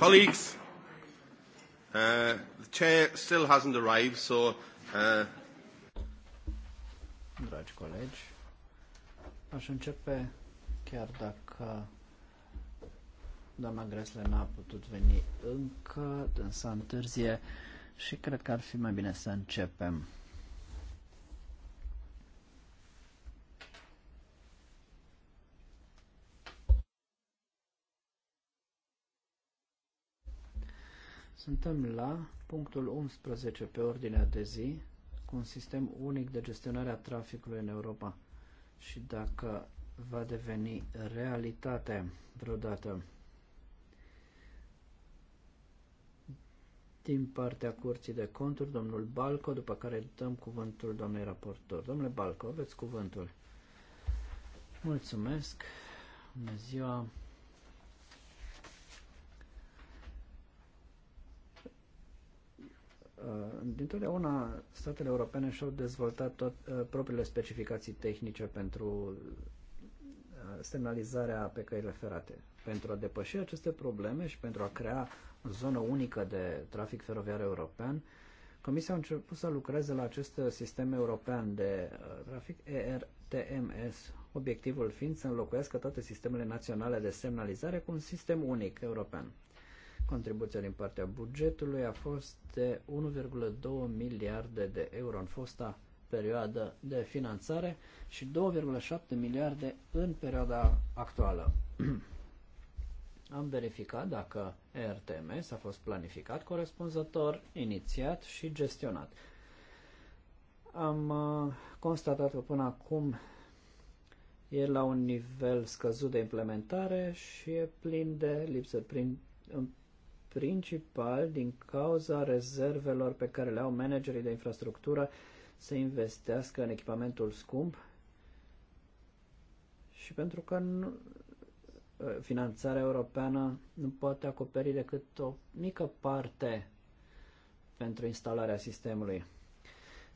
Colleagues, uh, the chair still hasn't arrived, so... Uh... Dragi colegi, aș începe chiar dacă doamna Gresle n-a putut veni încă, însă întârzie și cred că ar fi mai bine să începem. Suntem la punctul 11 pe ordinea de zi cu un sistem unic de gestionare a traficului în Europa și dacă va deveni realitate vreodată. Din partea Curții de Conturi, domnul Balco, după care dăm cuvântul doamnei raportor. Domnule Balco, aveți cuvântul. Mulțumesc. Bună ziua. Dintotdeauna statele europene și-au dezvoltat tot, uh, propriile specificații tehnice pentru uh, semnalizarea pe căile ferate. Pentru a depăși aceste probleme și pentru a crea o zonă unică de trafic feroviar european, Comisia a început să lucreze la acest sistem european de uh, trafic ERTMS, obiectivul fiind să înlocuiască toate sistemele naționale de semnalizare cu un sistem unic european. Contribuția din partea bugetului a fost de 1,2 miliarde de euro în fosta perioadă de finanțare și 2,7 miliarde în perioada actuală. Am verificat dacă RTMS a fost planificat corespunzător, inițiat și gestionat. Am uh, constatat că până acum e la un nivel scăzut de implementare și e plin de lipsuri prin, principal din cauza rezervelor pe care le au managerii de infrastructură să investească în echipamentul scump și pentru că nu, ă, finanțarea europeană nu poate acoperi decât o mică parte pentru instalarea sistemului.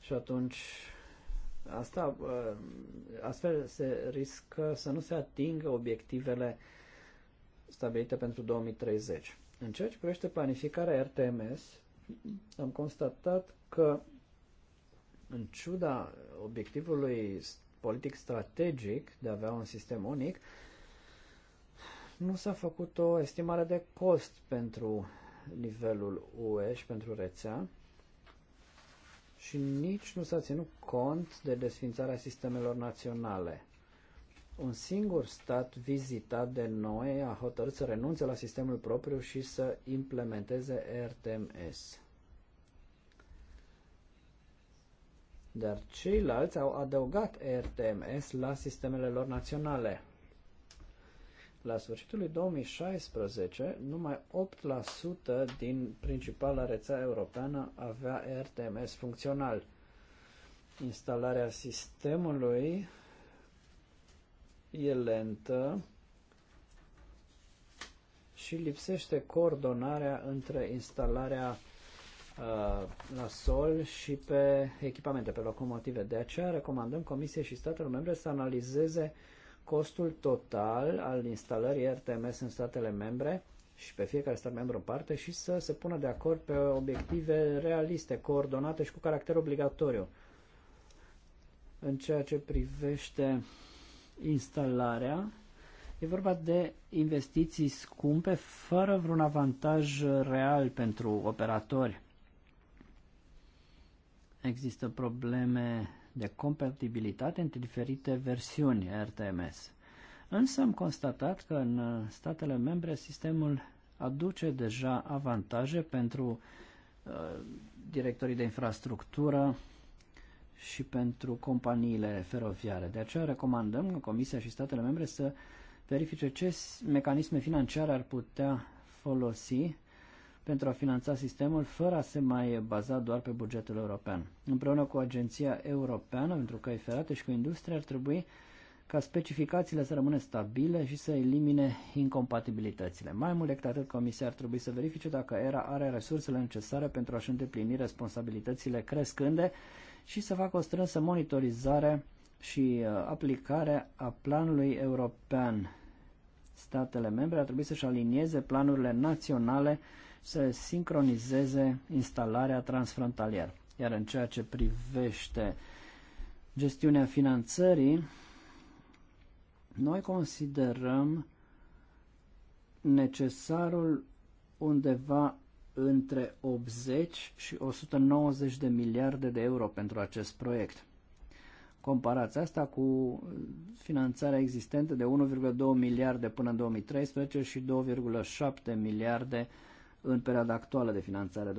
Și atunci asta ă, astfel se riscă să nu se atingă obiectivele stabilite pentru 2030. În ceea ce privește planificarea RTMS, am constatat că, în ciuda obiectivului politic strategic de a avea un sistem unic, nu s-a făcut o estimare de cost pentru nivelul UE și pentru rețea și nici nu s-a ținut cont de desfințarea sistemelor naționale un singur stat vizitat de noi a hotărât să renunțe la sistemul propriu și să implementeze RTMS. Dar ceilalți au adăugat RTMS la sistemele lor naționale. La sfârșitul lui 2016, numai 8% din principala rețea europeană avea RTMS funcțional. Instalarea sistemului e lentă și lipsește coordonarea între instalarea uh, la sol și pe echipamente, pe locomotive. De aceea recomandăm Comisiei și statelor membre să analizeze costul total al instalării RTMS în statele membre și pe fiecare stat membru în parte și să se pună de acord pe obiective realiste, coordonate și cu caracter obligatoriu. În ceea ce privește instalarea. E vorba de investiții scumpe fără vreun avantaj real pentru operatori. Există probleme de compatibilitate între diferite versiuni RTMS. Însă am constatat că în statele membre sistemul aduce deja avantaje pentru uh, directorii de infrastructură, și pentru companiile feroviare. De aceea recomandăm Comisia și statele membre să verifice ce mecanisme financiare ar putea folosi pentru a finanța sistemul fără a se mai baza doar pe bugetul european. Împreună cu Agenția Europeană pentru Căi Ferate și cu industria ar trebui ca specificațiile să rămână stabile și să elimine incompatibilitățile. Mai mult decât atât, Comisia ar trebui să verifice dacă ERA are resursele necesare pentru a-și îndeplini responsabilitățile crescânde și să facă o strânsă monitorizare și uh, aplicare a planului european. Statele membre ar trebui să-și alinieze planurile naționale să sincronizeze instalarea transfrontalier. Iar în ceea ce privește gestiunea finanțării, noi considerăm necesarul undeva între 80 și 190 de miliarde de euro pentru acest proiect. Comparați asta cu finanțarea existentă de 1,2 miliarde până în 2013 și 2,7 miliarde în perioada actuală de finanțare 2014-2020.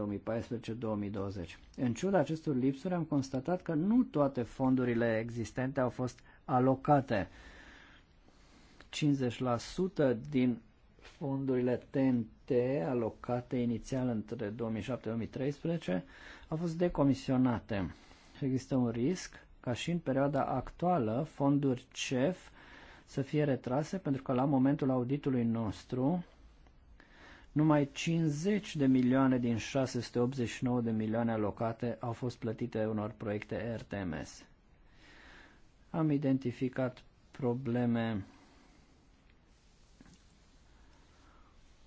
În ciuda acestor lipsuri am constatat că nu toate fondurile existente au fost alocate. 50% din fondurile TNT alocate inițial între 2007-2013 au fost decomisionate. Există un risc ca și în perioada actuală fonduri CEF să fie retrase pentru că la momentul auditului nostru numai 50 de milioane din 689 de milioane alocate au fost plătite unor proiecte RTMS. Am identificat probleme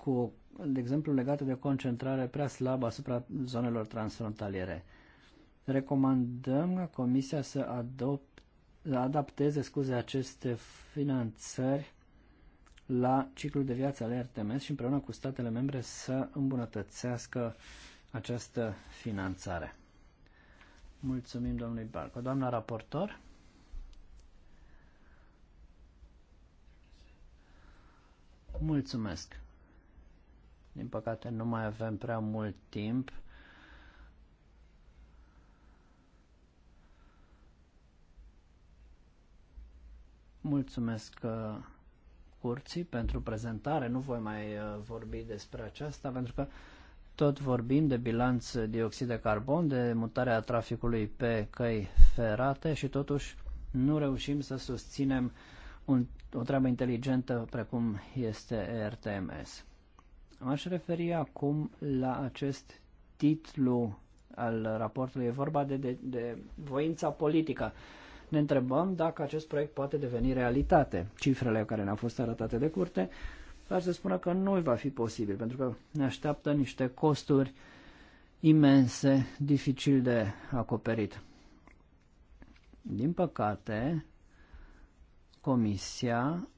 cu, de exemplu, legate de concentrare prea slabă asupra zonelor transfrontaliere. Recomandăm ca Comisia să, adopt, să adapteze scuze, aceste finanțări la ciclul de viață al RTMS și împreună cu statele membre să îmbunătățească această finanțare. Mulțumim domnului Barco. Doamna raportor? Mulțumesc. Din păcate nu mai avem prea mult timp. Mulțumesc uh, curții pentru prezentare. Nu voi mai uh, vorbi despre aceasta pentru că tot vorbim de bilanț dioxid de carbon, de mutarea traficului pe căi ferate și totuși nu reușim să susținem un, o treabă inteligentă precum este RTMS. M-aș referi acum la acest titlu al raportului. E vorba de, de, de voința politică. Ne întrebăm dacă acest proiect poate deveni realitate. Cifrele care ne-au fost arătate de curte ar să spună că nu va fi posibil, pentru că ne așteaptă niște costuri imense, dificil de acoperit. Din păcate, Comisia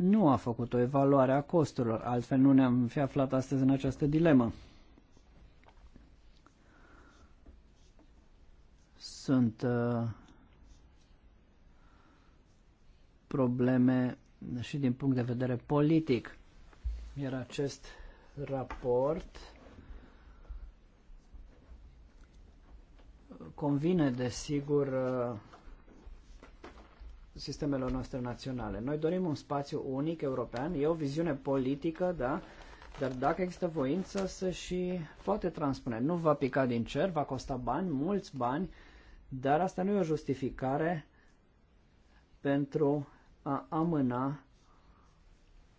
nu a făcut o evaluare a costurilor, altfel nu ne-am fi aflat astăzi în această dilemă. Sunt uh, probleme și din punct de vedere politic. Iar acest raport convine, desigur, uh, sistemelor noastre naționale. Noi dorim un spațiu unic european, e o viziune politică, da, dar dacă există voință, să și poate transpune. Nu va pica din cer, va costa bani, mulți bani, dar asta nu e o justificare pentru a amâna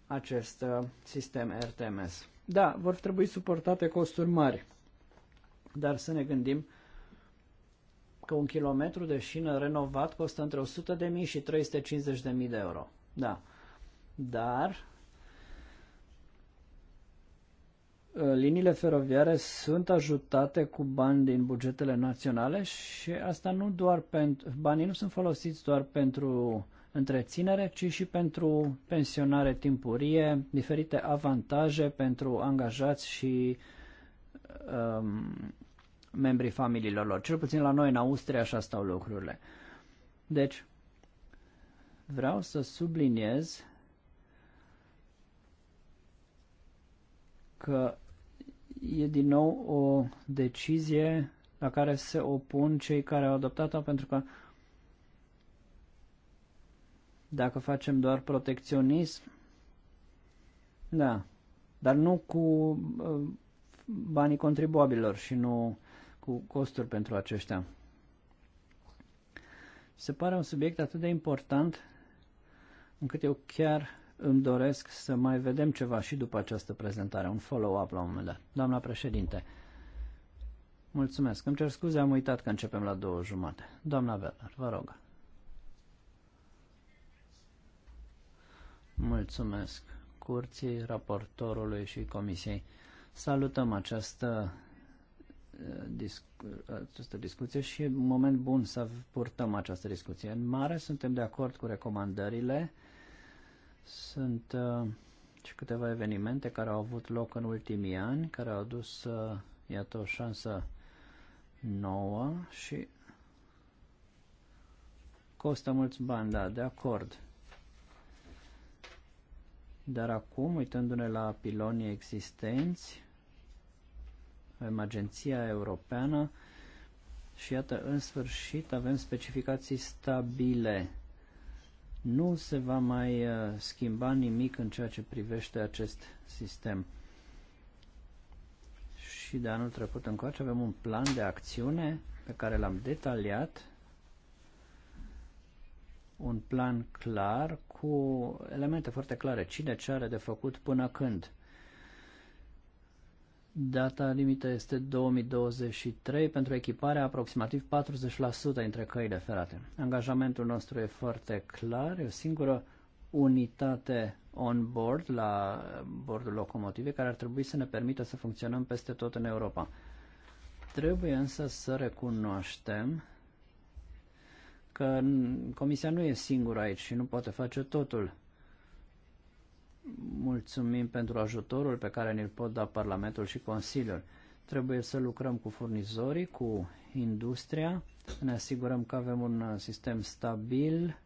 acest uh, sistem RTMS. Da, vor trebui suportate costuri mari, dar să ne gândim că un kilometru de șină renovat costă între 100.000 și 350.000 de euro. Da. Dar ă, liniile feroviare sunt ajutate cu bani din bugetele naționale și asta nu doar pentru banii nu sunt folosiți doar pentru întreținere, ci și pentru pensionare timpurie, diferite avantaje pentru angajați și um, membrii familiilor lor. Cel puțin la noi în Austria așa stau lucrurile. Deci, vreau să subliniez că e din nou o decizie la care se opun cei care au adoptat-o pentru că dacă facem doar protecționism, da, dar nu cu uh, banii contribuabilor și nu cu costuri pentru aceștia. Se pare un subiect atât de important încât eu chiar îmi doresc să mai vedem ceva și după această prezentare, un follow-up la un moment dat. Doamna președinte, mulțumesc. Îmi cer scuze, am uitat că începem la două jumate. Doamna Berner, vă rog. Mulțumesc curții, raportorului și comisiei. Salutăm această discu această discuție și e un moment bun să purtăm această discuție. În mare suntem de acord cu recomandările. Sunt uh, și câteva evenimente care au avut loc în ultimii ani, care au adus, uh, iată, o șansă nouă și costă mulți bani, da, de acord. Dar acum, uitându-ne la pilonii existenți, avem Agenția Europeană și iată, în sfârșit avem specificații stabile. Nu se va mai uh, schimba nimic în ceea ce privește acest sistem. Și de anul trecut încoace avem un plan de acțiune pe care l-am detaliat un plan clar cu elemente foarte clare, cine ce are de făcut până când. Data limită este 2023 pentru echiparea aproximativ 40% dintre căile ferate. Angajamentul nostru e foarte clar, e o singură unitate on board la bordul locomotivei care ar trebui să ne permită să funcționăm peste tot în Europa. Trebuie însă să recunoaștem că Comisia nu e singură aici și nu poate face totul. Mulțumim pentru ajutorul pe care ne-l pot da Parlamentul și Consiliul. Trebuie să lucrăm cu furnizorii, cu industria, să ne asigurăm că avem un sistem stabil,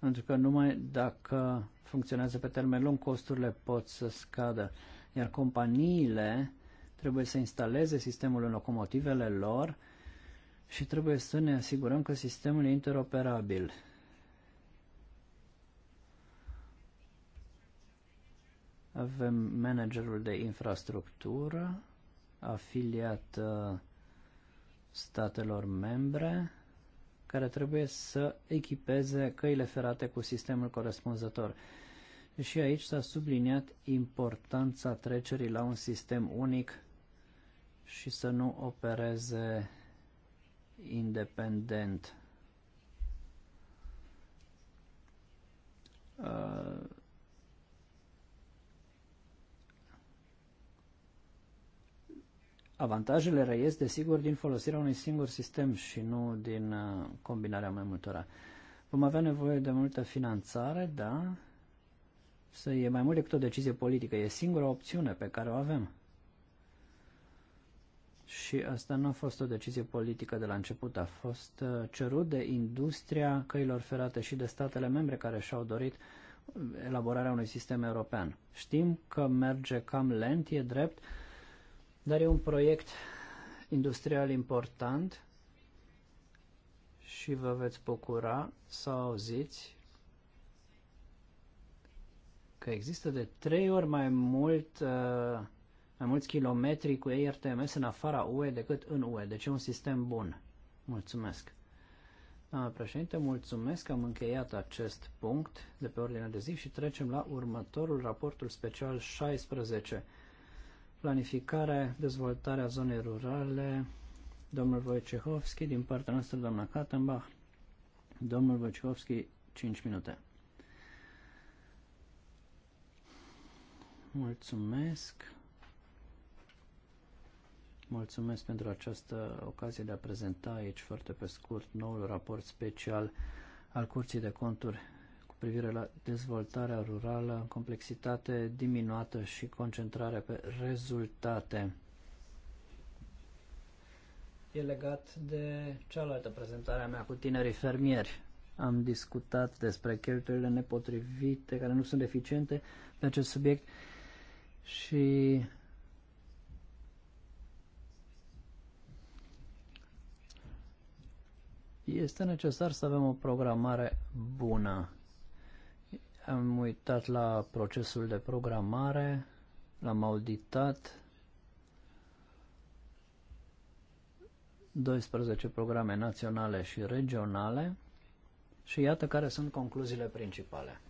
pentru că numai dacă funcționează pe termen lung, costurile pot să scadă. Iar companiile trebuie să instaleze sistemul în locomotivele lor și trebuie să ne asigurăm că sistemul e interoperabil. Avem managerul de infrastructură, afiliat uh, statelor membre, care trebuie să echipeze căile ferate cu sistemul corespunzător. Și aici s-a subliniat importanța trecerii la un sistem unic și să nu opereze independent. Uh, Avantajele răiesc, desigur, din folosirea unui singur sistem și nu din uh, combinarea mai multora. Vom avea nevoie de multă finanțare, da? Să e mai mult decât o decizie politică, e singura opțiune pe care o avem. Și asta nu a fost o decizie politică de la început, a fost uh, cerut de industria căilor ferate și de statele membre care și-au dorit uh, elaborarea unui sistem european. Știm că merge cam lent, e drept, dar e un proiect industrial important și vă veți bucura să auziți că există de trei ori mai mult uh, mai mulți kilometri cu ERTMS în afara UE decât în UE. Deci e un sistem bun. Mulțumesc. Doamna președinte, mulțumesc că am încheiat acest punct de pe ordinea de zi și trecem la următorul raportul special 16 planificare, dezvoltarea zonei rurale, domnul Wojciechowski, din partea noastră doamna Katenbach, domnul Wojciechowski, 5 minute. Mulțumesc. Mulțumesc pentru această ocazie de a prezenta aici foarte pe scurt noul raport special al Curții de Conturi privire la dezvoltarea rurală, complexitate diminuată și concentrarea pe rezultate. E legat de cealaltă prezentare a mea cu tinerii fermieri. Am discutat despre cheltuielile nepotrivite, care nu sunt eficiente pe acest subiect și este necesar să avem o programare bună. Am uitat la procesul de programare, l-am auditat. 12 programe naționale și regionale și iată care sunt concluziile principale.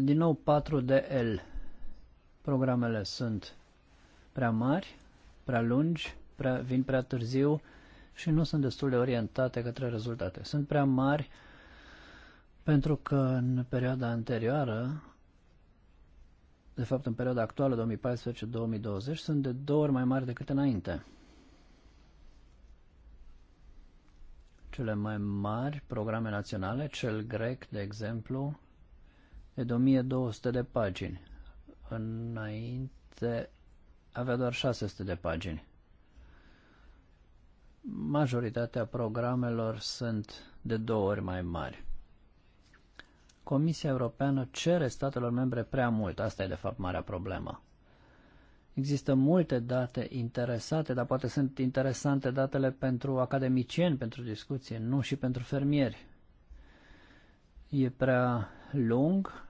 Din nou 4DL. Programele sunt prea mari, prea lungi, prea, vin prea târziu, și nu sunt destul de orientate către rezultate. Sunt prea mari pentru că în perioada anterioară, de fapt în perioada actuală 2014-2020, sunt de două ori mai mari decât înainte. Cele mai mari programe naționale, cel grec, de exemplu, e de 1200 de pagini. Înainte avea doar 600 de pagini majoritatea programelor sunt de două ori mai mari. Comisia Europeană cere statelor membre prea mult, asta e de fapt marea problemă. Există multe date interesate, dar poate sunt interesante datele pentru academicieni, pentru discuție, nu și pentru fermieri. E prea lung,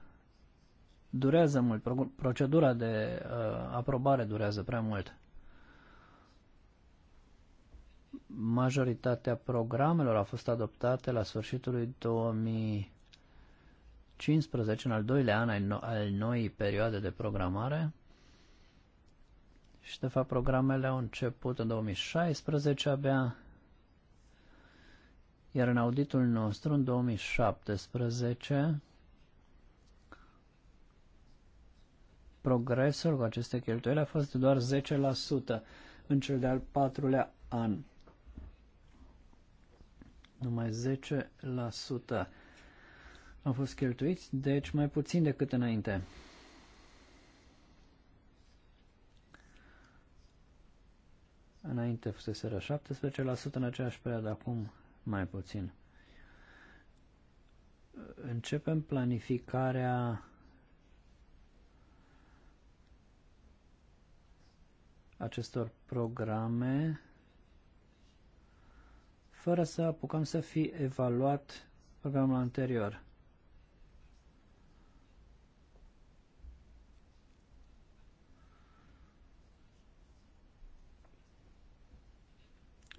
durează mult, procedura de uh, aprobare durează prea mult. Majoritatea programelor a fost adoptate la sfârșitul lui 2015, în al doilea an al, no al noii perioade de programare. Și, de fapt, programele au început în 2016 abia, iar în auditul nostru, în 2017, progresul cu aceste cheltuieli a fost doar 10% în cel de-al patrulea an. Numai 10% au fost cheltuiți, deci mai puțin decât înainte. Înainte la 17%, în aceeași perioadă acum mai puțin. Începem planificarea acestor programe fără să apucăm să fi evaluat programul anterior.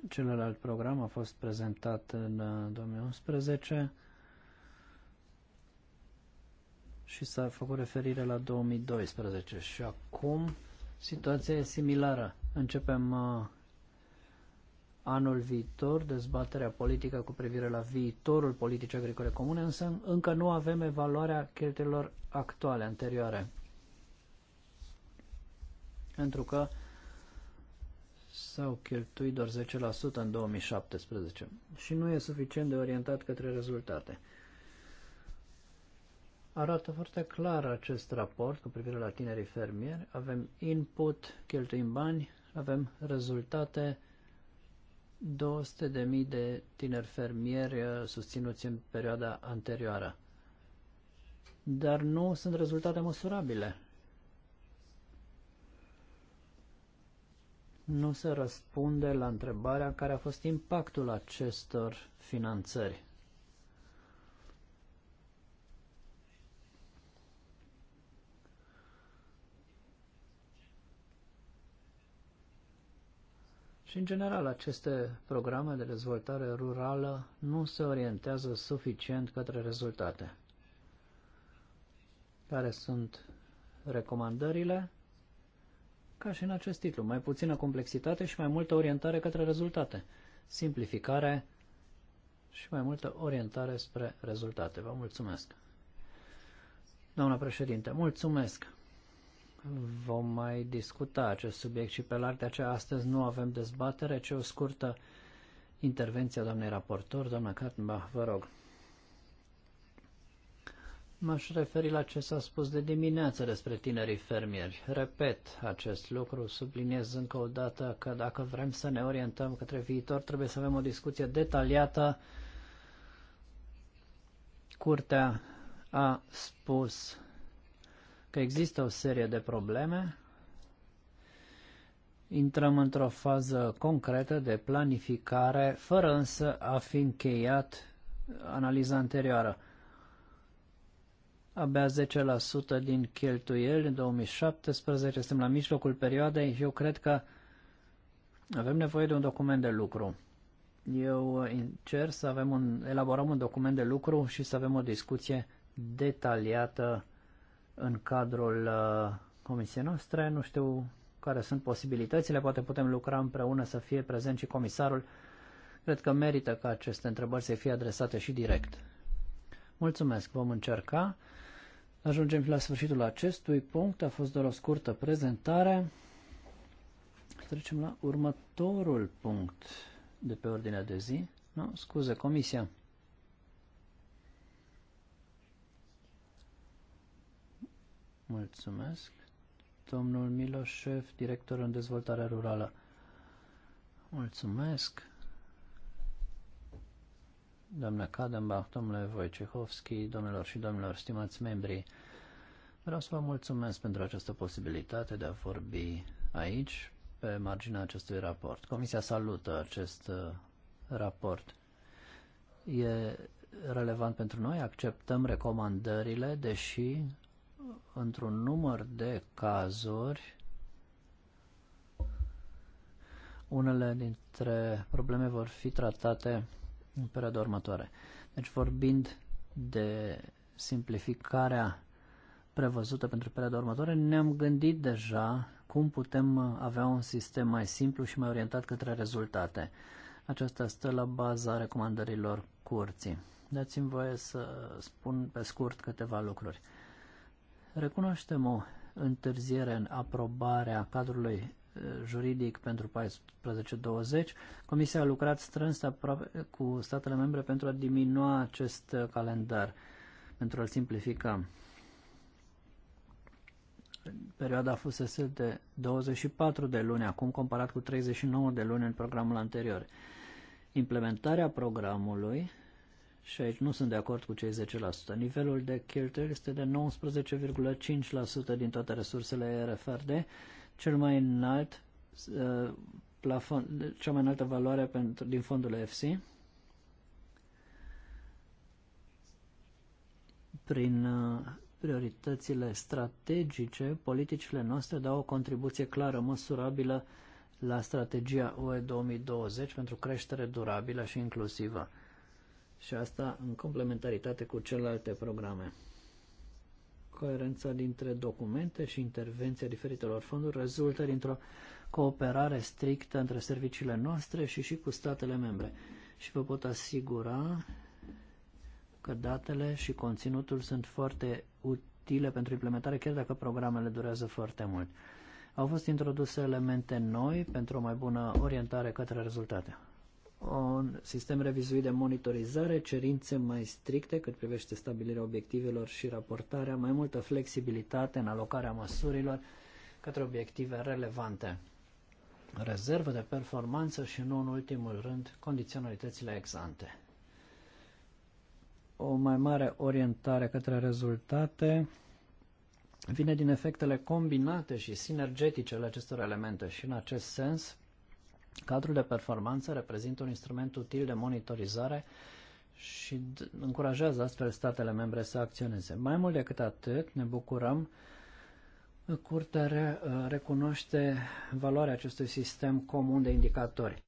Celălalt program a fost prezentat în 2011 uh, și s-a făcut referire la 2012 și acum situația e similară. Începem uh, anul viitor dezbaterea politică cu privire la viitorul politicii agricole comune, însă încă nu avem evaluarea cheltuielor actuale, anterioare. Pentru că s-au cheltuit doar 10% în 2017 și nu e suficient de orientat către rezultate. Arată foarte clar acest raport cu privire la tinerii fermieri. Avem input, cheltuim bani, avem rezultate, 200.000 de, mii de tineri fermieri uh, susținuți în perioada anterioară. Dar nu sunt rezultate măsurabile. Nu se răspunde la întrebarea care a fost impactul acestor finanțări. Și, în general, aceste programe de dezvoltare rurală nu se orientează suficient către rezultate. Care sunt recomandările? Ca și în acest titlu, mai puțină complexitate și mai multă orientare către rezultate. Simplificare și mai multă orientare spre rezultate. Vă mulțumesc! Doamna președinte, mulțumesc! vom mai discuta acest subiect și pe larg, de aceea astăzi nu avem dezbatere, ci o scurtă intervenție a doamnei raportor. Doamna Kartenbach, vă rog. M-aș referi la ce s-a spus de dimineață despre tinerii fermieri. Repet acest lucru, subliniez încă o dată că dacă vrem să ne orientăm către viitor, trebuie să avem o discuție detaliată. Curtea a spus că există o serie de probleme. Intrăm într-o fază concretă de planificare, fără însă a fi încheiat analiza anterioară. Abia 10% din cheltuieli în 2017, suntem la mijlocul perioadei și eu cred că avem nevoie de un document de lucru. Eu încerc uh, să avem un, elaborăm un document de lucru și să avem o discuție detaliată în cadrul uh, comisiei noastre. Nu știu care sunt posibilitățile, poate putem lucra împreună să fie prezent și comisarul. Cred că merită ca aceste întrebări să fie adresate și direct. Mulțumesc, vom încerca. Ajungem la sfârșitul acestui punct. A fost doar o scurtă prezentare. Trecem la următorul punct de pe ordinea de zi. Nu, scuze, comisia. Mulțumesc. Domnul Miloșev, director în dezvoltare rurală. Mulțumesc. Doamna Kadenbach, domnule Wojciechowski, domnilor și domnilor, stimați membri, vreau să vă mulțumesc pentru această posibilitate de a vorbi aici, pe marginea acestui raport. Comisia salută acest uh, raport. E relevant pentru noi, acceptăm recomandările, deși într-un număr de cazuri, unele dintre probleme vor fi tratate în perioada următoare. Deci vorbind de simplificarea prevăzută pentru perioada următoare, ne-am gândit deja cum putem avea un sistem mai simplu și mai orientat către rezultate. Aceasta stă la baza recomandărilor curții. Dați-mi voie să spun pe scurt câteva lucruri. Recunoaștem o întârziere în aprobarea cadrului eh, juridic pentru 1420. Comisia a lucrat strâns cu statele membre pentru a diminua acest eh, calendar, pentru a-l simplifica. Perioada fusese de 24 de luni, acum comparat cu 39 de luni în programul anterior. Implementarea programului și aici nu sunt de acord cu cei 10%. Nivelul de cheltuieli este de 19,5% din toate resursele RFRD, cel mai înalt uh, plafon, cea mai înaltă valoare pentru, din fondul FC. Prin uh, prioritățile strategice, politicile noastre dau o contribuție clară, măsurabilă la strategia UE 2020 pentru creștere durabilă și inclusivă și asta în complementaritate cu celelalte programe. Coerența dintre documente și intervenția diferitelor fonduri rezultă dintr-o cooperare strictă între serviciile noastre și și cu statele membre. Și vă pot asigura că datele și conținutul sunt foarte utile pentru implementare, chiar dacă programele durează foarte mult. Au fost introduse elemente noi pentru o mai bună orientare către rezultate un sistem revizuit de monitorizare, cerințe mai stricte cât privește stabilirea obiectivelor și raportarea, mai multă flexibilitate în alocarea măsurilor către obiective relevante, rezervă de performanță și, nu în ultimul rând, condiționalitățile exante. O mai mare orientare către rezultate vine din efectele combinate și sinergetice ale acestor elemente și, în acest sens, Cadrul de performanță reprezintă un instrument util de monitorizare și încurajează astfel statele membre să acționeze. Mai mult decât atât, ne bucurăm Curtea uh, recunoaște valoarea acestui sistem comun de indicatori.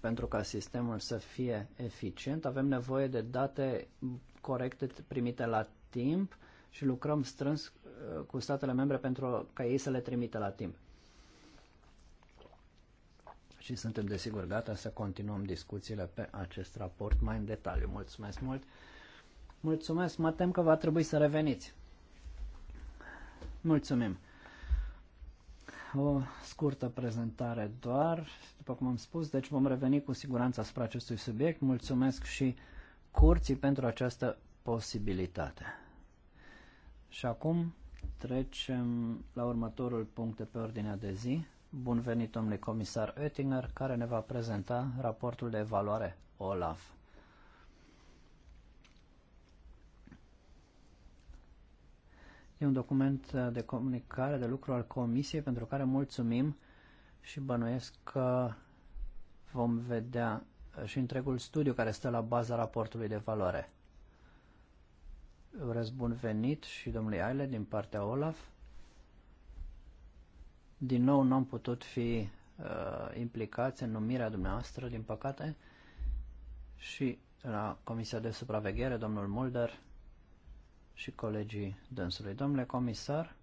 Pentru ca sistemul să fie eficient, avem nevoie de date corecte primite la timp și lucrăm strâns uh, cu statele membre pentru ca ei să le trimită la timp și suntem desigur gata să continuăm discuțiile pe acest raport mai în detaliu. Mulțumesc mult! Mulțumesc, mă tem că va trebui să reveniți. Mulțumim! O scurtă prezentare doar, după cum am spus, deci vom reveni cu siguranță asupra acestui subiect. Mulțumesc și curții pentru această posibilitate. Și acum trecem la următorul punct de pe ordinea de zi. Bun venit, domnule comisar Oettinger, care ne va prezenta raportul de evaluare OLAF. E un document uh, de comunicare, de lucru al Comisiei, pentru care mulțumim și bănuiesc că vom vedea uh, și întregul studiu care stă la baza raportului de valoare. Urez bun venit și domnului Aile din partea Olaf. Din nou, n-am putut fi uh, implicați în numirea dumneavoastră, din păcate, și la Comisia de Supraveghere, domnul Mulder și colegii dânsului. Domnule comisar,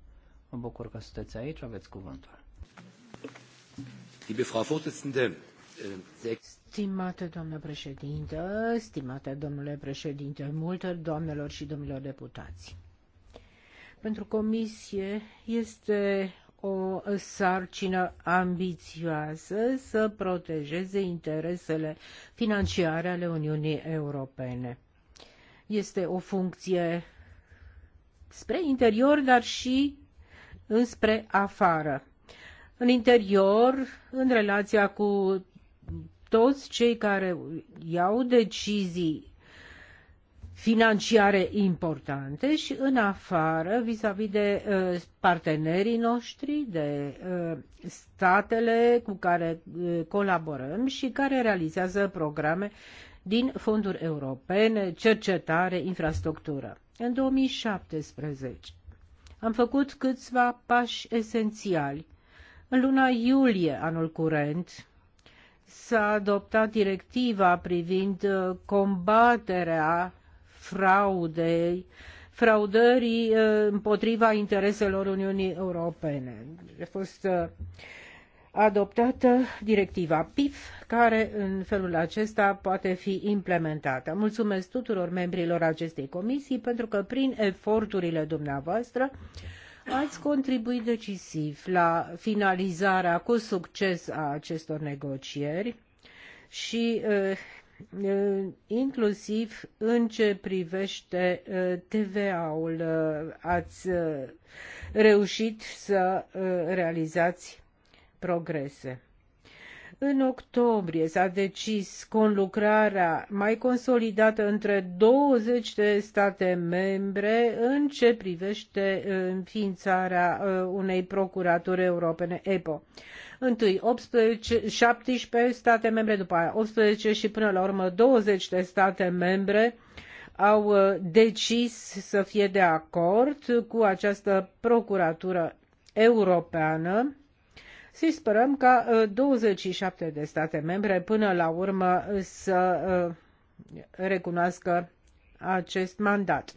mă bucur că sunteți aici, aveți cuvântul. Liebe Frau Vorsitzende, äh, Stimate doamnă președintă, stimate domnule președinte Mulder, doamnelor și domnilor deputați. Pentru comisie este o sarcină ambițioasă să protejeze interesele financiare ale Uniunii Europene. Este o funcție spre interior, dar și înspre afară. În interior, în relația cu toți cei care iau decizii financiare importante și în afară, vis-a-vis -vis de uh, partenerii noștri, de uh, statele cu care uh, colaborăm și care realizează programe din fonduri europene, cercetare, infrastructură. În 2017 am făcut câțiva pași esențiali. În luna iulie anul curent, s-a adoptat directiva privind combaterea fraudei, fraudării uh, împotriva intereselor Uniunii Europene. A fost uh, adoptată directiva PIF, care în felul acesta poate fi implementată. Mulțumesc tuturor membrilor acestei comisii pentru că prin eforturile dumneavoastră ați contribuit decisiv la finalizarea cu succes a acestor negocieri și uh, Eh, inclusiv în ce privește eh, TVA-ul. Eh, ați reușit să realizați progrese. În octombrie s-a decis conlucrarea mai consolidată între 20 de state membre în ce privește înființarea unei procuraturi europene EPO întâi 18, 17 state membre, după aia 18 și până la urmă 20 de state membre au uh, decis să fie de acord cu această procuratură europeană și sperăm ca 27 uh, de state membre până la urmă să uh, recunoască acest mandat.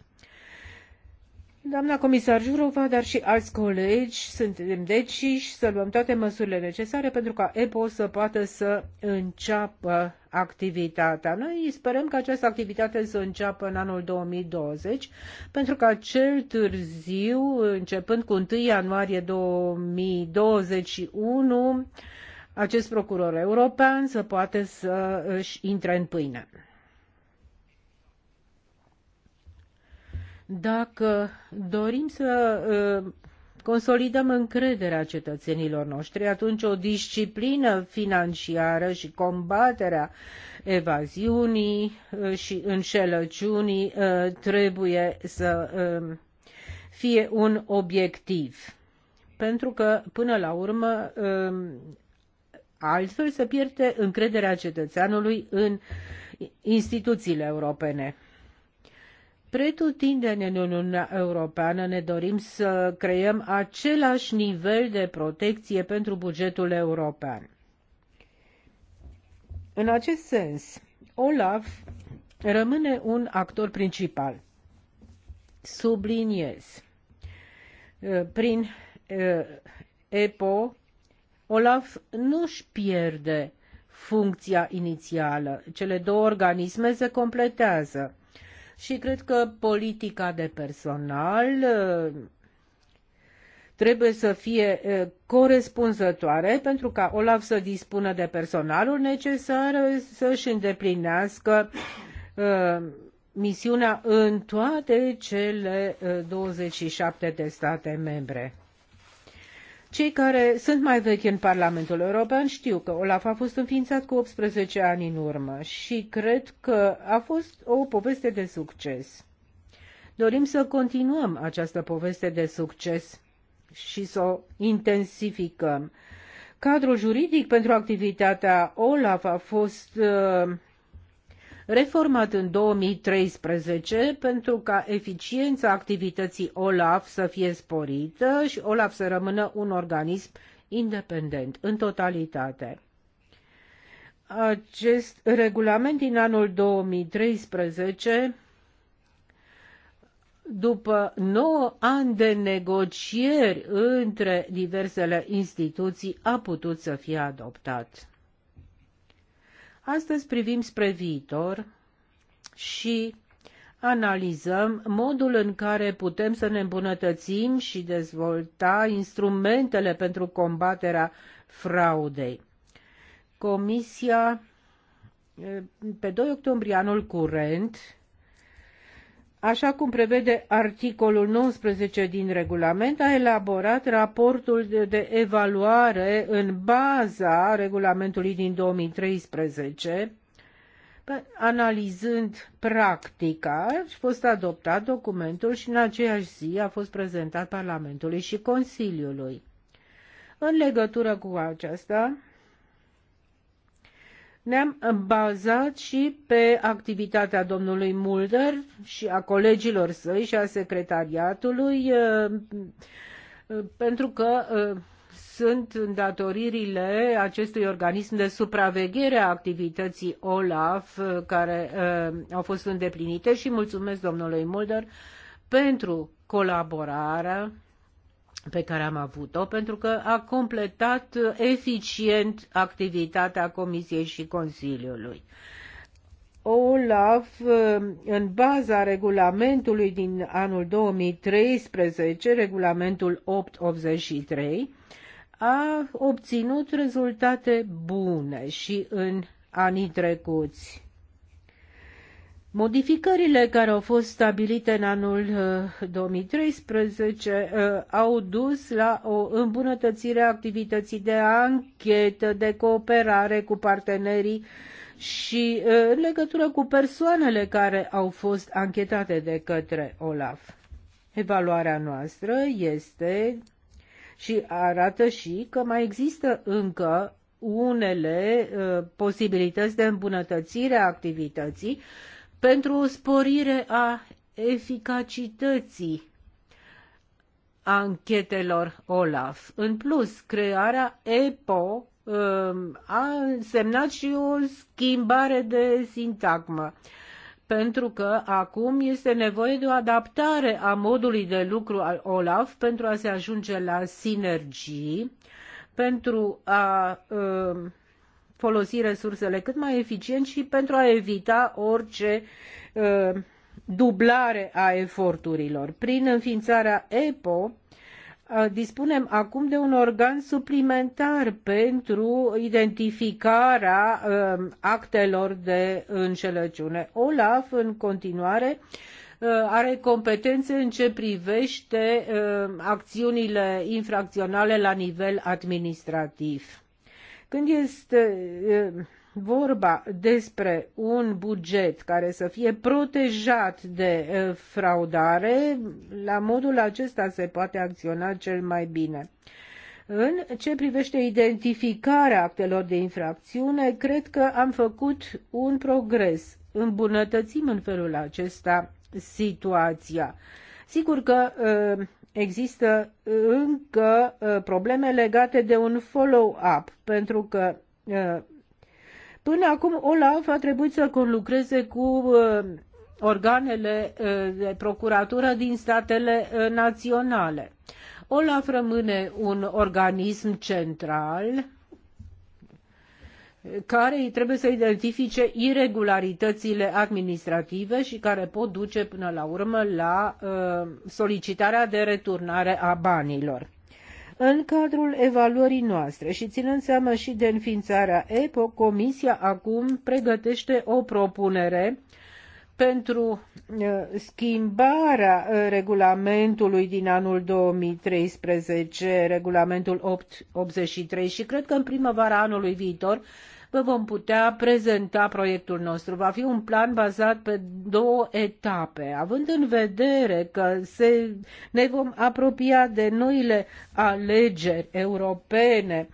Doamna comisar Jurova, dar și alți colegi, suntem deciși să luăm toate măsurile necesare pentru ca EPO să poată să înceapă activitatea. Noi sperăm că această activitate să înceapă în anul 2020, pentru ca cel târziu, începând cu 1 ianuarie 2021, acest procuror european să poată să își intre în pâine. Dacă dorim să consolidăm încrederea cetățenilor noștri, atunci o disciplină financiară și combaterea evaziunii și înșelăciunii trebuie să fie un obiectiv. Pentru că, până la urmă, altfel se pierde încrederea cetățeanului în instituțiile europene pretutindeni în Uniunea Europeană ne dorim să creăm același nivel de protecție pentru bugetul european. În acest sens, Olaf rămâne un actor principal. Subliniez. Prin uh, EPO, Olaf nu își pierde funcția inițială. Cele două organisme se completează și cred că politica de personal uh, trebuie să fie uh, corespunzătoare pentru ca Olaf să dispună de personalul necesar uh, să își îndeplinească misiunea în toate cele 27 de state membre. Cei care sunt mai vechi în Parlamentul European știu că Olaf a fost înființat cu 18 ani în urmă și cred că a fost o poveste de succes. Dorim să continuăm această poveste de succes și să o intensificăm. Cadrul juridic pentru activitatea OLAF a fost uh, reformat în 2013 pentru ca eficiența activității OLAF să fie sporită și OLAF să rămână un organism independent în totalitate. Acest regulament din anul 2013 după 9 ani de negocieri între diversele instituții a putut să fie adoptat. Astăzi privim spre viitor și analizăm modul în care putem să ne îmbunătățim și dezvolta instrumentele pentru combaterea fraudei. Comisia pe 2 octombrie anul curent așa cum prevede articolul 19 din regulament, a elaborat raportul de, evaluare în baza regulamentului din 2013, analizând practica, a fost adoptat documentul și în aceeași zi a fost prezentat Parlamentului și Consiliului. În legătură cu aceasta, ne-am bazat și pe activitatea domnului Mulder și a colegilor săi și a secretariatului, uh, uh, pentru că uh, sunt îndatoririle acestui organism de supraveghere a activității OLAF care au fost îndeplinite și mulțumesc domnului Mulder pentru colaborarea pe care am avut-o, pentru că a completat eficient activitatea Comisiei și Consiliului. OLAF, în baza regulamentului din anul 2013, regulamentul 883, a obținut rezultate bune și în anii trecuți. Modificările care au fost stabilite în anul 2013 uh, uh, au dus la o îmbunătățire a activității de anchetă, de cooperare cu partenerii și uh, în legătură cu persoanele care au fost anchetate de către OLAF. Evaluarea noastră este și arată și că mai există încă unele posibilități de îmbunătățire a activității pentru o sporire a eficacității anchetelor OLAF. În plus, crearea EPO um, a însemnat și o schimbare de sintagmă pentru că acum este nevoie de o adaptare a modului de lucru al OLAF pentru a se ajunge la sinergii, pentru a uh, folosi resursele cât mai eficient și pentru a evita orice uh, dublare a eforturilor. Prin înființarea EPO, uh, dispunem acum de un organ suplimentar pentru identificarea uh, actelor de înșelăciune. OLAF, în continuare, are competențe în ce privește acțiunile infracționale la nivel administrativ. Când este vorba despre un buget care să fie protejat de fraudare, la modul acesta se poate acționa cel mai bine. În ce privește identificarea actelor de infracțiune, cred că am făcut un progres. Îmbunătățim în felul acesta situația. Sigur că există uh, încă uh, probleme legate de un follow-up, pentru că uh, până acum Olaf a trebuit să conlucreze cu organele de procuratură din statele naționale. Olaf rămâne un organism central care trebuie să identifice irregularitățile administrative și care pot duce până la urmă la uh, solicitarea de returnare a banilor. În cadrul evaluării noastre și ținând seama și de înființarea EPO, Comisia acum pregătește o propunere pentru Eh, schimbarea eh, regulamentului din anul 2013, regulamentul 883 și cred că în primăvara anului viitor vă vom putea prezenta proiectul nostru. Va fi un plan bazat pe două etape, având în vedere că se, ne vom apropia de noile alegeri europene eh,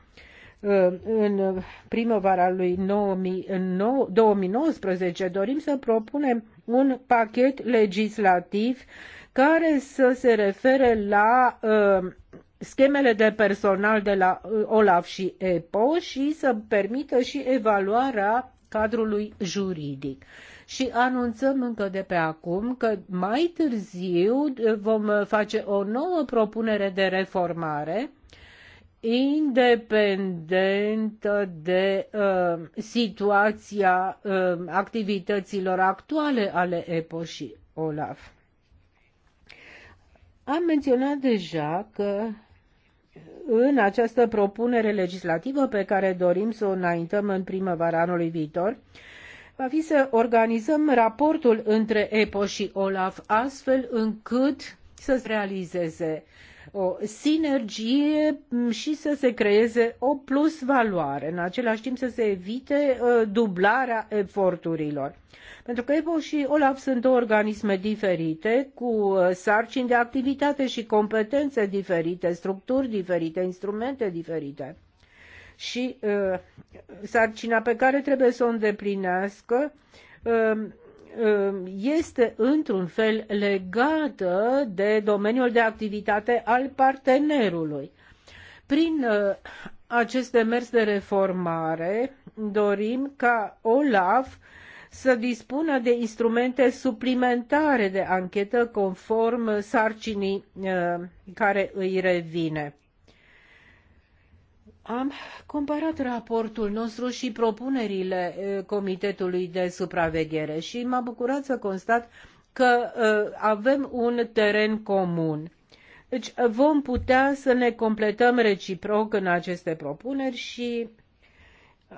în primăvara lui 2019, dorim să propunem un pachet legislativ care să se refere la uh, schemele de personal de la uh, OLAF și EPO și să permită și evaluarea cadrului juridic. Și anunțăm încă de pe acum că mai târziu uh, vom face o nouă propunere de reformare independentă de uh, situația uh, activităților actuale ale EPO și OLAF. Am menționat deja că în această propunere legislativă pe care dorim să o înaintăm în primăvara anului viitor, va fi să organizăm raportul între EPO și OLAF astfel încât să se realizeze uh, o sinergie mm, și să se creeze o plus valoare, în același timp să se evite uh, dublarea eforturilor. Pentru că EPO și OLAF sunt două organisme diferite, cu uh, sarcini de activitate și competențe diferite, structuri diferite, instrumente diferite. Și uh, sarcina pe care trebuie să o îndeplinească Um, este într-un fel legată de domeniul de activitate al partenerului. Prin uh, acest demers de reformare dorim ca OLAF să dispună de instrumente suplimentare de anchetă conform sarcinii uh, care îi revine. Am comparat raportul nostru și propunerile Comitetului de Supraveghere și m-a bucurat să constat că avem un teren comun. Deci vom putea să ne completăm reciproc în aceste propuneri și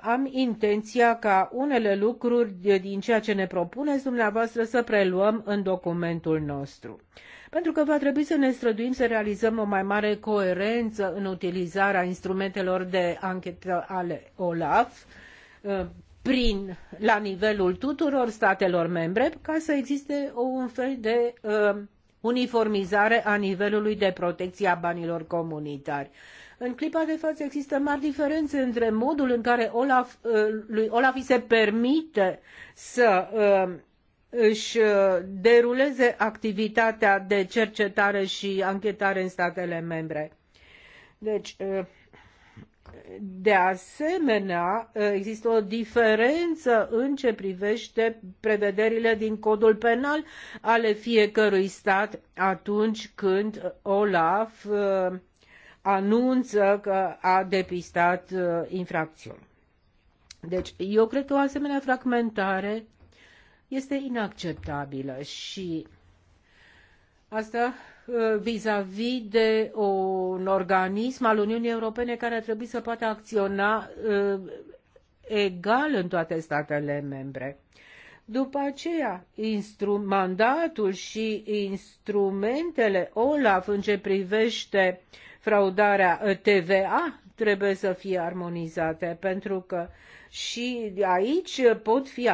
am intenția ca unele lucruri din ceea ce ne propuneți dumneavoastră să preluăm în documentul nostru pentru că va trebui să ne străduim să realizăm o mai mare coerență în utilizarea instrumentelor de anchetă ale OLAF uh, prin, la nivelul tuturor statelor membre ca să existe un fel de uh, uniformizare a nivelului de protecție a banilor comunitari. În clipa de față există mari diferențe între modul în care Olaf, uh, lui Olaf îi se permite să uh, își uh, deruleze activitatea de cercetare și anchetare în statele membre. Deci, uh, de asemenea, uh, există o diferență în ce privește prevederile din codul penal ale fiecărui stat atunci când OLAF anunță că a depistat infracțiuni. Deci, eu cred că o asemenea fragmentare este inacceptabilă și asta uh, vis-a-vis -vis de un organism al Uniunii Europene care ar trebui să poată acționa uh, egal în toate statele membre. După aceea, mandatul și instrumentele OLAF în ce privește fraudarea uh, TVA trebuie să fie armonizate, pentru că și aici pot fi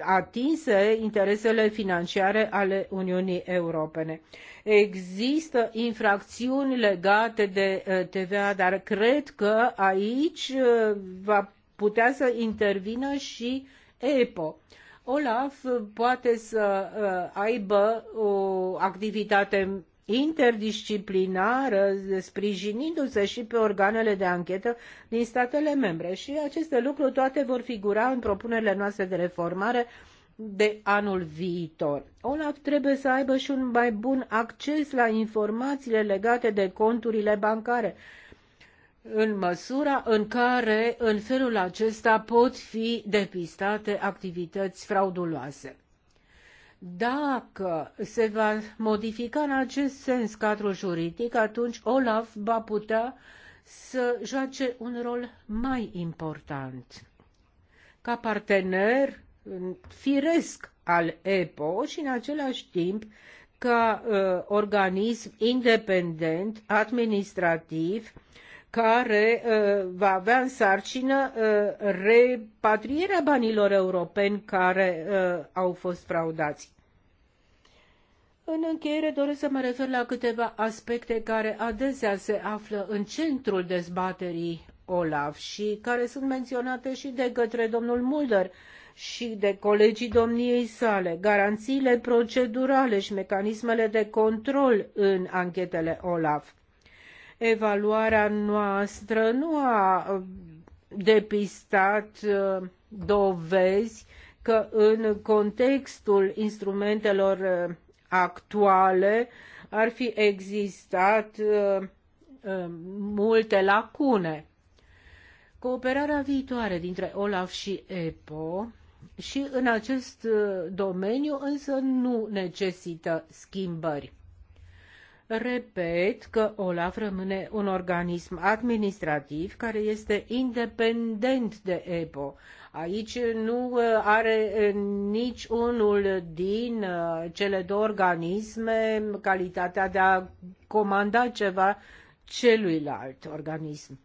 atinse interesele financiare ale Uniunii Europene. Există infracțiuni legate de uh, TVA, dar cred că aici uh, va putea să intervină și EPO. Olaf poate să uh, aibă o activitate interdisciplinară, sprijinindu-se și pe organele de anchetă din statele membre. Și aceste lucruri toate vor figura în propunerile noastre de reformare de anul viitor. OLAF trebuie să aibă și un mai bun acces la informațiile legate de conturile bancare, în măsura în care în felul acesta pot fi depistate activități frauduloase. Dacă se va modifica în acest sens cadrul juridic, atunci Olaf va putea să joace un rol mai important. Ca partener firesc al EPO și în același timp ca uh, organism independent, administrativ, care uh, va avea în sarcină uh, repatrierea banilor europeni care uh, au fost fraudați. În încheiere doresc să mă refer la câteva aspecte care adesea se află în centrul dezbaterii Olaf și care sunt menționate și de către domnul Mulder și de colegii domniei sale, garanțiile procedurale și mecanismele de control în anchetele Olaf. Evaluarea noastră nu a uh, depistat uh, dovezi că în contextul instrumentelor uh, actuale ar fi existat uh, uh, multe lacune. Cooperarea viitoare dintre OLAF și EPO și în acest uh, domeniu însă nu necesită schimbări. Repet că OLAF rămâne un organism administrativ care este independent de EPO. Aici nu uh, are uh, nici unul din uh, cele două organisme calitatea de a comanda ceva celuilalt organism.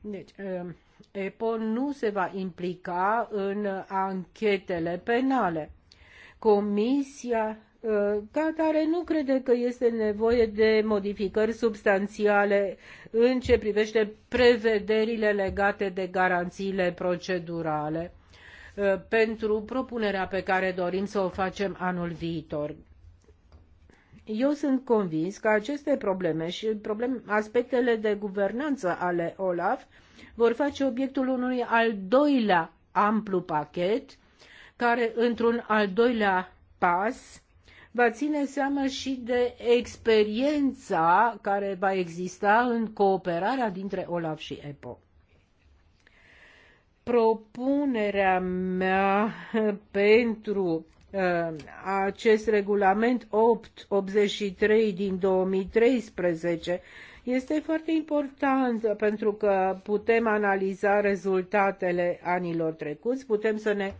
Deci, um, EPO nu se va implica în anchetele penale. Comisia ca atare, nu crede că este nevoie de modificări substanțiale în ce privește prevederile legate de garanțiile procedurale uh, pentru propunerea pe care dorim să o facem anul viitor. Eu sunt convins că aceste probleme și problem, aspectele de guvernanță ale OLAF vor face obiectul unui al doilea amplu pachet, care într-un al doilea pas va ține seama și de experiența care va exista în cooperarea dintre OLAF și EPO. Propunerea mea pentru uh, acest regulament 883 din 2013 este foarte important pentru că putem analiza rezultatele anilor trecuți, putem să ne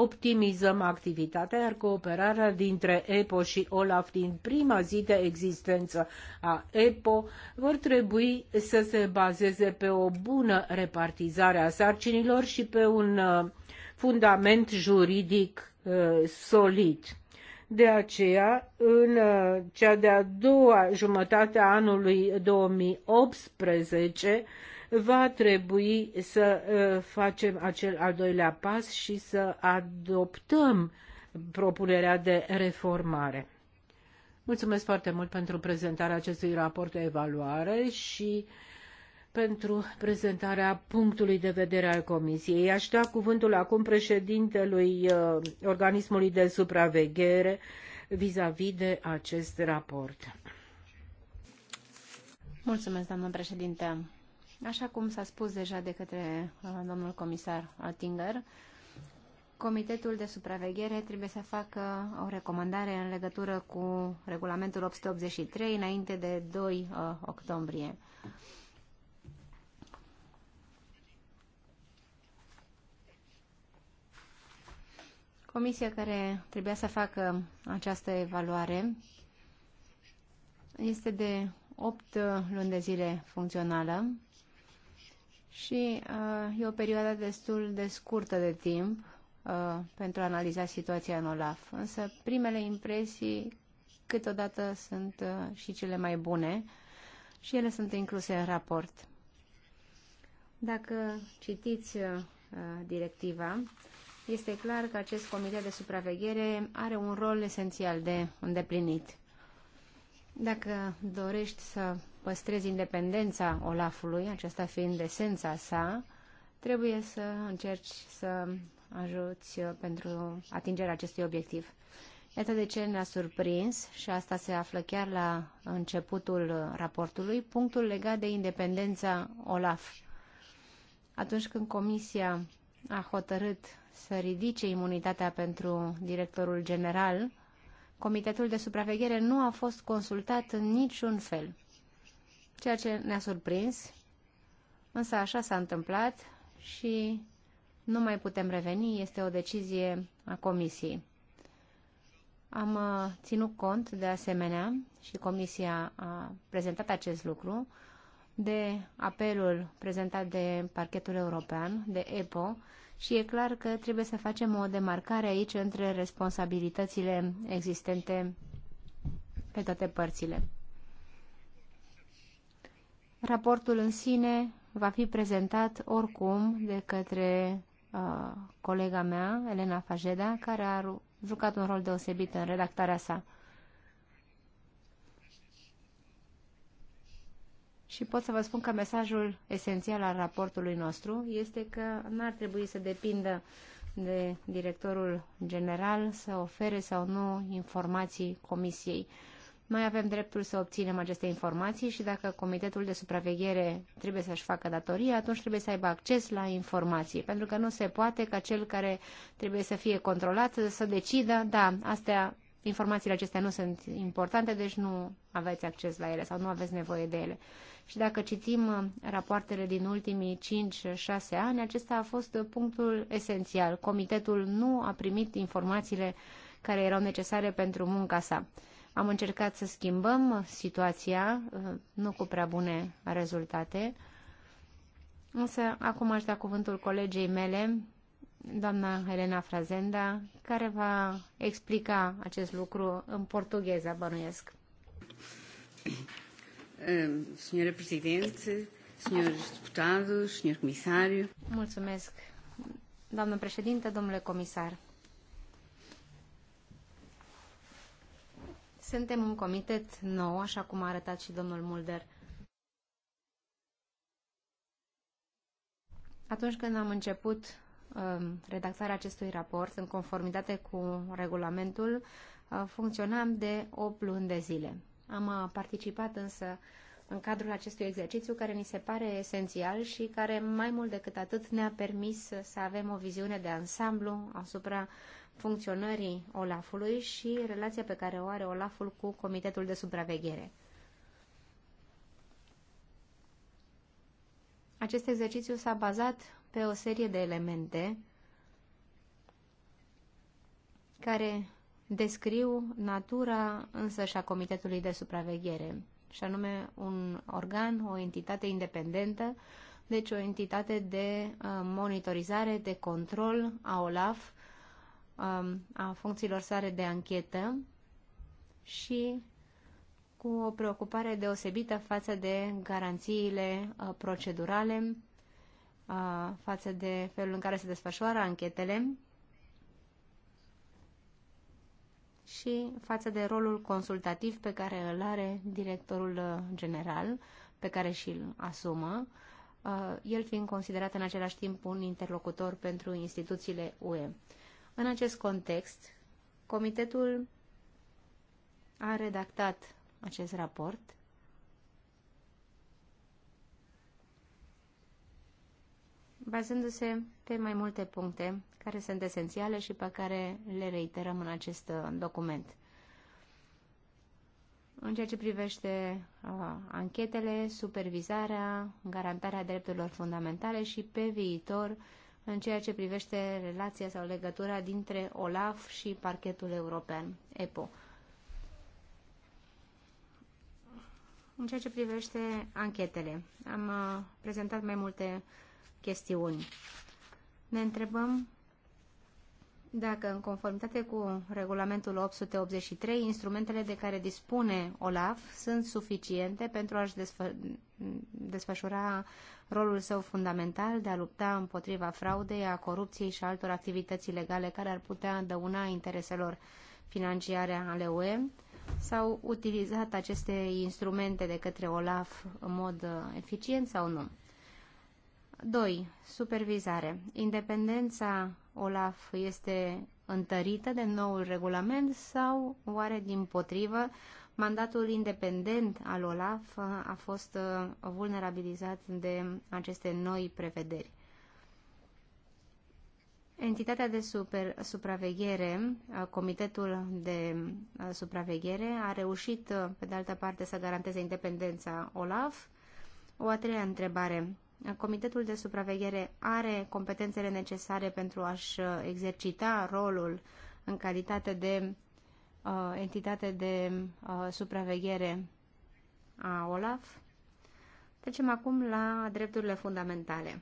optimizăm activitatea, iar cooperarea dintre EPO și OLAF din prima zi de existență a EPO vor trebui să se bazeze pe o bună repartizare a sarcinilor și pe un uh, fundament juridic uh, solid. De aceea, în uh, cea de-a doua jumătate a anului 2018, va trebui să uh, facem acel al doilea pas și să adoptăm propunerea de reformare. Mulțumesc foarte mult pentru prezentarea acestui raport de evaluare și pentru prezentarea punctului de vedere al Comisiei. Aș da cuvântul acum președintelui uh, organismului de supraveghere vis-a-vis -vis de acest raport. Mulțumesc, doamnă președinte. Așa cum s-a spus deja de către uh, domnul comisar Altinger, Comitetul de supraveghere trebuie să facă o recomandare în legătură cu regulamentul 883 înainte de 2 uh, octombrie. Comisia care trebuia să facă această evaluare este de 8 uh, luni de zile funcțională și uh, e o perioadă destul de scurtă de timp uh, pentru a analiza situația în OLAF. Însă primele impresii câteodată sunt uh, și cele mai bune și ele sunt incluse în raport. Dacă citiți uh, directiva, este clar că acest comitet de supraveghere are un rol esențial de îndeplinit. Dacă dorești să păstrezi independența Olafului, aceasta fiind esența sa, trebuie să încerci să ajuți uh, pentru atingerea acestui obiectiv. Iată de ce ne-a surprins și asta se află chiar la începutul uh, raportului, punctul legat de independența OLAF. Atunci când Comisia a hotărât să ridice imunitatea pentru directorul general, Comitetul de Supraveghere nu a fost consultat în niciun fel ceea ce ne-a surprins, însă așa s-a întâmplat și nu mai putem reveni, este o decizie a Comisiei. Am uh, ținut cont de asemenea și Comisia a prezentat acest lucru de apelul prezentat de parchetul european, de EPO, și e clar că trebuie să facem o demarcare aici între responsabilitățile existente pe toate părțile. Raportul în sine va fi prezentat oricum de către uh, colega mea, Elena Fajeda, care a jucat un rol deosebit în redactarea sa. Și pot să vă spun că mesajul esențial al raportului nostru este că nu ar trebui să depindă de directorul general să ofere sau nu informații comisiei. Uh, noi avem dreptul să obținem aceste informații și dacă Comitetul de Supraveghere trebuie să-și facă datoria, atunci trebuie să aibă acces la informații, pentru că nu se poate ca cel care trebuie să fie controlat să decidă, da, astea, informațiile acestea nu sunt importante, deci nu aveți acces la ele sau nu aveți nevoie de ele. Și dacă citim uh, rapoartele din ultimii 5-6 ani, acesta a fost punctul esențial. Comitetul nu a primit informațiile care erau necesare pentru munca sa. Am încercat să schimbăm situația, uh, nu cu prea bune rezultate, însă acum aș da cuvântul colegei mele, doamna Elena Frazenda, care va explica acest lucru în portugheză, bănuiesc. Senhora Presidente, senhores deputados, senhor comissário. Mulțumesc, doamnă președinte, domnule comisar. Suntem un comitet nou, așa cum a arătat și domnul Mulder. Atunci când am început um, redactarea acestui raport, în conformitate cu regulamentul, uh, funcționam de 8 luni de zile. Am uh, participat însă în cadrul acestui exercițiu care ni se pare esențial și care mai mult decât atât ne-a permis să avem o viziune de ansamblu asupra uh, funcționării Olafului și relația pe care o are Olaful cu Comitetul de Supraveghere. Acest exercițiu s-a bazat pe o serie de elemente care descriu natura însă și a Comitetului de Supraveghere, și anume un organ, o entitate independentă, deci o entitate de uh, monitorizare, de control a OLAF Um, a funcțiilor sale de anchetă și cu o preocupare deosebită față de garanțiile uh, procedurale, uh, față de felul în care se desfășoară anchetele și față de rolul consultativ pe care îl are directorul uh, general, pe care și-l asumă, el fiind considerat în același timp un interlocutor pentru instituțiile UE. În acest context, comitetul a redactat acest raport bazându-se pe mai multe puncte care sunt esențiale și pe care le reiterăm în acest uh, document. În ceea ce privește uh, anchetele, supervizarea, garantarea drepturilor fundamentale și pe viitor uh, în ceea ce privește relația sau legătura dintre OLAF și parchetul european, EPO. În ceea ce privește anchetele, am uh, prezentat mai multe chestiuni. Ne întrebăm dacă, în conformitate cu regulamentul 883, instrumentele de care dispune OLAF sunt suficiente pentru a-și desfă desfășura rolul său fundamental de a lupta împotriva fraudei, a corupției și a altor activități ilegale care ar putea dăuna intereselor financiare ale UE, s-au utilizat aceste instrumente de către OLAF în mod uh, eficient sau nu. 2. Supervizare. Independența OLAF este întărită de noul regulament sau oare din potrivă mandatul independent al OLAF a fost uh, vulnerabilizat de aceste noi prevederi? Entitatea de super, supraveghere, uh, Comitetul de uh, Supraveghere, a reușit, pe de altă parte, să garanteze independența OLAF. O a treia întrebare Comitetul de supraveghere are competențele necesare pentru a-și uh, exercita rolul în calitate de uh, entitate de uh, supraveghere a OLAF. Trecem acum la drepturile fundamentale.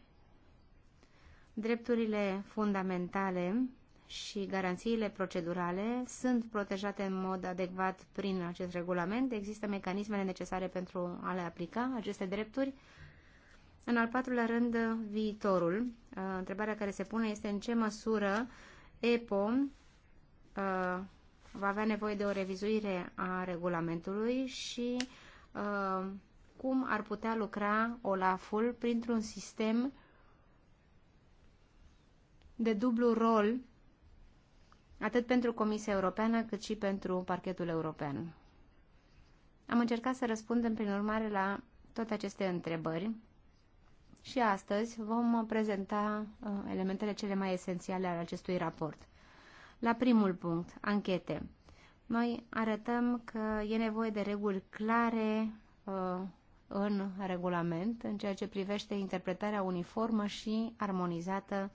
Drepturile fundamentale și garanțiile procedurale sunt protejate în mod adecvat prin acest regulament. Există mecanismele necesare pentru a le aplica aceste drepturi în al patrulea rând, viitorul. Uh, întrebarea care se pune este în ce măsură EPO uh, va avea nevoie de o revizuire a regulamentului și uh, cum ar putea lucra OLAF-ul printr-un sistem de dublu rol atât pentru Comisia Europeană cât și pentru parchetul european. Am încercat să răspundem prin urmare la toate aceste întrebări și astăzi vom prezenta uh, elementele cele mai esențiale ale acestui raport. La primul punct, anchete. Noi arătăm că e nevoie de reguli clare uh, în regulament în ceea ce privește interpretarea uniformă și armonizată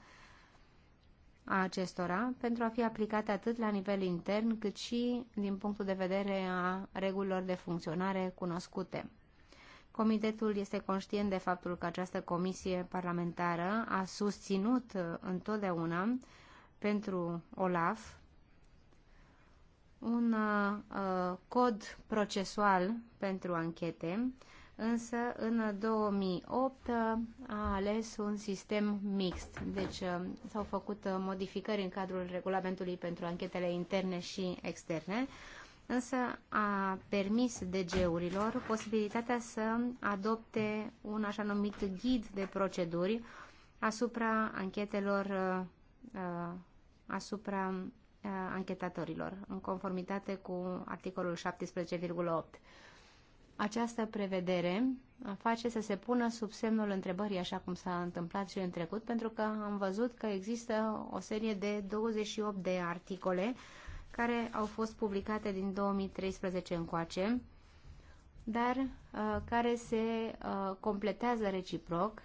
a acestora pentru a fi aplicate atât la nivel intern cât și din punctul de vedere a regulilor de funcționare cunoscute. Comitetul este conștient de faptul că această comisie parlamentară a susținut întotdeauna pentru OLAF un uh, cod procesual pentru anchete, însă în 2008 a ales un sistem mixt. Deci uh, s-au făcut uh, modificări în cadrul regulamentului pentru anchetele interne și externe, însă a permis DG-urilor posibilitatea să adopte un așa numit ghid de proceduri asupra anchetelor, uh, asupra uh, anchetatorilor, în conformitate cu articolul 17,8. Această prevedere face să se pună sub semnul întrebării, așa cum s-a întâmplat și în trecut, pentru că am văzut că există o serie de 28 de articole care au fost publicate din 2013 încoace, dar uh, care se uh, completează reciproc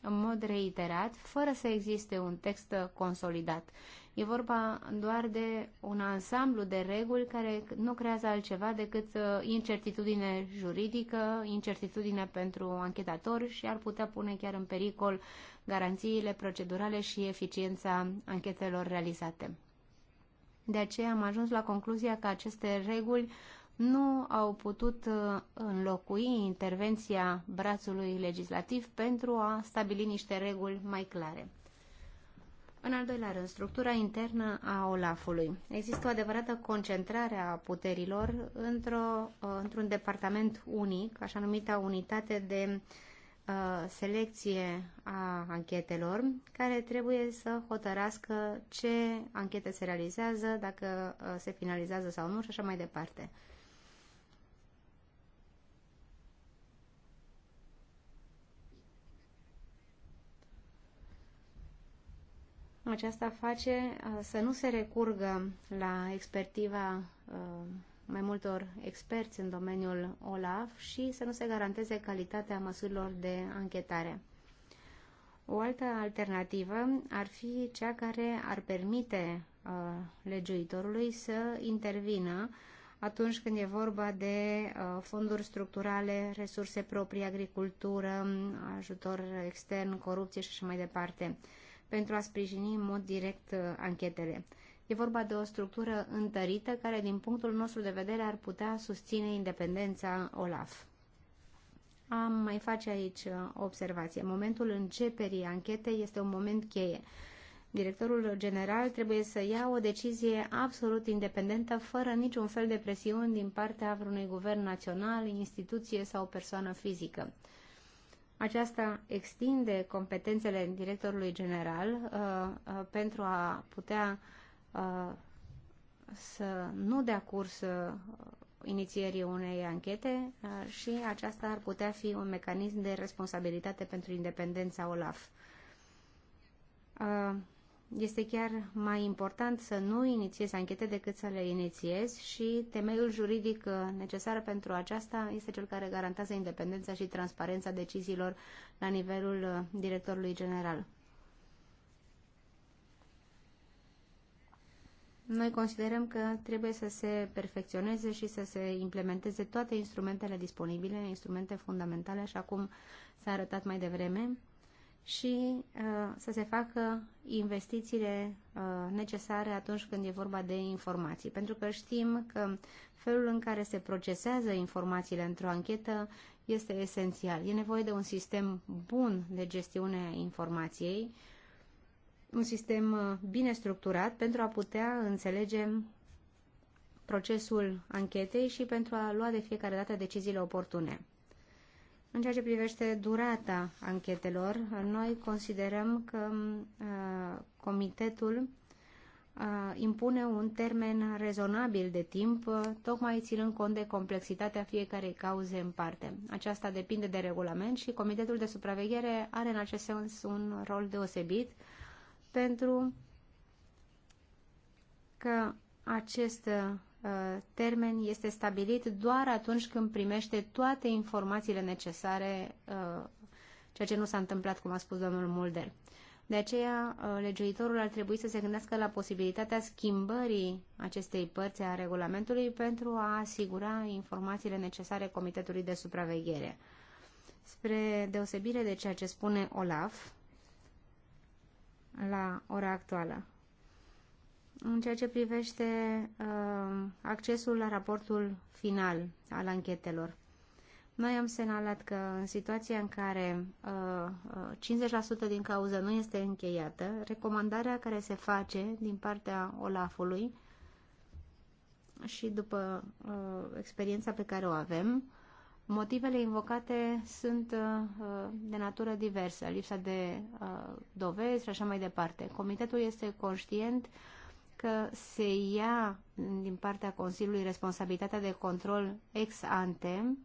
în mod reiterat, fără să existe un text consolidat. E vorba doar de un ansamblu de reguli care nu creează altceva decât uh, incertitudine juridică, incertitudine pentru anchetatori și ar putea pune chiar în pericol garanțiile procedurale și eficiența anchetelor realizate. De aceea am ajuns la concluzia că aceste reguli nu au putut uh, înlocui intervenția brațului legislativ pentru a stabili niște reguli mai clare. În al doilea rând, structura internă a Olafului. Există o adevărată concentrare a puterilor uh, într-un într departament unic, așa numită unitate de uh, selecție a anchetelor care trebuie să hotărască ce anchete se realizează, dacă se finalizează sau nu și așa mai departe. Aceasta face să nu se recurgă la expertiva mai multor experți în domeniul OLAF și să nu se garanteze calitatea măsurilor de anchetare. O altă alternativă ar fi cea care ar permite uh, legiuitorului să intervină atunci când e vorba de uh, fonduri structurale, resurse proprii, agricultură, ajutor extern, corupție și așa mai departe, pentru a sprijini în mod direct uh, anchetele. E vorba de o structură întărită care, din punctul nostru de vedere, ar putea susține independența OLAF. Am mai face aici o uh, observație. Momentul începerii anchetei este un moment cheie. Directorul general trebuie să ia o decizie absolut independentă, fără niciun fel de presiuni din partea vreunui guvern național, instituție sau persoană fizică. Aceasta extinde competențele directorului general uh, uh, pentru a putea uh, Uh, să nu dea curs uh, inițierii unei anchete uh, și aceasta ar putea fi un mecanism de responsabilitate pentru independența OLAF. Este chiar mai important să nu inițiezi anchete decât să le inițiezi și temeiul juridic necesar pentru aceasta este cel care garantează independența și transparența deciziilor la nivelul directorului general. Noi considerăm că trebuie să se perfecționeze și să se implementeze toate instrumentele disponibile, instrumente fundamentale, așa cum s-a arătat mai devreme, și uh, să se facă investițiile uh, necesare atunci când e vorba de informații. Pentru că știm că felul în care se procesează informațiile într-o anchetă este esențial. E nevoie de un sistem bun de gestiune a informației, uh, un sistem uh, bine structurat pentru a putea înțelege procesul anchetei și pentru a lua de fiecare dată deciziile oportune. În ceea ce privește durata anchetelor, noi considerăm că uh, comitetul uh, impune un termen rezonabil de timp, uh, tocmai ținând cont de complexitatea fiecarei cauze în parte. Aceasta depinde de regulament și comitetul de supraveghere are în acest sens un rol deosebit pentru că acest uh, termen este stabilit doar atunci când primește toate informațiile necesare, uh, ceea ce nu s-a întâmplat, cum a spus domnul Mulder. De aceea, uh, legiuitorul ar trebui să se gândească la posibilitatea schimbării acestei părți a regulamentului pentru a asigura informațiile necesare Comitetului de Supraveghere. Spre deosebire de ceea ce spune Olaf, la ora actuală. În ceea ce privește uh, accesul la raportul final al anchetelor, noi am semnalat că în situația în care uh, 50% uh, din cauză nu este încheiată, recomandarea care se face din partea Olafului și după uh, experiența pe care o avem, Motivele invocate sunt uh, de natură diversă, lipsa de uh, dovezi și așa mai departe. Comitetul este conștient că se ia din partea Consiliului responsabilitatea de control ex ante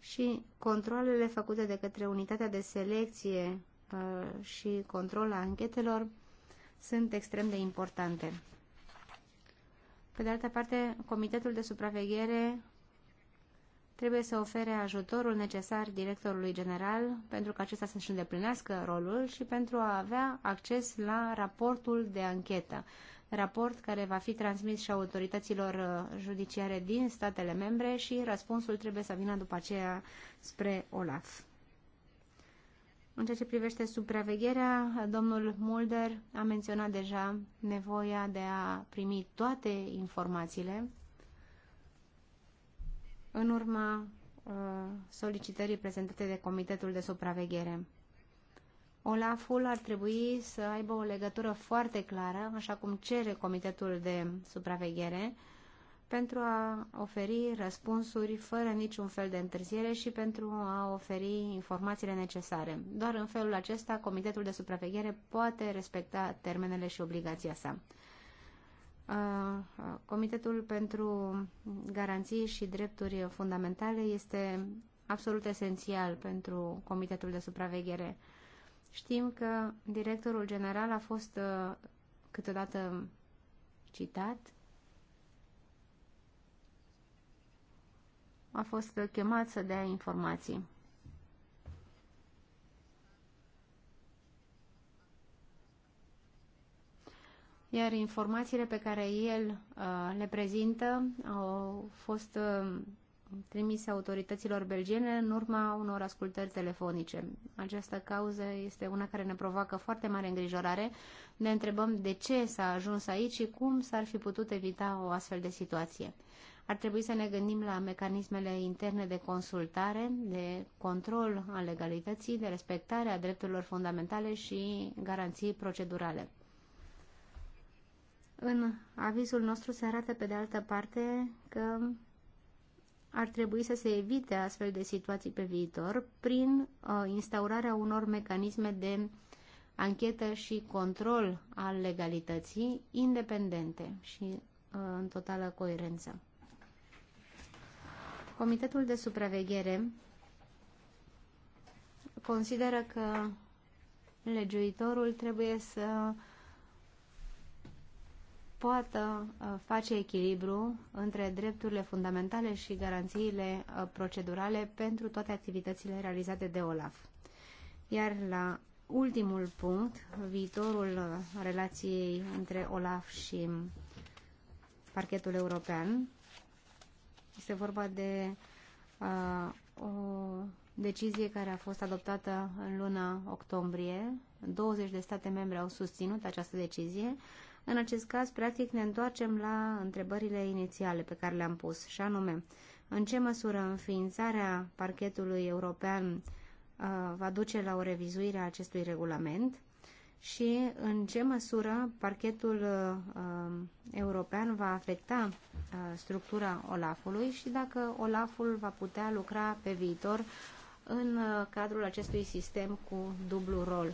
și controlele făcute de către unitatea de selecție uh, și control a anchetelor sunt extrem de importante. Pe de altă parte, Comitetul de Supraveghere trebuie să ofere ajutorul necesar directorului general pentru că acesta să-și îndeplinească rolul și pentru a avea acces la raportul de anchetă, raport care va fi transmis și autorităților uh, judiciare din statele membre și răspunsul trebuie să vină după aceea spre OLAF. În ceea ce privește supravegherea, domnul Mulder a menționat deja nevoia de a primi toate informațiile în urma uh, solicitării prezentate de Comitetul de Supraveghere. Olaful ar trebui să aibă o legătură foarte clară, așa cum cere Comitetul de Supraveghere, pentru a oferi răspunsuri fără niciun fel de întârziere și pentru a oferi informațiile necesare. Doar în felul acesta, Comitetul de Supraveghere poate respecta termenele și obligația sa. Comitetul pentru Garanții și Drepturi Fundamentale este absolut esențial pentru Comitetul de Supraveghere. Știm că directorul general a fost câteodată citat a fost chemat să dea informații. Iar informațiile pe care el uh, le prezintă au fost uh, trimise autorităților belgiene în urma unor ascultări telefonice. Această cauză este una care ne provoacă foarte mare îngrijorare. Ne întrebăm de ce s-a ajuns aici și cum s-ar fi putut evita o astfel de situație. Ar trebui să ne gândim la mecanismele interne de consultare, de control al legalității, de respectare a drepturilor fundamentale și garanții procedurale. În avizul nostru se arată pe de altă parte că ar trebui să se evite astfel de situații pe viitor prin uh, instaurarea unor mecanisme de anchetă și control al legalității independente și uh, în totală coerență. Comitetul de supraveghere consideră că legiuitorul trebuie să poată uh, face echilibru între drepturile fundamentale și garanțiile uh, procedurale pentru toate activitățile realizate de OLAF. Iar la ultimul punct, viitorul uh, relației între OLAF și parchetul european, este vorba de uh, o decizie care a fost adoptată în luna octombrie. 20 de state membre au susținut această decizie. În acest caz, practic, ne întoarcem la întrebările inițiale pe care le-am pus, și anume, în ce măsură înființarea parchetului european uh, va duce la o revizuire a acestui regulament și în ce măsură parchetul uh, um, european va afecta uh, structura Olafului și dacă Olaful va putea lucra pe viitor în uh, cadrul acestui sistem cu dublu rol.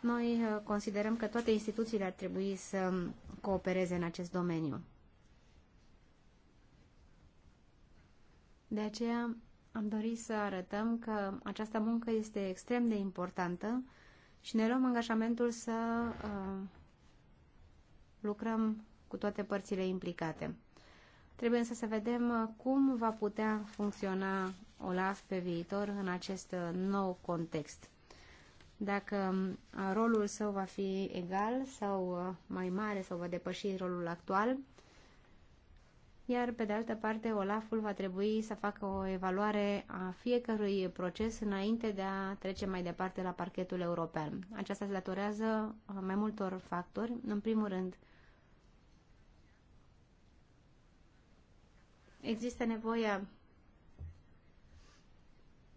Noi uh, considerăm că toate instituțiile ar trebui să coopereze în acest domeniu. De aceea am dorit să arătăm că această muncă este extrem de importantă și ne luăm angajamentul să uh, lucrăm cu toate părțile implicate. Trebuie însă să vedem uh, cum va putea funcționa OLAF pe viitor în acest uh, nou context. Dacă um, rolul său va fi egal sau uh, mai mare sau va depăși rolul actual iar pe de altă parte Olaful va trebui să facă o evaluare a fiecărui proces înainte de a trece mai departe la parchetul european. Aceasta se datorează uh, mai multor factori. În primul rând, există nevoia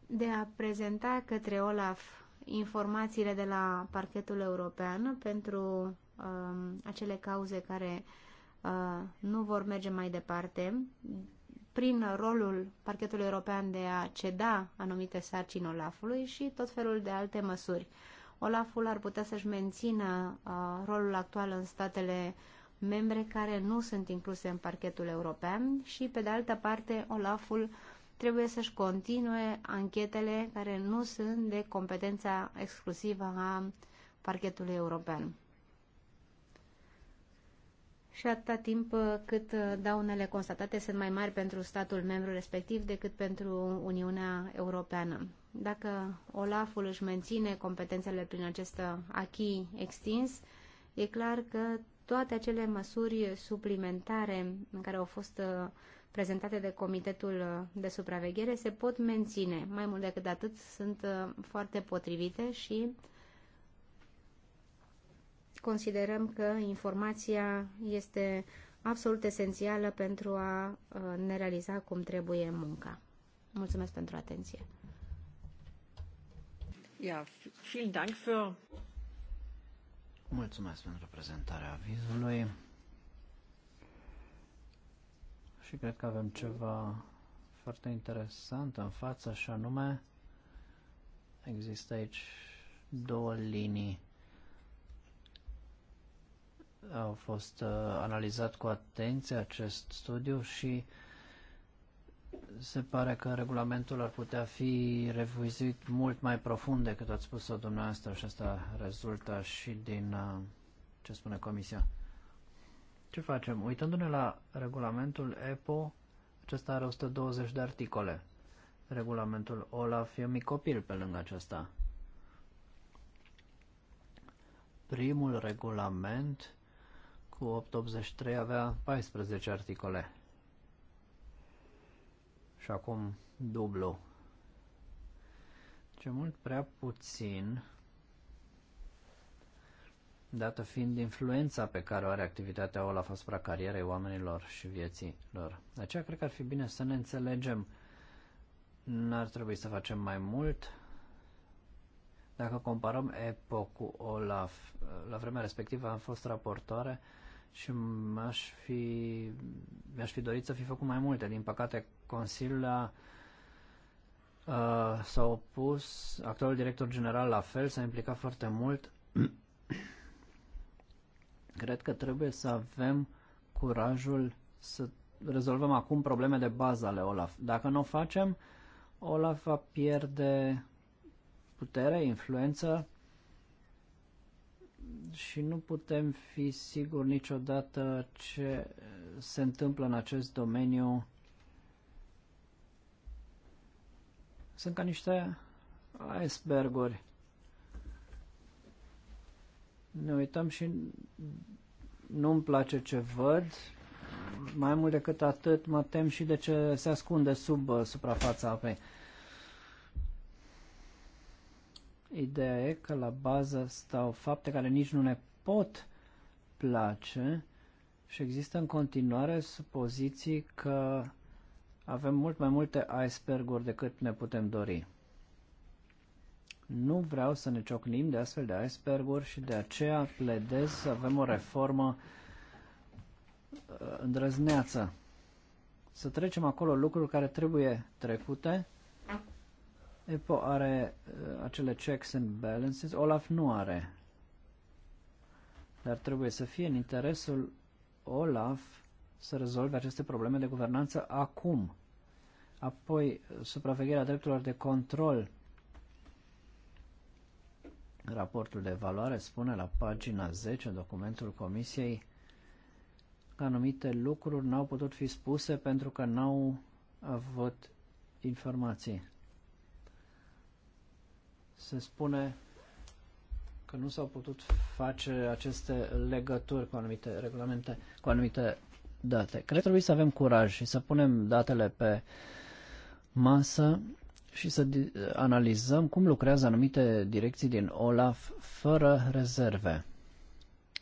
de a prezenta către Olaf informațiile de la parchetul european pentru um, acele cauze care uh, nu vor merge mai departe prin rolul parchetului european de a ceda anumite sarcini Olafului și tot felul de alte măsuri. Olaful ar putea să-și mențină rolul actual în statele membre care nu sunt incluse în parchetul european și, pe de altă parte, Olaful trebuie să-și continue anchetele care nu sunt de competența exclusivă a parchetului european și atâta timp uh, cât uh, daunele constatate sunt mai mari pentru statul membru respectiv decât pentru Uniunea Europeană. Dacă Olaful își menține competențele prin acest uh, achii extins, e clar că toate acele măsuri suplimentare în care au fost prezentate de Comitetul de Supraveghere se pot menține. Mai mult decât atât, sunt foarte potrivite și uh, considerăm că informația este absolut esențială pentru a uh, ne realiza cum trebuie munca. Mulțumesc pentru atenție. Ja, vielen Dank für... Mulțumesc pentru prezentarea avizului. Și cred că avem ceva foarte interesant în față, și nume. există aici două linii au fost uh, analizat cu atenție acest studiu și se pare că regulamentul ar putea fi revizuit mult mai profund decât ați spus-o dumneavoastră și asta rezultă și din uh, ce spune Comisia. Ce facem? Uitându-ne la regulamentul EPO, acesta are 120 de articole. Regulamentul OLAF e mic copil pe lângă acesta. Primul regulament cu 883 avea 14 articole. Și acum dublu. Ce mult prea puțin, dată fiind influența pe care o are activitatea OLAF asupra carierei oamenilor și vieții lor. De aceea cred că ar fi bine să ne înțelegem. N-ar trebui să facem mai mult, dacă comparăm EPO cu OLAF, la vremea respectivă am fost raportoare și m-aș fi, mi-aș fi dorit să fi făcut mai multe. Din păcate, Consiliul a, uh, s-a opus, actualul director general la fel, s-a implicat foarte mult. Cred că trebuie să avem curajul să rezolvăm acum probleme de bază ale Olaf. Dacă nu o facem, Olaf va pierde putere, influență și nu putem fi siguri niciodată ce se întâmplă în acest domeniu. Sunt ca niște iceberguri. Ne uităm și nu-mi place ce văd. Mai mult decât atât, mă tem și de ce se ascunde sub uh, suprafața apei. Ideea e că la bază stau fapte care nici nu ne pot place și există în continuare supoziții că avem mult mai multe iceberguri decât ne putem dori. Nu vreau să ne ciocnim de astfel de iceberguri și de aceea pledez să avem o reformă uh, îndrăzneață. Să trecem acolo lucruri care trebuie trecute EPO are uh, acele checks and balances, OLAF nu are. Dar trebuie să fie în interesul OLAF să rezolve aceste probleme de guvernanță acum. Apoi, supravegherea drepturilor de control. Raportul de evaluare spune la pagina 10, documentul Comisiei, că anumite lucruri n-au putut fi spuse pentru că n-au avut informații se spune că nu s-au putut face aceste legături cu anumite regulamente, cu anumite date. Cred că trebuie să avem curaj și să punem datele pe masă și să analizăm cum lucrează anumite direcții din OLAF fără rezerve.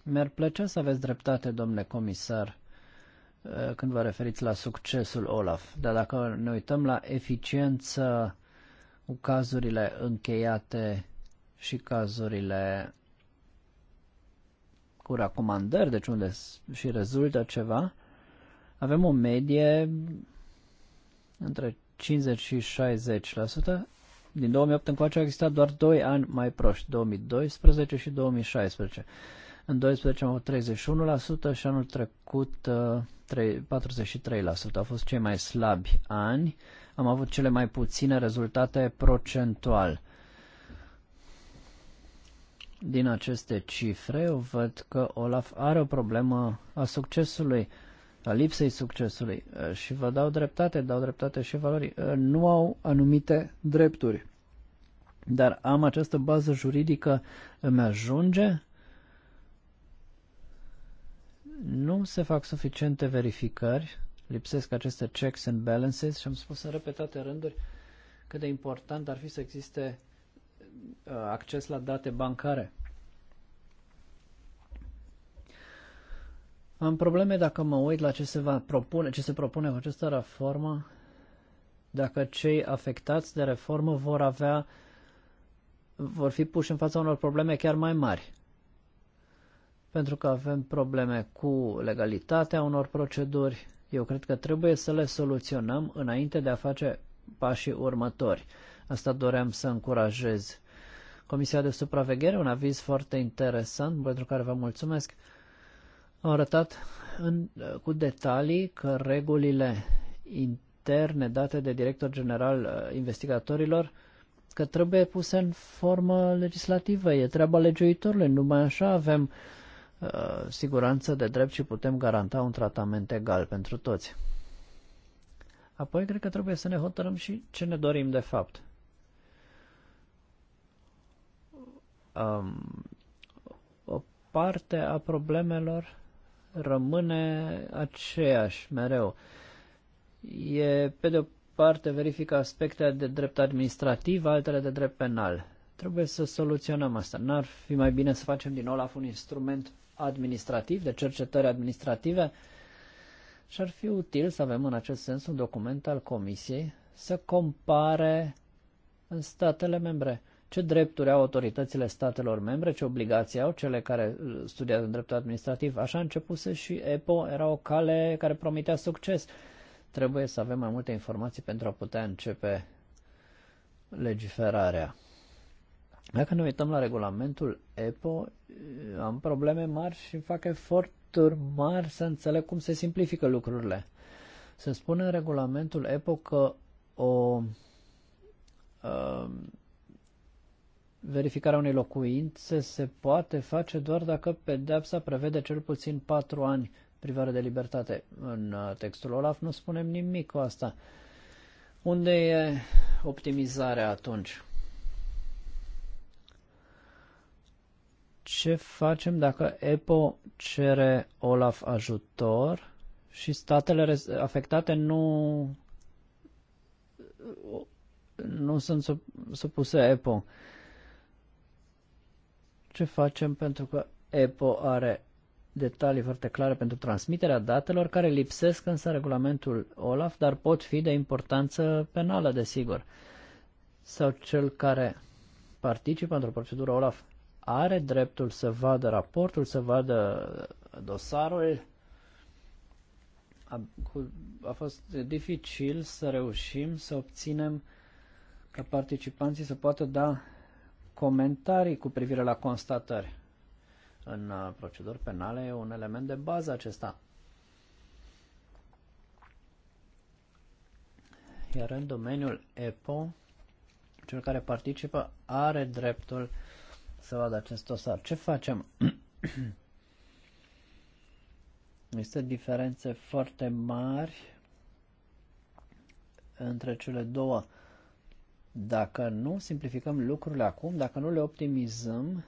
Mi-ar plăcea să aveți dreptate, domnule comisar, eh, când vă referiți la succesul OLAF, dar dacă ne uităm la eficiență cu cazurile încheiate și cazurile cu recomandări, deci unde și rezultă ceva, avem o medie între 50 și 60%. Din 2008 încoace au existat doar 2 ani mai proști, 2012 și 2016. În 2012 am avut 31% și anul trecut 43%. Uh, au fost cei mai slabi ani am avut cele mai puține rezultate procentual. Din aceste cifre, eu văd că Olaf are o problemă a succesului, a lipsei succesului și vă dau dreptate, dau dreptate și valorii. Nu au anumite drepturi. Dar am această bază juridică, îmi ajunge? Nu se fac suficiente verificări lipsesc aceste checks and balances și am spus în repetate rânduri cât de important ar fi să existe uh, acces la date bancare. Am probleme dacă mă uit la ce se va propune, ce se propune cu această reformă, dacă cei afectați de reformă vor avea vor fi puși în fața unor probleme chiar mai mari. Pentru că avem probleme cu legalitatea unor proceduri, eu cred că trebuie să le soluționăm înainte de a face pașii următori. Asta doream să încurajez. Comisia de supraveghere, un aviz foarte interesant, pentru care vă mulțumesc, a arătat în, cu detalii că regulile interne date de director general uh, investigatorilor că trebuie puse în formă legislativă, e treaba legiuitorului, numai așa avem uh, Uh, siguranță de drept și putem garanta un tratament egal pentru toți. Apoi cred că trebuie să ne hotărâm și ce ne dorim de fapt. Um, o parte a problemelor rămâne aceeași mereu. E, pe de o parte, verifică aspecte de drept administrativ, altele de drept penal. Trebuie să soluționăm asta. N-ar fi mai bine să facem din OLAF un instrument administrativ, de cercetări administrative și ar fi util să avem în acest sens un document al Comisiei să compare în statele membre ce drepturi au autoritățile statelor membre, ce obligații au cele care uh, studiază în dreptul administrativ. Așa începuse și EPO, era o cale care promitea succes. Trebuie să avem mai multe informații pentru a putea începe legiferarea. Dacă ne uităm la regulamentul EPO, am probleme mari și fac eforturi mari să înțeleg cum se simplifică lucrurile. Se spune în regulamentul EPO că o uh, verificarea unei locuințe se poate face doar dacă pedepsa prevede cel puțin 4 ani privare de libertate. În uh, textul Olaf nu spunem nimic cu asta. Unde e optimizarea atunci? ce facem dacă EPO cere OLAF ajutor și statele afectate nu, nu sunt supuse EPO? Ce facem pentru că EPO are detalii foarte clare pentru transmiterea datelor care lipsesc însă regulamentul OLAF, dar pot fi de importanță penală, desigur. Sau cel care participă într-o procedură OLAF are dreptul să vadă raportul, să vadă dosarul. A, cu, a fost dificil să reușim să obținem ca participanții să poată da comentarii cu privire la constatări. În uh, proceduri penale e un element de bază acesta. Iar în domeniul EPO, cel care participă are dreptul să vadă acest dosar. Ce facem? Este diferențe foarte mari între cele două. Dacă nu simplificăm lucrurile acum, dacă nu le optimizăm,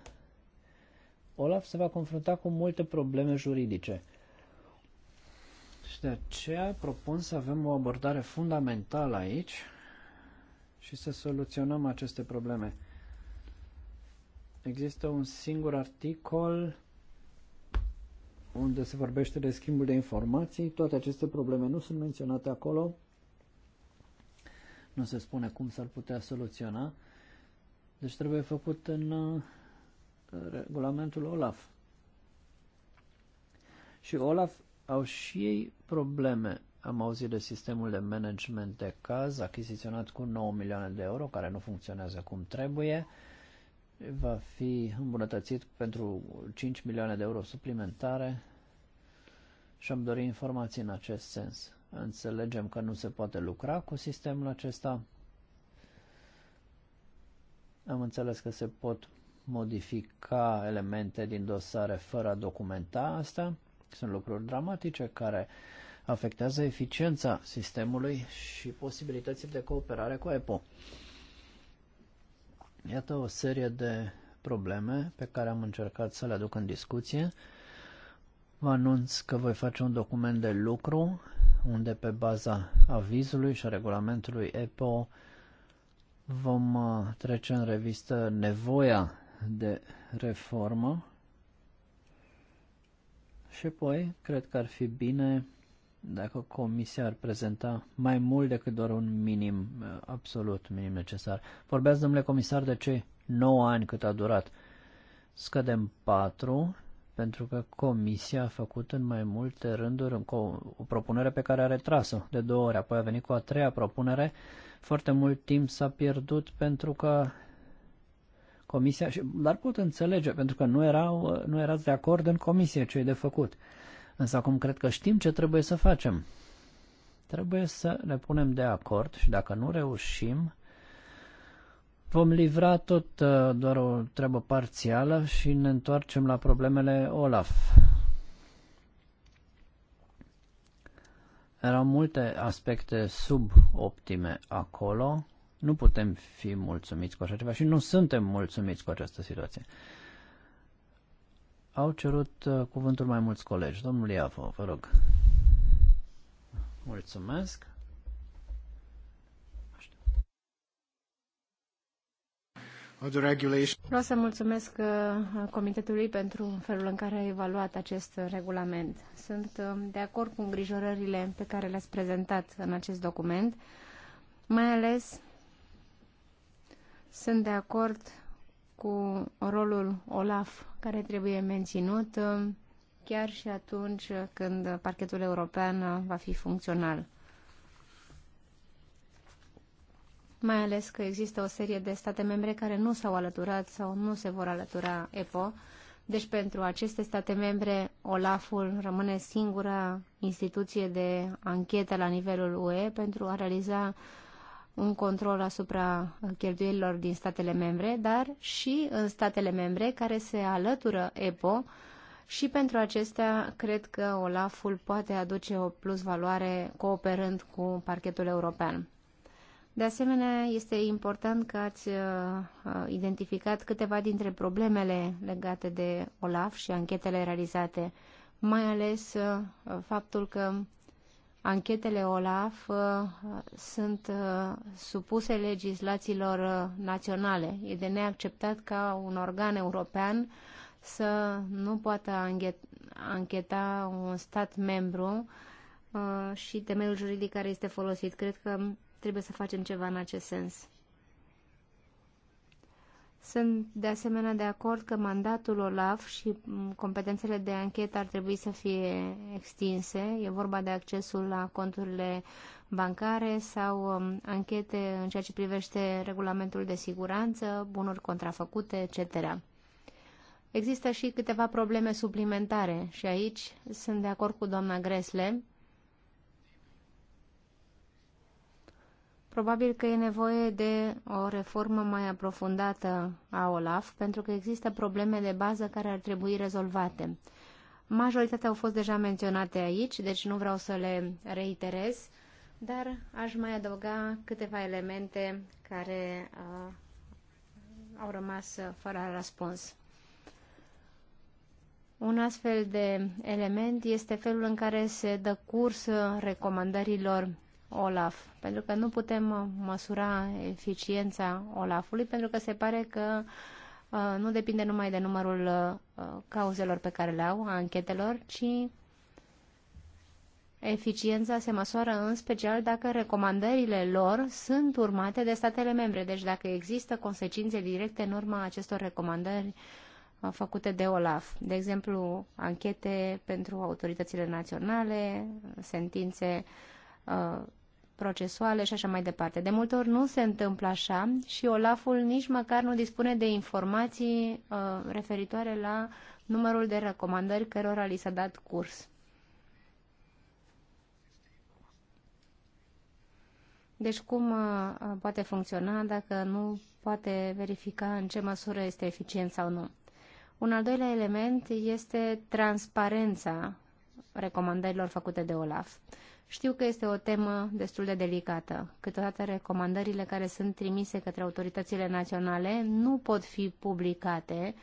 Olaf se va confrunta cu multe probleme juridice. Și de aceea propun să avem o abordare fundamentală aici și să soluționăm aceste probleme. Există un singur articol unde se vorbește de schimbul de informații. Toate aceste probleme nu sunt menționate acolo. Nu se spune cum s-ar putea soluționa. Deci trebuie făcut în uh, regulamentul OLAF. Și OLAF au și ei probleme. Am auzit de sistemul de management de caz achiziționat cu 9 milioane de euro, care nu funcționează cum trebuie va fi îmbunătățit pentru 5 milioane de euro suplimentare și am dorit informații în acest sens. Înțelegem că nu se poate lucra cu sistemul acesta. Am înțeles că se pot modifica elemente din dosare fără a documenta asta. Sunt lucruri dramatice care afectează eficiența sistemului și posibilitățile de cooperare cu EPO. Iată o serie de probleme pe care am încercat să le aduc în discuție. Vă anunț că voi face un document de lucru unde pe baza avizului și a regulamentului EPO vom uh, trece în revistă nevoia de reformă și apoi cred că ar fi bine dacă Comisia ar prezenta mai mult decât doar un minim uh, absolut, minim necesar. Vorbeați, domnule comisar, de ce 9 ani cât a durat. Scădem 4, pentru că Comisia a făcut în mai multe rânduri o propunere pe care a retras-o de două ori, apoi a venit cu a treia propunere. Foarte mult timp s-a pierdut pentru că Comisia, dar pot înțelege, pentru că nu, erau, uh, nu erați de acord în Comisie ce e de făcut. Însă acum cred că știm ce trebuie să facem. Trebuie să ne punem de acord și dacă nu reușim, vom livra tot uh, doar o treabă parțială și ne întoarcem la problemele Olaf. Erau multe aspecte suboptime acolo. Nu putem fi mulțumiți cu așa ceva și nu suntem mulțumiți cu această situație. Au cerut uh, cuvântul mai mulți colegi. Domnul Iafo, vă rog. Mulțumesc. Vreau să mulțumesc uh, Comitetului pentru felul în care a evaluat acest regulament. Sunt uh, de acord cu îngrijorările pe care le-ați prezentat în acest document, mai ales sunt de acord cu rolul OLAF care trebuie menținut uh, chiar și atunci când parchetul european uh, va fi funcțional. Mai ales că există o serie de state membre care nu s-au alăturat sau nu se vor alătura EPO, deci pentru aceste state membre, OLAF-ul rămâne singura instituție de anchetă la nivelul UE pentru a realiza uh, un control asupra cheltuielilor din statele membre, dar și în uh, statele membre care se alătură EPO și pentru acestea cred că OLAF-ul poate aduce o plus valoare cooperând cu parchetul european. De asemenea, este important că ați uh, uh, identificat câteva dintre problemele legate de OLAF și anchetele realizate, mai ales faptul că anchetele OLAF uh, sunt uh, supuse legislațiilor uh, naționale. E de neacceptat ca un organ european să nu poată ancheta un stat membru și temeiul juridic care este folosit. Cred că trebuie să facem ceva în acest sens. Sunt de asemenea de acord că mandatul OLAF și mm, competențele de anchetă ar trebui să fie extinse. E vorba de accesul la conturile bancare sau mm, anchete în ceea ce privește regulamentul de siguranță, bunuri contrafăcute, etc. Există și câteva probleme suplimentare și aici sunt de acord cu doamna Gresle Probabil că e nevoie de o reformă mai aprofundată a OLAF, pentru că există probleme de bază care ar trebui rezolvate. Majoritatea au fost deja menționate aici, deci nu vreau să le reiterez, dar aș mai adăuga câteva elemente care uh, au rămas uh, fără răspuns. Un astfel de element este felul în care se dă curs uh, recomandărilor OLAF, pentru că nu putem uh, măsura eficiența OLAF-ului, pentru că se pare că uh, nu depinde numai de numărul uh, cauzelor pe care le au, a anchetelor, ci Eficiența se măsoară în special dacă recomandările lor sunt urmate de statele membre, deci dacă există consecințe directe în urma acestor recomandări făcute de OLAF. De exemplu, anchete pentru autoritățile naționale, sentințe uh, procesuale și așa mai departe. De multe ori nu se întâmplă așa și Olaful nici măcar nu dispune de informații uh, referitoare la numărul de recomandări cărora li s-a dat curs. Deci cum uh, uh poate funcționa dacă nu poate verifica în ce măsură este eficient sau nu. Un al doilea element este transparența recomandărilor făcute de OLAF. Știu că este o temă destul de delicată. Câteodată recomandările care sunt trimise către autoritățile naționale nu pot fi publicate.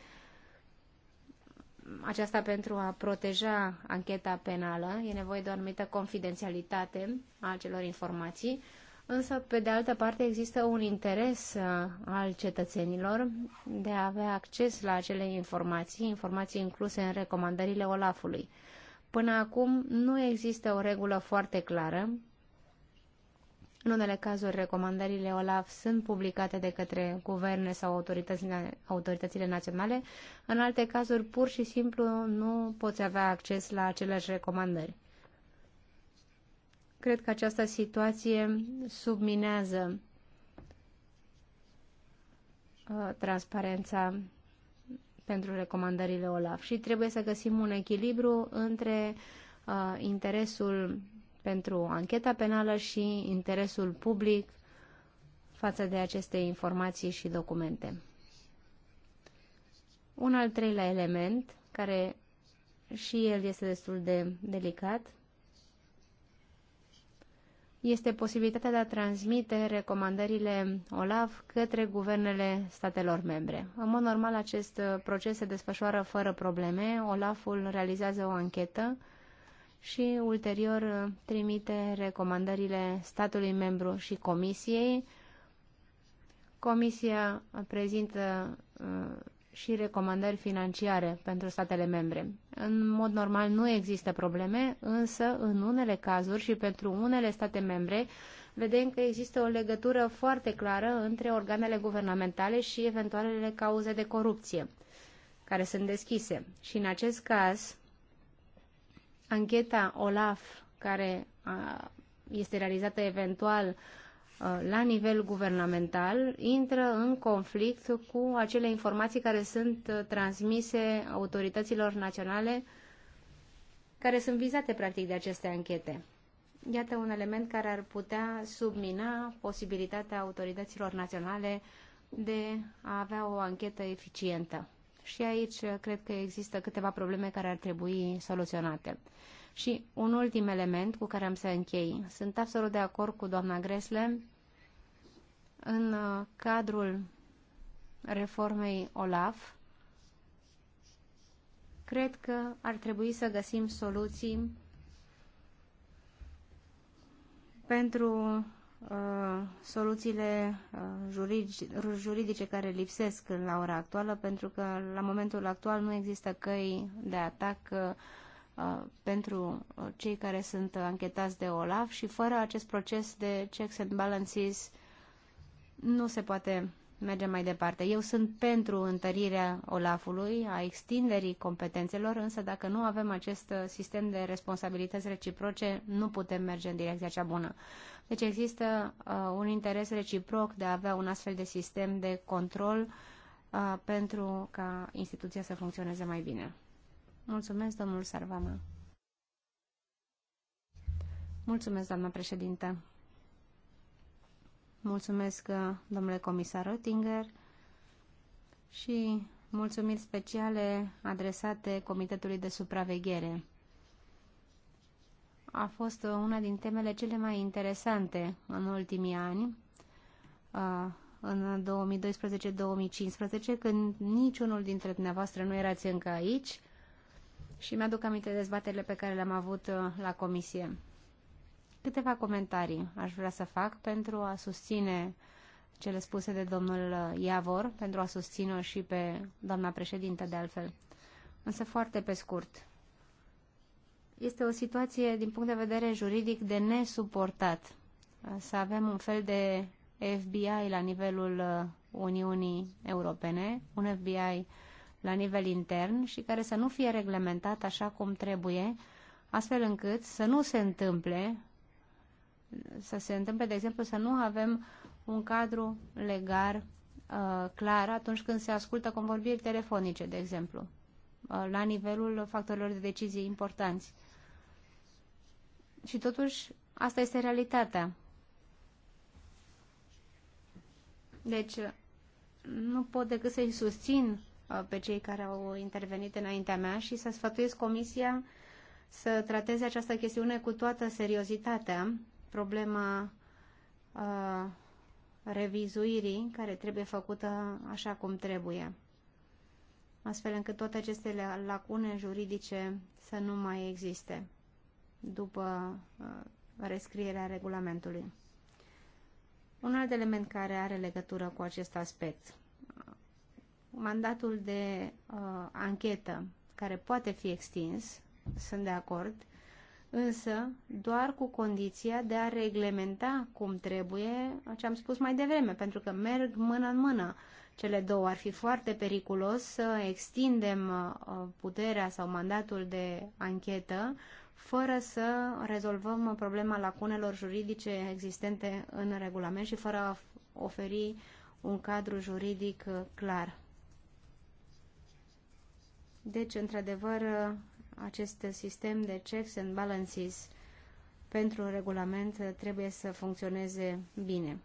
Aceasta pentru a proteja ancheta penală. E nevoie de o anumită confidențialitate a acelor informații. Însă, pe de altă parte, există un interes uh, al cetățenilor de a avea acces la acele informații, informații incluse în recomandările Olafului. ului Până acum nu există o regulă foarte clară. În unele cazuri, recomandările OLAF sunt publicate de către guverne sau autoritățile, autoritățile naționale. În alte cazuri, pur și simplu, nu poți avea acces la aceleași recomandări. Cred că această situație subminează uh, transparența pentru recomandările OLAF și trebuie să găsim un echilibru între uh, interesul pentru ancheta penală și interesul public față de aceste informații și documente. Un al treilea element, care și el este destul de delicat, este posibilitatea de a transmite recomandările OLAF către guvernele statelor membre. În mod normal, acest proces se desfășoară fără probleme. OLAF-ul realizează o anchetă și ulterior trimite recomandările statului membru și comisiei. Comisia prezintă uh, și recomandări financiare pentru statele membre. În mod normal nu există probleme, însă în unele cazuri și pentru unele state membre vedem că există o legătură foarte clară între organele guvernamentale și eventualele cauze de corupție care sunt deschise. Și în acest caz, ancheta OLAF, care a, este realizată eventual uh, Uh, la nivel guvernamental intră în conflict cu acele informații care sunt uh, transmise autorităților naționale care sunt vizate practic de aceste anchete. Iată un element care ar putea submina posibilitatea autorităților naționale de a avea o anchetă eficientă. Și aici uh, cred că există câteva probleme care ar trebui soluționate. Și un ultim element cu care am să închei. Sunt absolut de acord cu doamna Gresle în uh, cadrul reformei OLAF. Cred că ar trebui să găsim soluții pentru uh, soluțiile uh, juridice, care lipsesc la ora actuală, pentru că la momentul actual nu există căi de atac uh, Uh, pentru uh, cei care sunt uh, anchetați de OLAF și fără acest proces de checks and balances nu se poate merge mai departe. Eu sunt pentru întărirea OLAF-ului, a extinderii competențelor, însă dacă nu avem acest sistem de responsabilități reciproce, nu putem merge în direcția cea bună. Deci există uh, un interes reciproc de a avea un astfel de sistem de control uh, pentru ca instituția să funcționeze mai bine. Mulțumesc, domnul Sarvama. Mulțumesc, doamna președintă. Mulțumesc, domnule comisar Oettinger și mulțumiri speciale adresate Comitetului de Supraveghere. A fost una din temele cele mai interesante în ultimii ani, uh, în 2012-2015, când niciunul dintre dumneavoastră nu erați încă aici, și mi-aduc aminte dezbaterile pe care le-am avut uh, la comisie. Câteva comentarii aș vrea să fac pentru a susține cele spuse de domnul uh, Iavor, pentru a susține și pe doamna președintă de altfel. Însă foarte pe scurt. Este o situație din punct de vedere juridic de nesuportat. Uh, să avem un fel de FBI la nivelul Uniunii Europene, un FBI uh, la nivel intern și care să nu fie reglementat așa cum trebuie, astfel încât să nu se întâmple, să se întâmple, de exemplu, să nu avem un cadru legal uh, clar atunci când se ascultă convorbiri telefonice, de exemplu, uh, la nivelul factorilor de decizie importanți. Și totuși, asta este realitatea. Deci, nu pot decât să-i susțin Uh, pe cei care au intervenit înaintea mea și să sfătuiesc Comisia să trateze această chestiune cu toată seriozitatea, problema uh, revizuirii care trebuie făcută așa cum trebuie, astfel încât toate aceste lacune juridice să nu mai existe după uh, rescrierea regulamentului. Un alt element care are legătură cu acest aspect – mandatul de uh, anchetă, care poate fi extins, sunt de acord, însă doar cu condiția de a reglementa cum trebuie ce am spus mai devreme, pentru că merg mână în mână cele două. Ar fi foarte periculos să extindem uh, puterea sau mandatul de anchetă fără să rezolvăm problema lacunelor juridice existente în regulament și fără a oferi un cadru juridic uh, clar. Deci, într-adevăr, acest sistem de checks and balances pentru un regulament trebuie să funcționeze bine.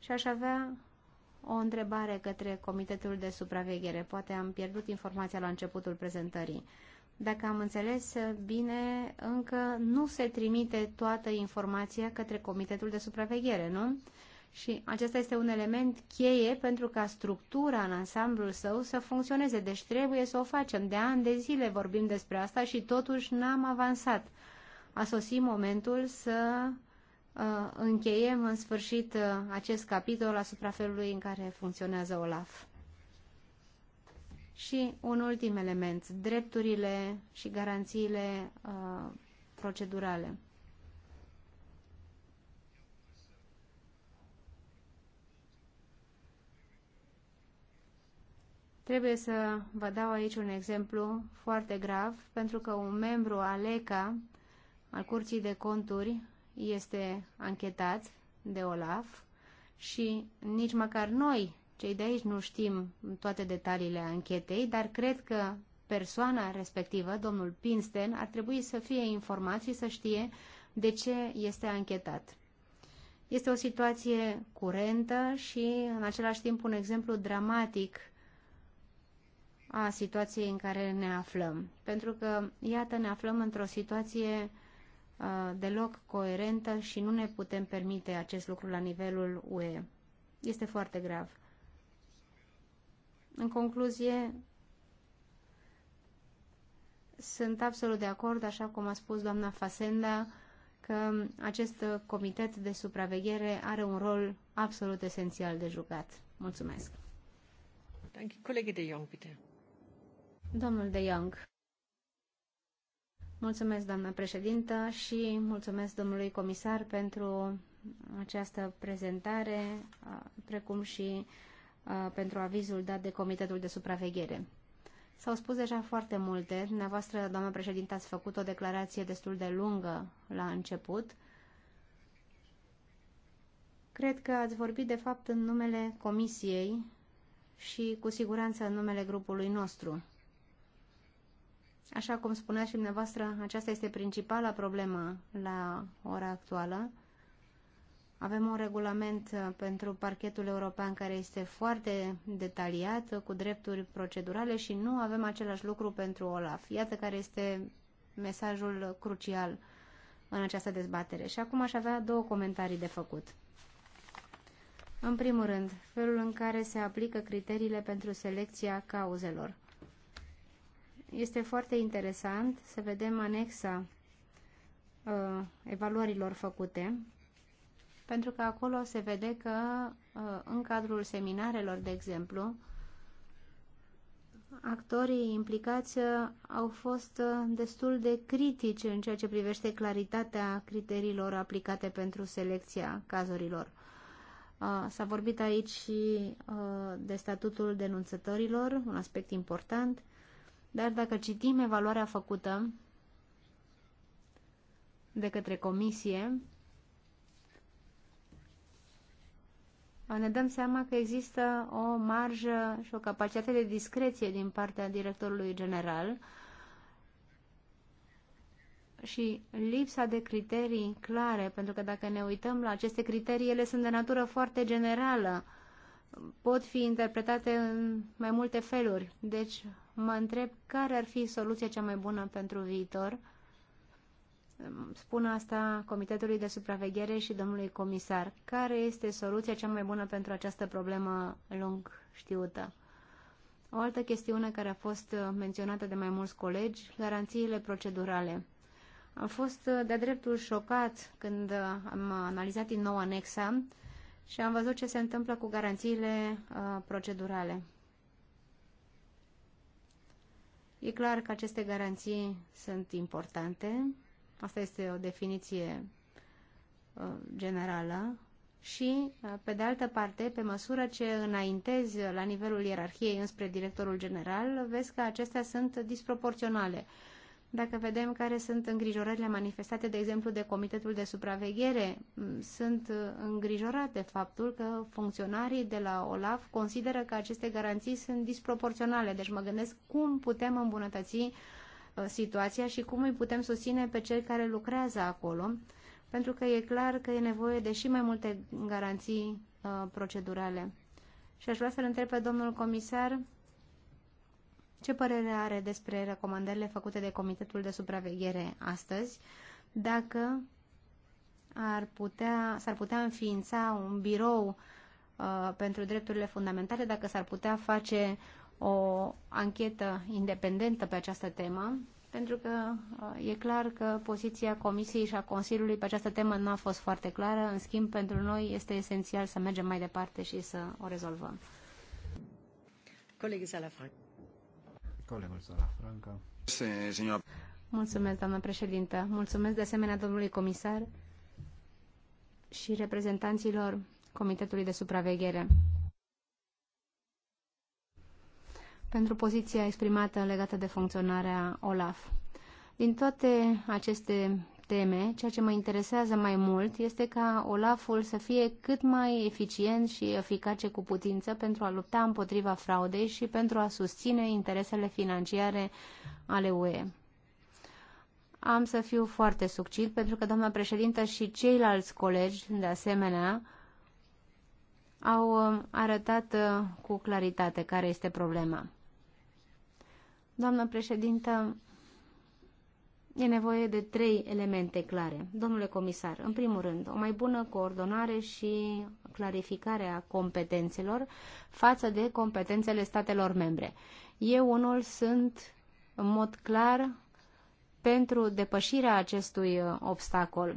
Și aș avea o întrebare către Comitetul de Supraveghere. Poate am pierdut informația la începutul prezentării. Dacă am înțeles bine, încă nu se trimite toată informația către Comitetul de Supraveghere, nu? Și acesta este un element cheie pentru ca structura în ansamblul său să funcționeze. Deci trebuie să o facem. De ani de zile vorbim despre asta și totuși n-am avansat. A sosit momentul să uh, încheiem în sfârșit uh, acest capitol asupra felului în care funcționează OLAF. Și un ultim element, drepturile și garanțiile uh, procedurale. Trebuie să vă dau aici un exemplu foarte grav, pentru că un membru al ECA, al Curții de Conturi, este anchetat de OLAF și nici măcar noi, cei de aici, nu știm toate detaliile anchetei, dar cred că persoana respectivă, domnul Pinsten, ar trebui să fie informat și să știe de ce este anchetat. Este o situație curentă și, în același timp, un exemplu dramatic a situației în care ne aflăm. Pentru că, iată, ne aflăm într-o situație uh, deloc coerentă și nu ne putem permite acest lucru la nivelul UE. Este foarte grav. În concluzie, sunt absolut de acord, așa cum a spus doamna Fasenda, că acest comitet de supraveghere are un rol absolut esențial de jucat. Mulțumesc. Danke, Kollege de Jong, bitte. Domnul De Young. Mulțumesc, doamnă președintă, și mulțumesc domnului comisar pentru această prezentare, precum și pentru avizul dat de Comitetul de Supraveghere. S-au spus deja foarte multe. Dumneavoastră, doamnă președintă, ați făcut o declarație destul de lungă la început. Cred că ați vorbit, de fapt, în numele Comisiei și, cu siguranță, în numele grupului nostru. Așa cum spunea și dumneavoastră, aceasta este principala problemă la ora actuală. Avem un regulament uh, pentru parchetul european care este foarte detaliat, uh, cu drepturi procedurale și nu avem același lucru pentru OLAF. Iată care este mesajul crucial în această dezbatere. Și acum aș avea două comentarii de făcut. În primul rând, felul în care se aplică criteriile pentru selecția cauzelor. Este foarte interesant să vedem anexa uh, evaluărilor făcute, pentru că acolo se vede că uh, în cadrul seminarelor, de exemplu, actorii implicați uh, au fost uh, destul de critici în ceea ce privește claritatea criteriilor aplicate pentru selecția cazurilor. Uh, s-a vorbit aici și de statutul denunțătorilor, un aspect important, dar dacă citim evaluarea făcută de către comisie, ne dăm seama că există o marjă și o capacitate de discreție din partea directorului general și lipsa de criterii clare, pentru că dacă ne uităm la aceste criterii, ele sunt de natură foarte generală pot fi interpretate în mai multe feluri. Deci mă întreb care ar fi soluția cea mai bună pentru viitor. Spun asta Comitetului de Supraveghere și domnului comisar. Care este soluția cea mai bună pentru această problemă lung știută? O altă chestiune care a fost menționată de mai mulți colegi, garanțiile procedurale. Am fost de-a dreptul șocat când am analizat din nou anexa și am văzut ce se întâmplă cu garanțiile uh, procedurale. E clar că aceste garanții sunt importante. Asta este o definiție uh, generală. Și, uh, pe de altă parte, pe măsură ce înaintezi la nivelul ierarhiei înspre directorul general, vezi că acestea sunt disproporționale. Uh, dacă vedem care sunt îngrijorările manifestate, de exemplu, de Comitetul de Supraveghere, mm, sunt uh, îngrijorate faptul că funcționarii de la OLAF consideră că aceste garanții sunt disproporționale. Deci mă gândesc cum putem îmbunătăți uh, situația și cum îi putem susține pe cei care lucrează acolo, pentru că e clar că e nevoie de și mai multe garanții uh, procedurale. Și aș vrea să-l întreb pe domnul comisar ce părere are despre recomandările făcute de Comitetul de Supraveghere astăzi? Dacă ar putea, s-ar putea înființa un birou uh, pentru drepturile fundamentale, dacă s-ar putea face o anchetă independentă pe această temă, pentru că uh, e clar că poziția Comisiei și a Consiliului pe această temă nu a fost foarte clară. În schimb, pentru noi este esențial să mergem mai departe și să o rezolvăm. Colegii Salafranca. Mulțumesc, doamnă președintă. Mulțumesc de asemenea domnului comisar și reprezentanților Comitetului de Supraveghere pentru poziția exprimată legată de funcționarea OLAF. Din toate aceste teme, ceea ce mă interesează mai mult este ca Olaful să fie cât mai eficient și eficace cu putință pentru a lupta împotriva fraudei și pentru a susține interesele financiare ale UE. Am să fiu foarte succint pentru că doamna președintă și ceilalți colegi, de asemenea, au um, arătat uh, cu claritate care este problema. Doamnă președintă, e nevoie de trei elemente clare. Domnule comisar, în primul rând, o mai bună coordonare și clarificare a competențelor față de competențele statelor membre. Eu unul sunt în mod clar pentru depășirea acestui uh, obstacol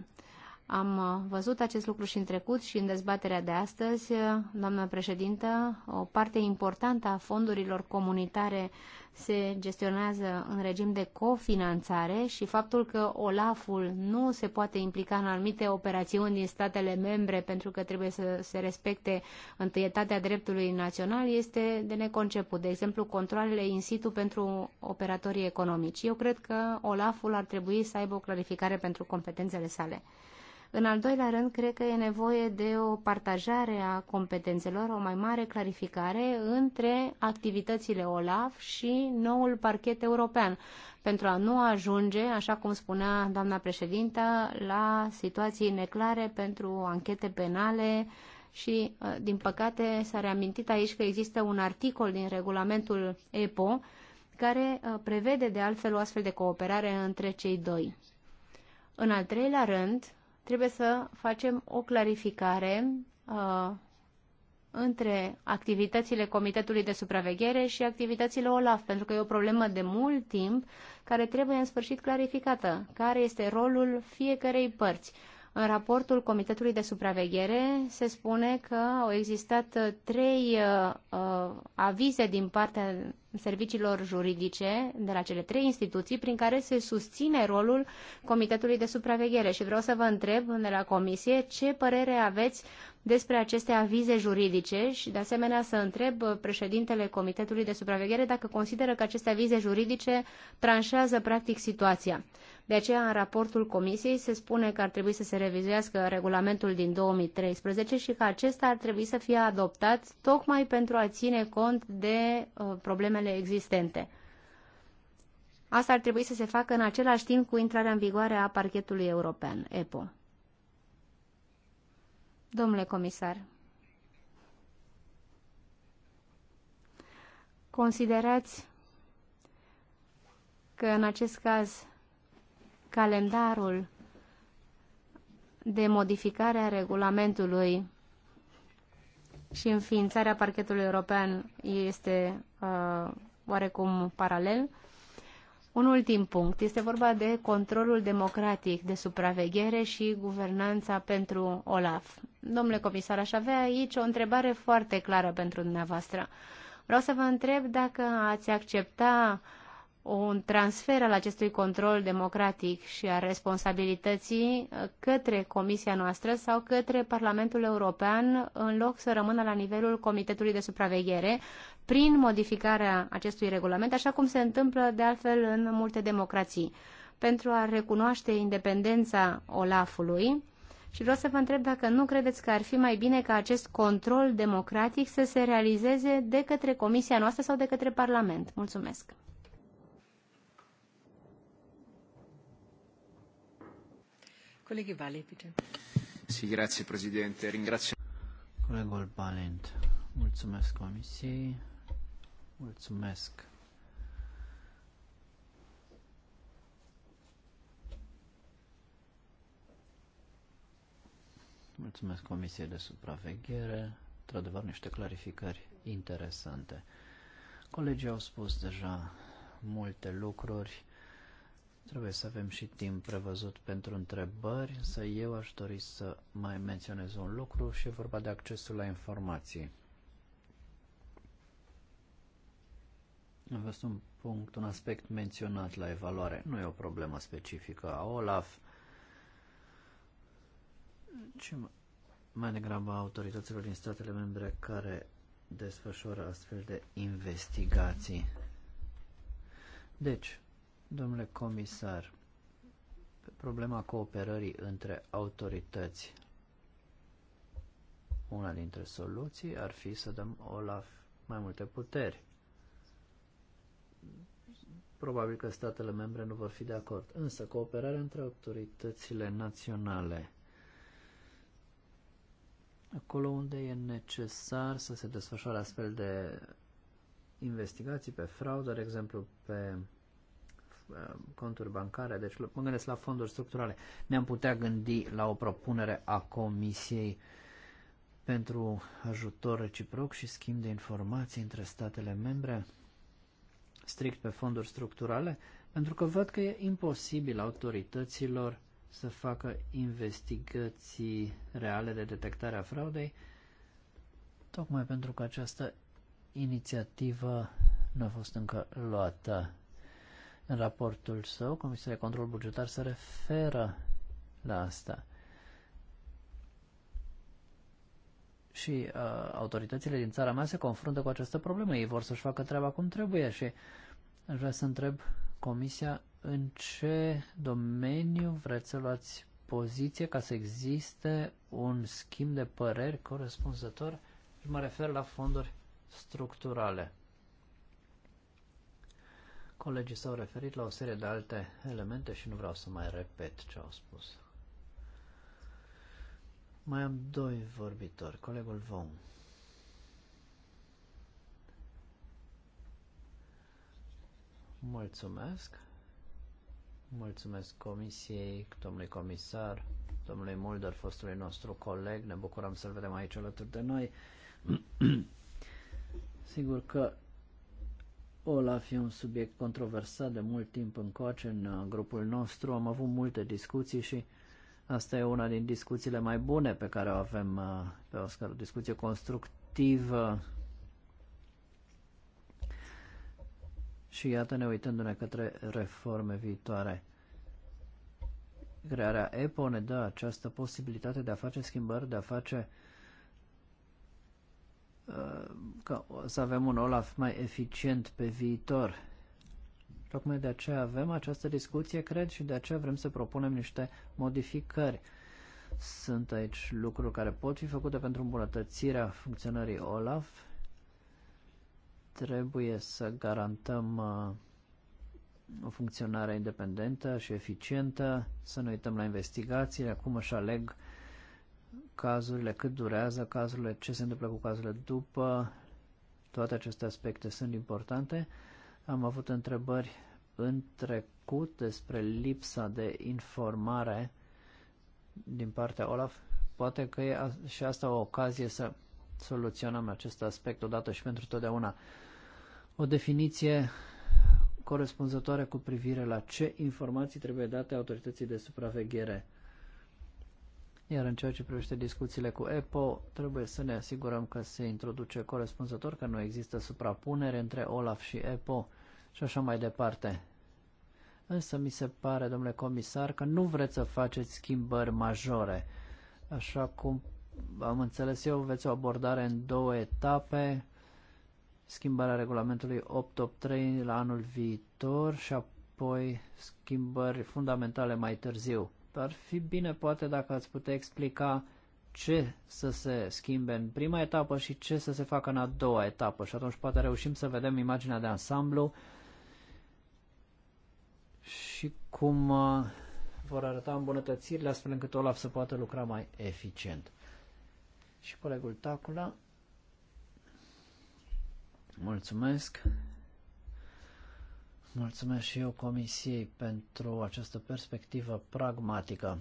am uh, văzut acest lucru și în trecut și în dezbaterea de astăzi, uh, doamnă președintă, o parte importantă a fondurilor comunitare se gestionează în regim de cofinanțare și faptul că OLAF-ul nu se poate implica în anumite operațiuni din statele membre pentru că trebuie să se respecte întâietatea dreptului național este de neconceput. De exemplu, controlele in situ pentru operatorii economici. Eu cred că OLAF-ul ar trebui să aibă o clarificare pentru competențele sale. În al doilea rând, cred că e nevoie de o partajare a competențelor, o mai mare clarificare între activitățile OLAF și noul parchet european, pentru a nu ajunge, așa cum spunea doamna președintă, la situații neclare pentru anchete penale și, uh, din păcate, s-a reamintit aici că există un articol din regulamentul EPO care uh, prevede de altfel o astfel de cooperare între cei doi. În al treilea rând, trebuie să facem o clarificare uh, între activitățile Comitetului de Supraveghere și activitățile OLAF, pentru că e o problemă de mult timp care trebuie în sfârșit clarificată. Care este rolul fiecarei părți? Uh, în raportul Comitetului de Supraveghere se spune că au existat trei uh, uh, avize din partea serviciilor juridice de la cele trei instituții prin care se susține rolul Comitetului de Supraveghere și vreau să vă întreb de la Comisie ce părere aveți despre aceste avize juridice și de asemenea să întreb președintele Comitetului de Supraveghere dacă consideră că aceste avize juridice tranșează practic situația. De aceea, în raportul Comisiei se spune că ar trebui să se revizuiască regulamentul din 2013 și că acesta ar trebui să fie adoptat tocmai pentru a ține cont de uh, problemele existente. Asta ar trebui să se facă în același timp cu intrarea în vigoare a parchetului european, EPO. Domnule comisar, considerați că în acest caz calendarul de modificare a regulamentului și înființarea parchetului european este uh, oarecum paralel. Un ultim punct. Este vorba de controlul democratic, de supraveghere și guvernanța pentru OLAF. Domnule comisar, aș avea aici o întrebare foarte clară pentru dumneavoastră. Vreau să vă întreb dacă ați accepta uh, un transfer al acestui control democratic și a responsabilității uh, către Comisia noastră sau către Parlamentul European, în loc să rămână la nivelul Comitetului de Supraveghere, prin modificarea acestui regulament, așa cum se întâmplă de altfel în multe democrații, pentru a recunoaște independența Olafului. Și vreau să vă întreb dacă nu credeți că ar fi mai bine ca acest control democratic să se realizeze de către Comisia noastră sau de către Parlament. Mulțumesc! Colegi Vale, bitte. Sì, grazie Presidente. Ringrazio... Colegul Valent, mulțumesc Comisiei, mulțumesc Mulțumesc Comisiei de Supraveghere. Într-adevăr, niște clarificări interesante. Colegii au spus deja multe lucruri. Trebuie să avem și timp prevăzut pentru întrebări, însă eu aș dori să mai menționez un lucru și e vorba de accesul la informații. Am văzut un punct, un aspect menționat la evaluare. Nu e o problemă specifică a OLAF, ci mai degrabă a autorităților din statele membre care desfășoară astfel de investigații. Deci, Domnule comisar, pe problema cooperării între autorități, una dintre soluții ar fi să dăm OLAF mai multe puteri. Probabil că statele membre nu vor fi de acord, însă cooperarea între autoritățile naționale, acolo unde e necesar să se desfășoare astfel de investigații pe fraudă, de exemplu pe Uh, conturi bancare, deci mă gândesc la fonduri structurale. Ne-am putea gândi la o propunere a Comisiei pentru ajutor reciproc și schimb de informații între statele membre strict pe fonduri structurale, pentru că văd că e imposibil autorităților să facă investigații reale de detectare a fraudei, tocmai pentru că această inițiativă nu a fost încă luată în raportul său, Comisia de Control Bugetar se referă la asta. Și uh, autoritățile din țara mea se confruntă cu această problemă. Ei vor să-și facă treaba cum trebuie și aș vrea să întreb Comisia în ce domeniu vreți să luați poziție ca să existe un schimb de păreri corespunzător și mă refer la fonduri structurale. Colegii s-au referit la o serie de alte elemente și nu vreau să mai repet ce au spus. Mai am doi vorbitori. Colegul Vom. Mulțumesc. Mulțumesc comisiei, domnului comisar, domnului Mulder, fostului nostru coleg. Ne bucurăm să-l vedem aici alături de noi. Sigur că Olaf e un subiect controversat de mult timp încoace în uh, grupul nostru. Am avut multe discuții și asta e una din discuțiile mai bune pe care o avem uh, pe Oscar, o discuție constructivă. Și iată ne uitându-ne către reforme viitoare. Crearea EPO ne dă această posibilitate de a face schimbări, de a face uh, Uh, că o să avem un OLAF mai eficient pe viitor. Tocmai de aceea avem această discuție, cred, și de aceea vrem să propunem niște modificări. Sunt aici lucruri care pot fi făcute pentru îmbunătățirea funcționării OLAF. Trebuie să garantăm uh, o funcționare independentă și eficientă, să nu uităm la investigații, acum își aleg cazurile, cât durează cazurile, ce se întâmplă cu cazurile după, toate aceste aspecte sunt importante. Am avut întrebări în trecut despre lipsa de informare din partea Olaf. Poate că e și asta o ocazie să soluționăm acest aspect odată și pentru totdeauna. O definiție corespunzătoare cu privire la ce informații trebuie date autorității de supraveghere iar în ceea ce privește discuțiile cu EPO, trebuie să ne asigurăm că se introduce corespunzător, că nu există suprapunere între OLAF și EPO și așa mai departe. Însă mi se pare, domnule comisar, că nu vreți să faceți schimbări majore. Așa cum am înțeles eu, veți o abordare în două etape, schimbarea regulamentului 883 la anul viitor și apoi schimbări fundamentale mai târziu. Dar ar fi bine poate dacă ați putea explica ce să se schimbe în prima etapă și ce să se facă în a doua etapă și atunci poate reușim să vedem imaginea de ansamblu și cum uh, vor arăta îmbunătățirile astfel încât Olaf să poată lucra mai eficient. Și colegul Tacula, mulțumesc. Mulțumesc și eu Comisiei pentru această perspectivă pragmatică.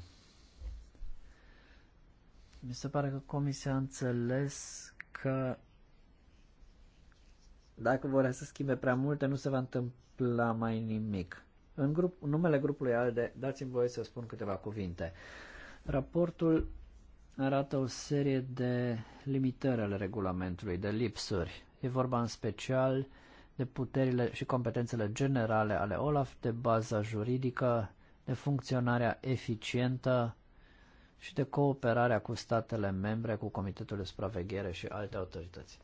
Mi se pare că Comisia a înțeles că dacă vor să schimbe prea multe, nu se va întâmpla mai nimic. În, grup, numele grupului ALDE, dați-mi voie să spun câteva cuvinte. Raportul arată o serie de limitări ale regulamentului, de lipsuri. E vorba în special de puterile și competențele generale ale OLAF, de baza juridică, de funcționarea eficientă și de cooperarea cu statele membre, cu Comitetul de Supraveghere și alte autorități.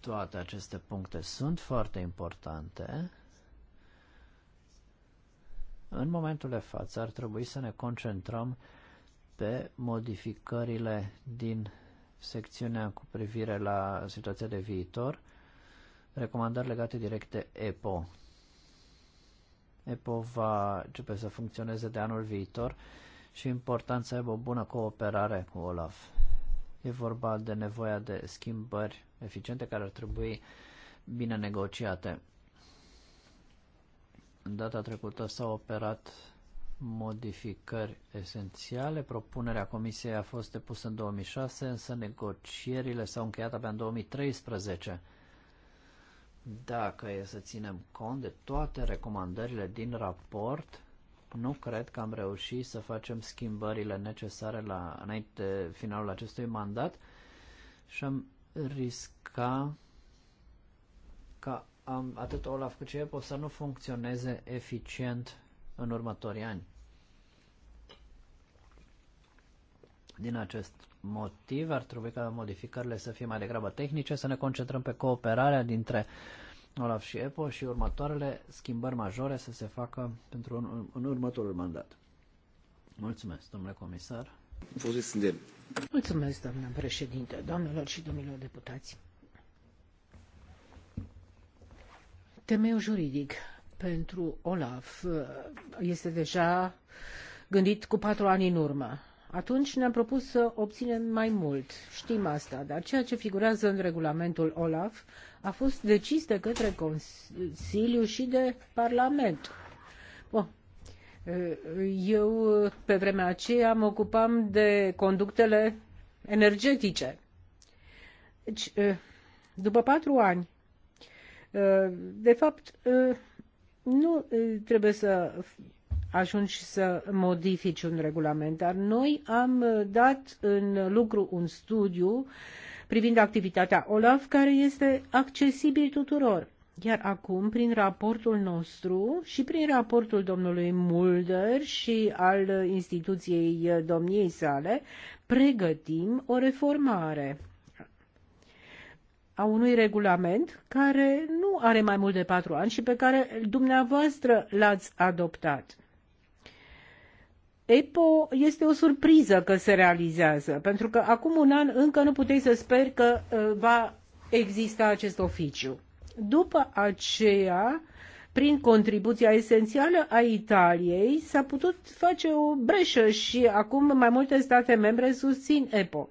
Toate aceste puncte sunt foarte importante. În momentul de față ar trebui să ne concentrăm pe modificările din secțiunea cu privire la situația de viitor recomandări legate direct de EPO. EPO va începe să funcționeze de anul viitor și e important să aibă o bună cooperare cu OLAF. E vorba de nevoia de schimbări eficiente care ar trebui bine negociate. Data trecută s-au operat modificări esențiale. Propunerea comisiei a fost depusă în 2006, însă negocierile s-au încheiat abia în 2013. Dacă e să ținem cont de toate recomandările din raport, nu cred că am reușit să facem schimbările necesare la, înainte finalul acestui mandat și am risca ca am, atât Olaf cât și EPO să nu funcționeze eficient în următorii ani. Din acest motiv ar trebui ca modificările să fie mai degrabă tehnice, să ne concentrăm pe cooperarea dintre Olaf și EPO și următoarele schimbări majore să se facă pentru un, un următorul mandat. Mulțumesc, domnule comisar. Mulțumesc, doamnă președinte, doamnelor și domnilor deputați. Temeiul juridic pentru Olaf uh, este deja gândit cu patru ani în urmă atunci ne-am propus să obținem mai mult. Știm asta, dar ceea ce figurează în regulamentul OLAF a fost decis de către Consiliu și de Parlament. Bun. Eu, pe vremea aceea, mă ocupam de conductele energetice. Deci, după patru ani, de fapt, nu trebuie să ajungi să modifici un regulament. Dar noi am uh, dat în lucru un studiu privind activitatea OLAF care este accesibil tuturor. Iar acum, prin raportul nostru și prin raportul domnului Mulder și al instituției uh, domniei sale, pregătim o reformare a unui regulament care nu are mai mult de patru ani și pe care dumneavoastră l-ați adoptat. EPO este o surpriză că se realizează, pentru că acum un an încă nu puteai să speri că uh, va exista acest oficiu. După aceea, prin contribuția esențială a Italiei, s-a putut face o breșă și acum mai multe state membre susțin EPO.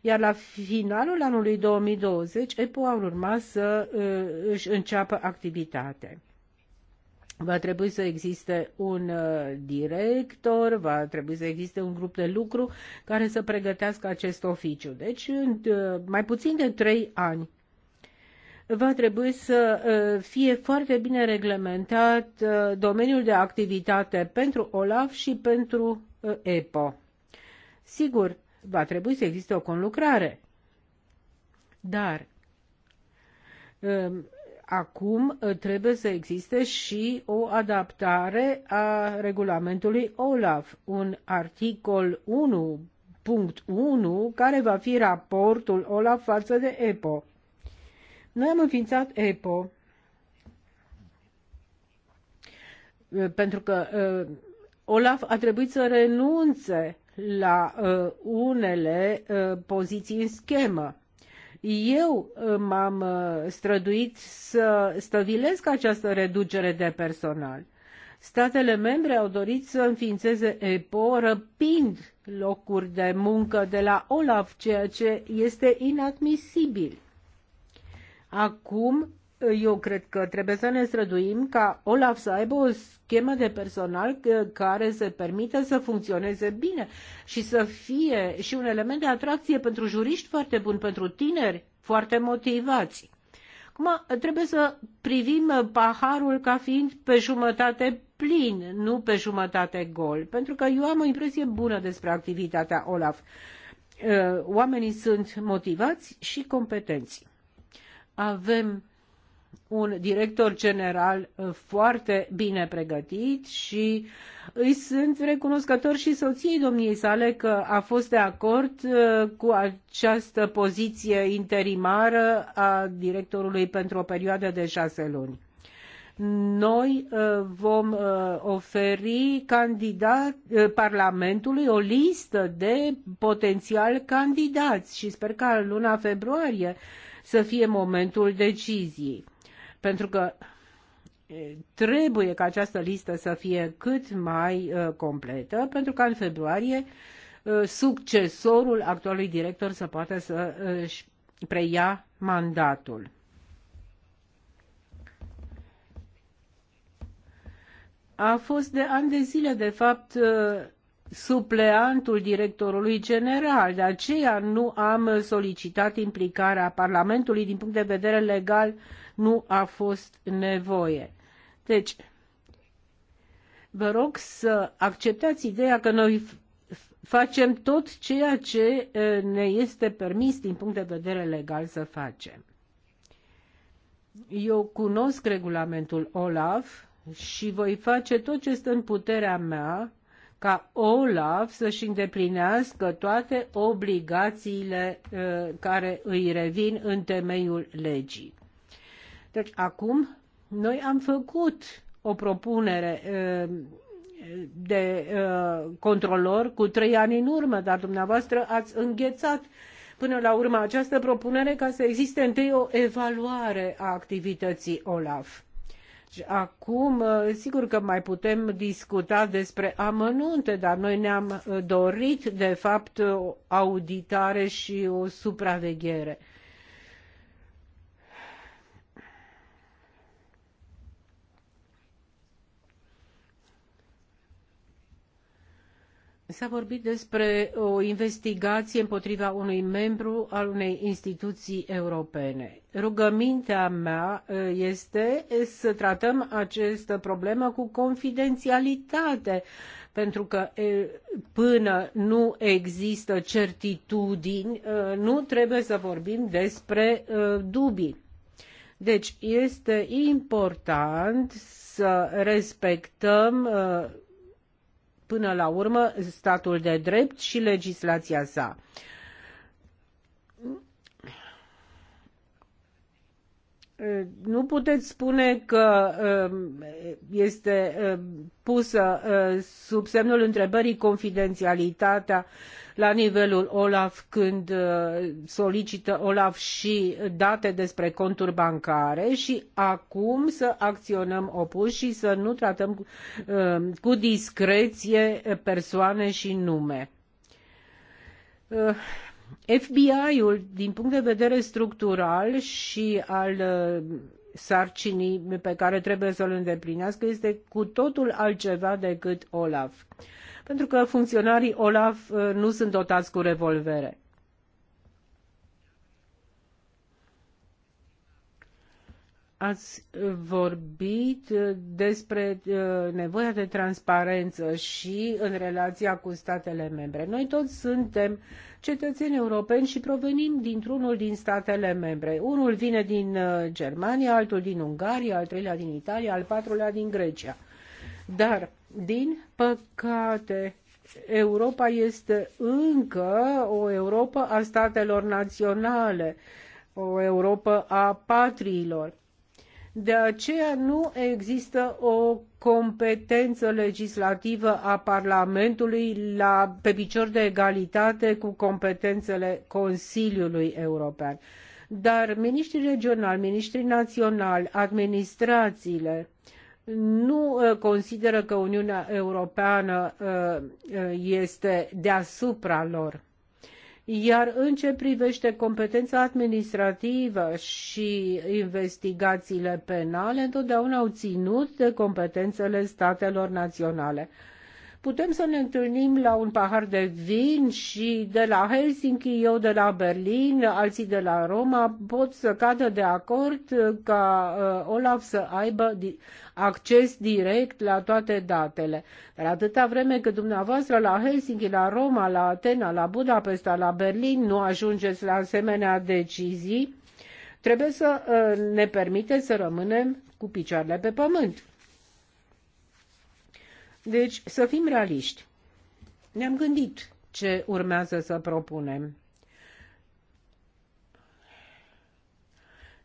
Iar la finalul anului 2020, EPO a urma să uh, își înceapă activitatea. Va trebui să existe un uh, director, va trebui să existe un grup de lucru care să pregătească acest oficiu. Deci, în uh, mai puțin de trei ani, va trebui să uh, fie foarte bine reglementat domeniul de activitate pentru OLAF și pentru EPO. Sigur, va trebui să existe o conlucrare, dar um, acum uh, trebuie să existe și o adaptare a regulamentului OLAF, un articol 1 punct 1, care va fi raportul OLAF față de EPO. Noi am înființat EPO uh, pentru că uh, OLAF a trebuit să renunțe la unele poziții în schemă. Eu uh, m-am uh, străduit să stăvilesc această reducere de personal. Statele membre au dorit să înființeze EPO răpind locuri de muncă de la OLAF, ceea ce este inadmisibil. Acum eu cred că trebuie să ne străduim ca Olaf să aibă o schemă de personal care să permită să funcționeze bine și să fie și un element de atracție pentru juriști foarte bun, pentru tineri foarte motivați. Acum trebuie să privim paharul ca fiind pe jumătate plin, nu pe jumătate gol, pentru că eu am o impresie bună despre activitatea Olaf. Uh, oamenii sunt motivați și competenți. Avem un director general uh, foarte bine pregătit și îi sunt recunoscător și soției domniei sale că a fost de acord uh, cu această poziție interimară a directorului pentru o perioadă de șase luni. Noi uh, vom oferi candidat, Parlamentului o listă de potențial candidați și sper ca luna februarie să fie momentul deciziei pentru că trebuie ca această listă să fie cât mai completă, pentru că în februarie succesorul actualului director să poată să își preia mandatul. A fost de ani de zile, de fapt, supleantul directorului general. De aceea nu am solicitat implicarea Parlamentului din punct de vedere legal uh, nu a fost nevoie. Deci, vă rog să acceptați ideea că noi facem tot ceea ce ne este permis din punct de vedere legal să facem. Eu cunosc regulamentul OLAF și voi face tot ce stă în puterea mea ca OLAF să-și îndeplinească toate obligațiile care îi revin în temeiul legii. Deci acum noi am făcut o propunere uh, de uh, controlor cu trei ani în urmă, dar dumneavoastră ați înghețat până la urmă această propunere ca să existe întâi o evaluare a activității OLAF. acum, uh, sigur că mai putem discuta despre amănunte, dar noi ne-am dorit, de fapt, o auditare și o supraveghere. S-a vorbit despre o investigație împotriva unui membru al unei instituții europene. Rugămintea mea este să tratăm această problemă cu confidențialitate, pentru că până nu există certitudini, nu trebuie să vorbim despre dubii. Deci este important să respectăm până la urmă statul de drept și legislația sa. Nu puteți spune că um, este um, pusă uh, sub semnul întrebării confidențialitatea la nivelul OLAF când uh, solicită OLAF și date despre conturi bancare și acum să acționăm opus și să nu tratăm uh, cu discreție persoane și nume. Uh, FBI-ul, din punct de vedere structural și al sarcinii pe care trebuie să l îndeplinească, este cu totul altceva decât Olaf pentru că funcționarii OLAF uh, nu sunt dotați cu revolvere. Ați vorbit uh, despre uh, nevoia de transparență și în relația cu statele membre. Noi toți suntem cetățeni europeni și provenim dintr-unul din statele membre. Unul vine din Germania, altul din Ungaria, al treilea din Italia, al patrulea din Grecia. Dar din păcate, Europa este încă o Europa a statelor naționale, o Europa a patriilor. De aceea nu există o competență legislativă a Parlamentului la, pe picior de egalitate cu competențele Consiliului European. Dar miniștrii regionali, miniștrii naționali, administrațiile uh, nu uh, consideră că Uniunea Europeană uh, uh, este deasupra lor. Iar în ce privește competența administrativă și investigațiile penale, întotdeauna au ținut de competențele statelor naționale putem să ne întâlnim la un pahar de vin și de la Helsinki, eu de la Berlin, alții de la Roma pot să cadă de acord ca uh, Olaf să aibă acces direct la toate datele. Dar atâta vreme cât dumneavoastră la Helsinki, la Roma, la Atena, la Budapesta, la Berlin nu ajungeți la asemenea decizii, trebuie să uh, ne permite să rămânem cu picioarele pe pământ. Deci să fim realiști. Ne-am gândit ce urmează să propunem.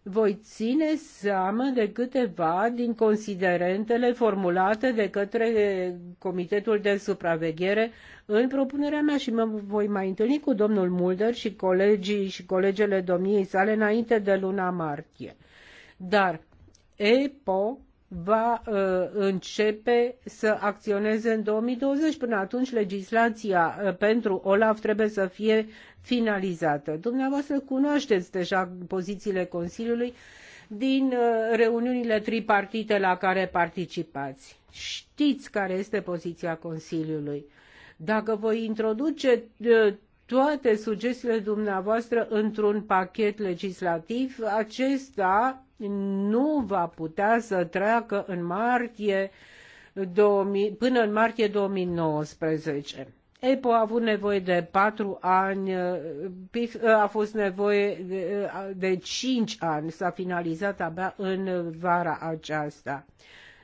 voi ține seamă de câteva din considerentele formulate de către Comitetul de Supraveghere în propunerea mea și mă voi mai întâlni cu domnul Mulder și colegii și colegele domniei sale înainte de luna martie. Dar EPO va uh, începe să acționeze în 2020. Până atunci, legislația uh, pentru OLAF trebuie să fie finalizată. Dumneavoastră cunoașteți deja pozițiile Consiliului din uh, reuniunile tripartite la care participați. Știți care este poziția Consiliului. Dacă voi introduce toate sugestiile dumneavoastră într-un pachet legislativ. Acesta nu va putea să treacă în martie 2000, până în martie 2019. EPO a avut nevoie de patru ani, uh, PIF uh, a fost nevoie uh, de, cinci ani, s-a finalizat abia în vara aceasta.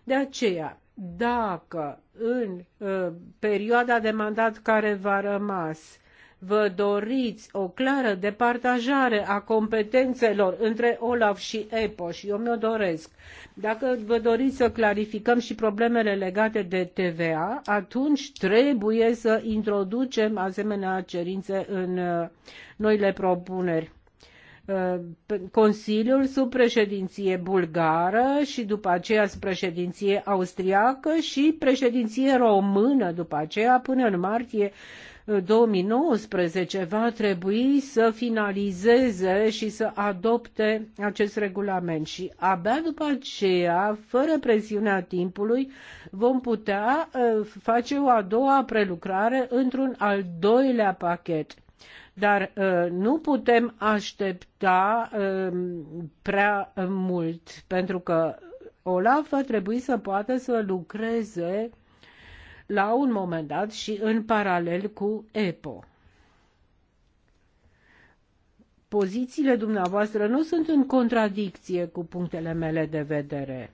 De aceea, dacă în perioada de mandat care va rămas vă doriți o clară departajare a competențelor între OLAF și EPO și eu mi-o doresc. Dacă vă doriți să clarificăm și problemele legate de TVA, atunci trebuie să introducem asemenea cerințe în uh, noile propuneri. Uh, Consiliul sub președinție bulgară și după aceea sub președinție austriacă și președinție română după aceea până în martie 2019 va trebui să finalizeze și să adopte acest regulament și abia după aceea, fără presiunea timpului, vom putea uh, face o a doua prelucrare într-un al doilea pachet dar uh, nu putem aștepta uh, prea mult, pentru că Olaf va trebui să poată să lucreze la un moment dat și în paralel cu EPO. Pozițiile dumneavoastră nu sunt în contradicție cu punctele mele de vedere.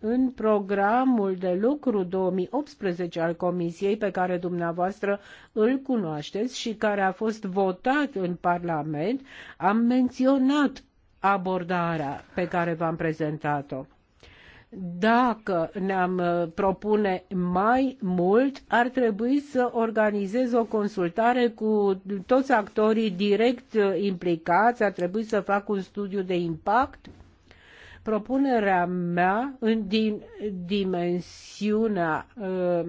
În programul de lucru 2018 al Comisiei, pe care dumneavoastră îl cunoașteți și care a fost votat în Parlament, am menționat abordarea pe care v-am prezentat-o dacă ne-am uh, propune mai mult, ar trebui să organizez o consultare cu toți actorii direct uh, implicați, ar trebui să fac un studiu de impact. Propunerea mea în din dimensiunea uh,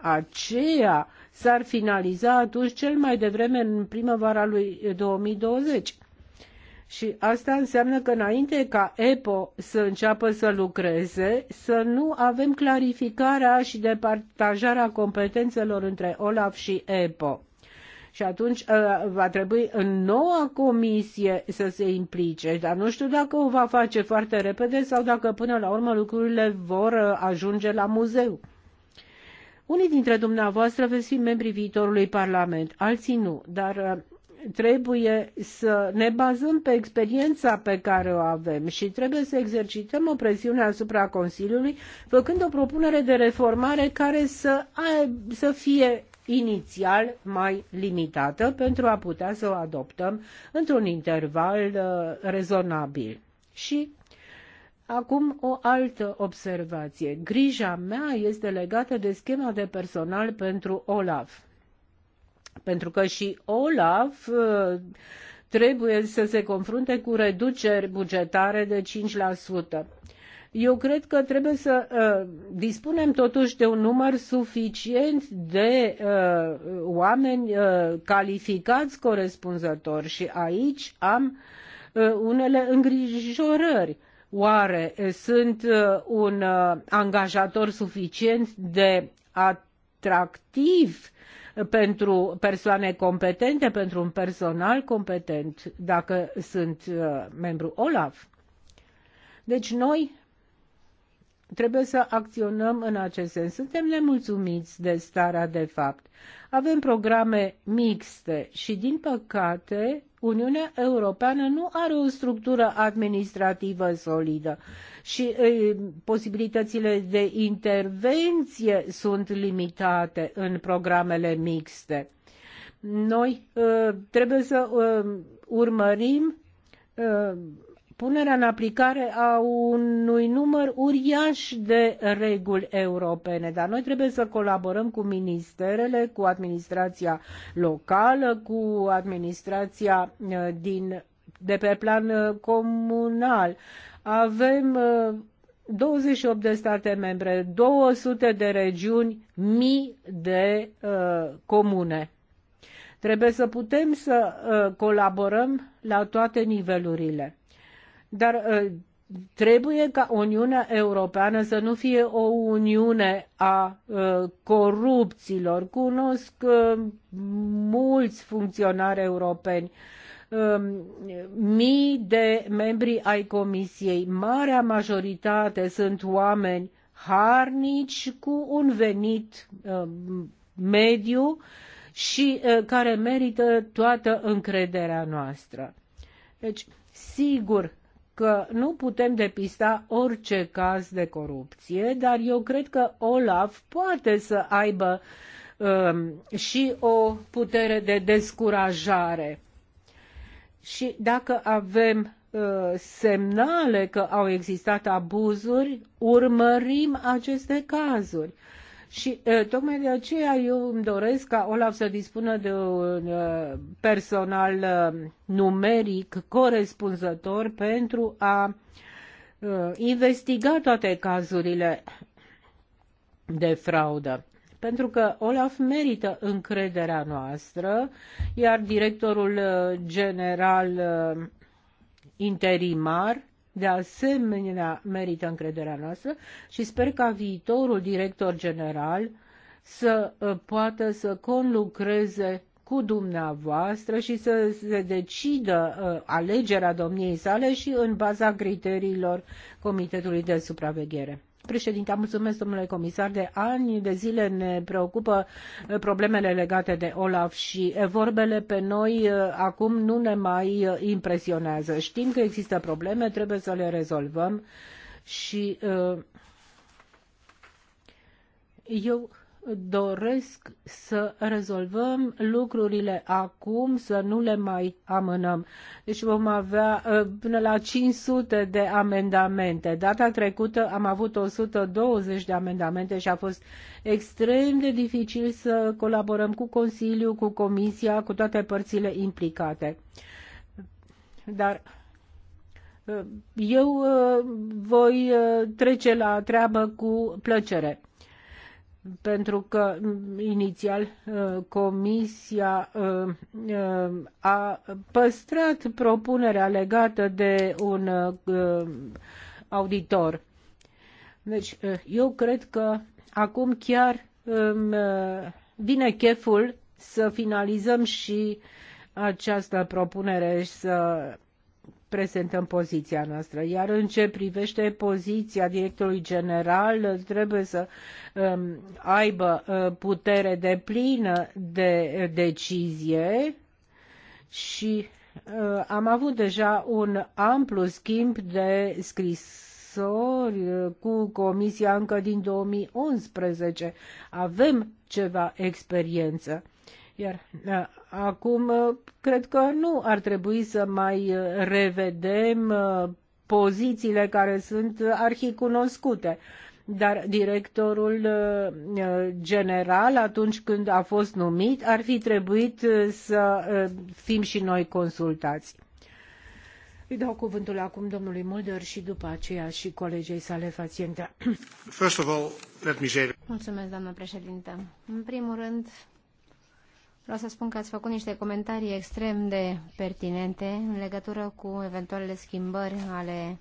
aceea s-ar finaliza atunci cel mai devreme în primăvara lui 2020 uh, și asta înseamnă că înainte ca EPO să înceapă să lucreze, să nu avem clarificarea și departajarea competențelor între OLAF și EPO. Și atunci ă, va trebui în noua comisie să se implice, dar nu știu dacă o va face foarte repede sau dacă până la urmă lucrurile vor ă, ajunge la muzeu. Unii dintre dumneavoastră veți fi membri viitorului Parlament, alții nu, dar ă, trebuie să ne bazăm pe experiența pe care o avem și trebuie să exercităm o presiune asupra Consiliului, făcând o propunere de reformare care să, să fie inițial mai limitată pentru a putea să o adoptăm într-un interval uh, rezonabil. Și Acum o altă observație. Grija mea este legată de schema de personal pentru Olaf. Pentru că și Olaf uh, trebuie să se confrunte cu reduceri bugetare de 5%. Eu cred că trebuie să uh, dispunem totuși de un număr suficient de uh, oameni uh, calificați corespunzători și aici am uh, unele îngrijorări. Oare sunt uh, un uh, angajator suficient de atractiv uh, pentru persoane competente, pentru un personal competent, dacă sunt uh, membru OLAF. Deci noi trebuie să acționăm în acest sens. Suntem nemulțumiți de starea de fapt. Avem programe mixte și, din păcate, Uniunea Europeană nu are o structură administrativă solidă și e, posibilitățile de intervenție sunt limitate în programele mixte. Noi e, trebuie să e, urmărim punerea în aplicare a unui număr uriaș de reguli europene, dar noi trebuie să colaborăm cu ministerele, cu administrația locală, cu administrația eh, din, de pe plan eh, comunal. Avem 28 eh, de state membre, 200 de regiuni, mii de uh, comune. Trebuie să putem să uh, colaborăm la toate nivelurile. Dar ă, trebuie ca Uniunea Europeană să nu fie o uniune a ă, corupților. Cunosc ă, mulți funcționari europeni mii de membri ai comisiei. Marea majoritate sunt oameni harnici cu un venit mediu și care merită toată încrederea noastră. Deci, sigur că nu putem depista orice caz de corupție, dar eu cred că Olaf poate să aibă um, și o putere de descurajare. Și dacă avem uh, semnale că au existat abuzuri, urmărim aceste cazuri. Și tocmai de aceea eu îmi doresc ca Olaf să dispună de un personal numeric corespunzător pentru a investiga toate cazurile de fraudă. Pentru că Olaf merită încrederea noastră, iar directorul general interimar de asemenea merită încrederea noastră și sper ca viitorul director general să uh, poată să conlucreze cu dumneavoastră și să se decidă uh, alegerea domniei sale și în baza criteriilor Comitetului de Supraveghere. Președinte, mulțumesc domnule comisar. De ani de zile ne preocupă eh, problemele legate de Olaf și eh, vorbele pe noi eh, acum nu ne mai impresionează. Știm că există probleme, trebuie să le rezolvăm și eu doresc să rezolvăm lucrurile acum, să nu le mai amânăm. Deci vom avea ă, până la 500 de amendamente. Data trecută am avut 120 de amendamente și a fost extrem de dificil să colaborăm cu Consiliul, cu Comisia, cu toate părțile implicate. Dar ă, eu ă, voi trece la treabă cu plăcere pentru că inițial uh, Comisia uh, uh, a păstrat propunerea legată de un auditor. Deci, eu cred că acum chiar um, vine cheful să finalizăm și această propunere și să prezentăm poziția noastră. Iar în ce privește poziția directorului general, trebuie să um, aibă uh, putere de plină de decizie și uh, am avut deja un amplu schimb de scris uh, cu comisia încă din 2011. Avem ceva experiență. Iar da, acum uh, cred că nu ar trebui să mai uh, revedem uh, pozițiile care sunt arhicunoscute. Dar directorul general, atunci când a fost numit, ar fi trebuit să fim și noi consultați. Îi dau cuvântul acum domnului Mulder și după aceea și colegei sale paciente. First of all, let me say... Mulțumesc, doamnă președinte. În primul rând, Vreau să spun că ați făcut niște comentarii extrem de pertinente în legătură cu eventualele schimbări ale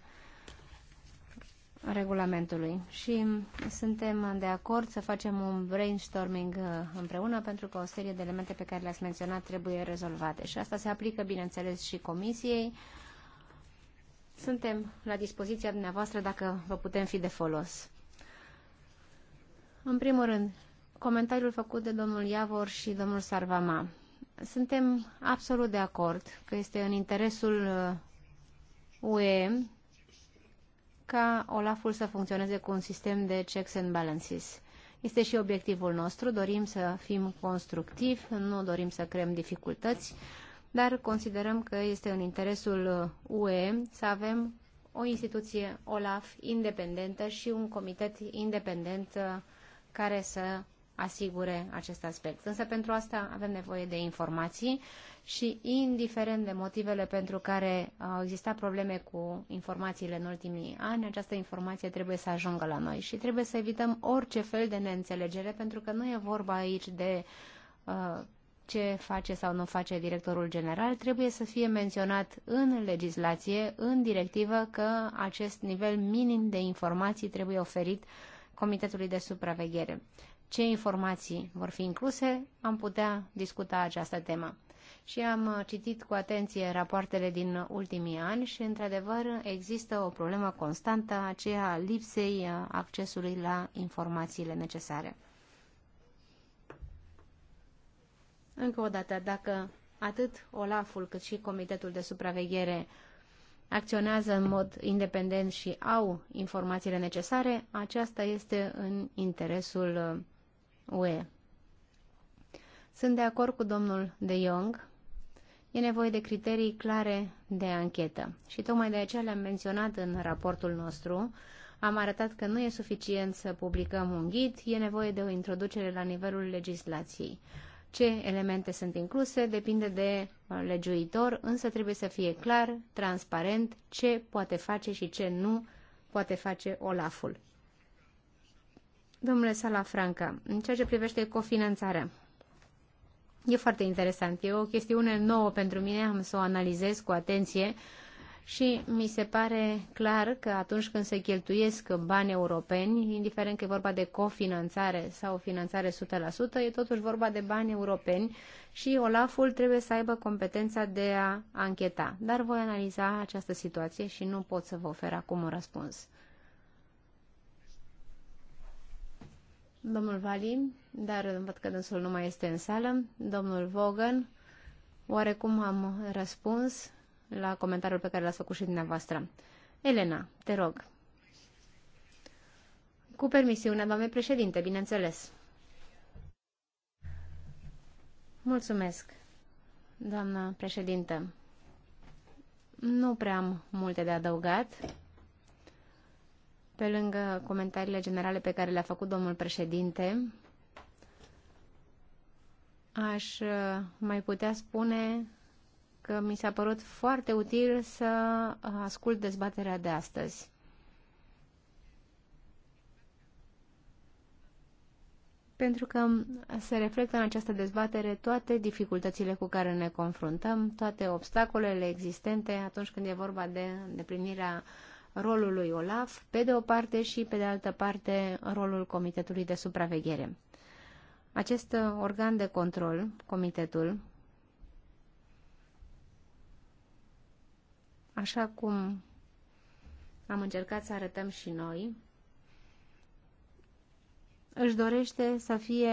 regulamentului și suntem de acord să facem un brainstorming uh, împreună pentru că o serie de elemente pe care le-ați menționat trebuie rezolvate și asta se aplică, bineînțeles, și comisiei. Suntem la dispoziția dumneavoastră dacă vă putem fi de folos. În primul rând, comentariul făcut de domnul Iavor și domnul Sarvama. Suntem absolut de acord că este în interesul UE uh, ca OLAF-ul să funcționeze cu un sistem de checks and balances. Este și obiectivul nostru, dorim să fim constructivi, nu dorim să creăm dificultăți, dar considerăm că este în interesul UE uh, să avem o instituție OLAF independentă și un comitet independent uh, care să asigure acest aspect. Însă pentru asta avem nevoie de informații și indiferent de motivele pentru care au existat probleme cu informațiile în ultimii ani, această informație trebuie să ajungă la noi și trebuie să evităm orice fel de neînțelegere pentru că nu e vorba aici de uh, ce face sau nu face directorul general, trebuie să fie menționat în legislație, în directivă, că acest nivel minim de informații trebuie oferit Comitetului de Supraveghere ce informații vor fi incluse, am putea discuta această temă. Și am uh, citit cu atenție rapoartele din ultimii ani și, într-adevăr, există o problemă constantă, aceea lipsei uh, accesului la informațiile necesare. Încă o dată, dacă atât Olaful cât și Comitetul de Supraveghere acționează în mod independent și au informațiile necesare, aceasta este în interesul uh, UE. Sunt de acord cu domnul De Jong. E nevoie de criterii clare de anchetă și tocmai de aceea le-am menționat în raportul nostru. Am arătat că nu e suficient să publicăm un ghid, e nevoie de o introducere la nivelul legislației. Ce elemente sunt incluse depinde de uh, legiuitor, însă trebuie să fie clar, transparent, ce poate face și ce nu poate face Olaful. Domnule Salafranca, în ceea ce privește cofinanțarea, e foarte interesant. E o chestiune nouă pentru mine, am să o analizez cu atenție și mi se pare clar că atunci când se cheltuiesc bani europeni, indiferent că e vorba de cofinanțare sau finanțare 100%, e totuși vorba de bani europeni și Olaful trebuie să aibă competența de a ancheta. Dar voi analiza această situație și nu pot să vă ofer acum un răspuns. domnul Valim, dar văd că dânsul nu mai este în sală, domnul Vogan, oarecum am răspuns la comentariul pe care l-ați făcut și dumneavoastră. Elena, te rog. Cu permisiunea, doamne președinte, bineînțeles. Mulțumesc, doamna președinte. Nu prea am multe de adăugat. Pe lângă comentariile generale pe care le-a făcut domnul președinte, aș uh, mai putea spune că mi s-a părut foarte util să uh, ascult dezbaterea de astăzi. pentru că se reflectă în această dezbatere toate dificultățile cu care ne confruntăm, toate obstacolele existente atunci când e vorba de îndeplinirea uh, rolul lui OLAF, pe de o parte, și pe de altă parte rolul Comitetului de Supraveghere. Acest uh, organ de control, Comitetul, așa cum am încercat să arătăm și noi, își dorește să fie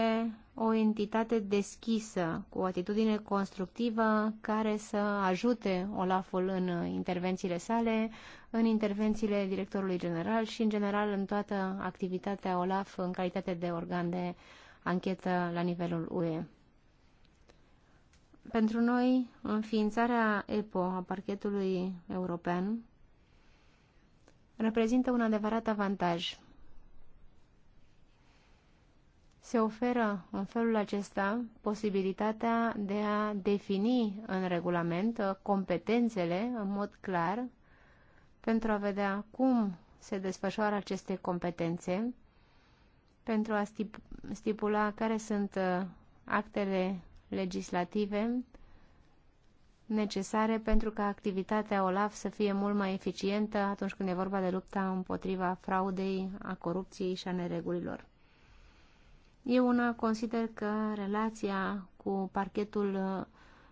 o entitate deschisă, cu o atitudine constructivă, care să ajute Olaful în intervențiile sale, în intervențiile directorului general și, în general, în toată activitatea Olaf în calitate de organ de anchetă la nivelul UE. Pentru noi, înființarea EPO a parchetului european reprezintă un adevărat avantaj se oferă în felul acesta posibilitatea de a defini în regulament uh, competențele în mod clar pentru a vedea cum se desfășoară aceste competențe, pentru a stipula care sunt uh, actele legislative necesare pentru ca activitatea OLAF să fie mult mai eficientă atunci când e vorba de lupta împotriva fraudei, a corupției și a neregulilor. Eu una consider că relația cu parchetul uh,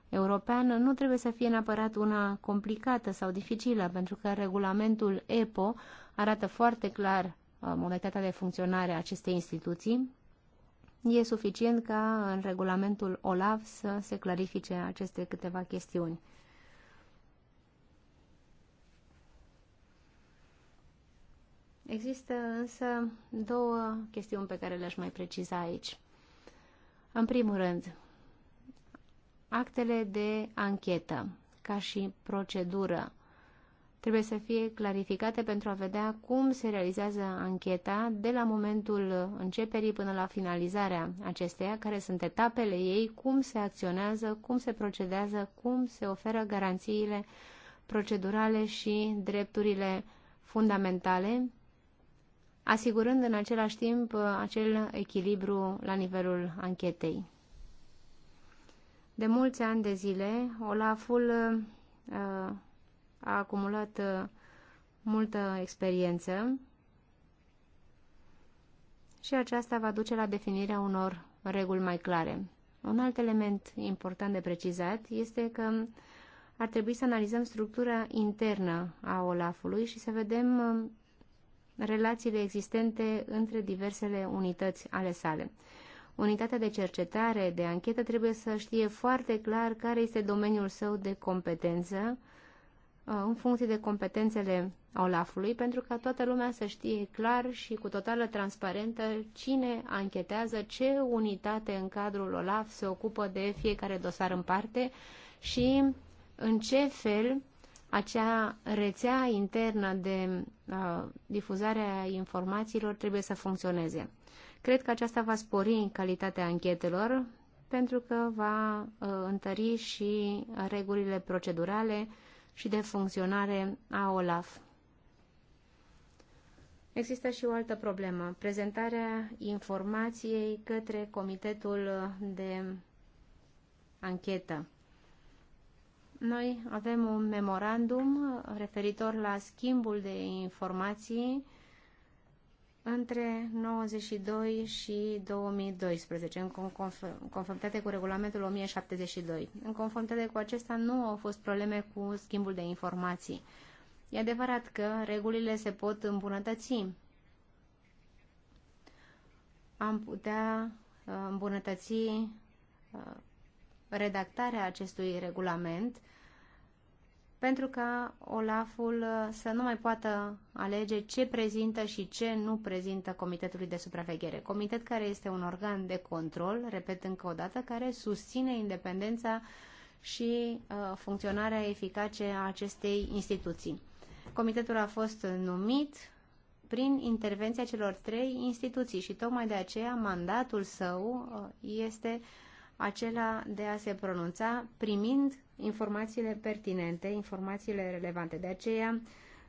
european nu trebuie să fie neapărat una complicată sau dificilă, pentru că regulamentul EPO arată foarte clar uh, modalitatea de funcționare a acestei instituții. E suficient ca în regulamentul OLAV să se clarifice aceste câteva chestiuni. Există însă două chestiuni pe care le-aș mai preciza aici. În primul rând, actele de anchetă, ca și procedură, trebuie să fie clarificate pentru a vedea cum se realizează ancheta de la momentul începerii până la finalizarea acesteia, care sunt etapele ei, cum se acționează, cum se procedează, cum se oferă garanțiile procedurale și drepturile fundamentale asigurând în același timp uh, acel echilibru la nivelul anchetei. De mulți ani de zile, Olaful uh, a acumulat uh, multă experiență și aceasta va duce la definirea unor reguli mai clare. Un alt element important de precizat este că ar trebui să analizăm structura internă a Olafului și să vedem relațiile existente între diversele unități ale sale. Unitatea de cercetare, de anchetă, trebuie să știe foarte clar care este domeniul său de competență uh, în funcție de competențele Olafului, pentru ca toată lumea să știe clar și cu totală transparentă cine anchetează, ce unitate în cadrul Olaf se ocupă de fiecare dosar în parte și în ce fel acea rețea internă de Uh, difuzarea informațiilor trebuie să funcționeze. Cred că aceasta va spori calitatea anchetelor pentru că va uh, întări și regulile procedurale și de funcționare a OLAF. Există și o altă problemă, prezentarea informației către Comitetul de Anchetă. Noi avem un memorandum referitor la schimbul de informații între 92 și 2012, în conformitate cu regulamentul 1072. În conformitate cu acesta nu au fost probleme cu schimbul de informații. E adevărat că regulile se pot îmbunătăți. Am putea uh, îmbunătăți uh, redactarea acestui regulament pentru ca Olaful uh, să nu mai poată alege ce prezintă și ce nu prezintă Comitetului de Supraveghere. Comitet care este un organ de control, repet încă o dată, care susține independența și uh, funcționarea eficace a acestei instituții. Comitetul a fost numit prin intervenția celor trei instituții și tocmai de aceea mandatul său uh, este uh, acela de a se pronunța primind informațiile pertinente, informațiile relevante. De aceea,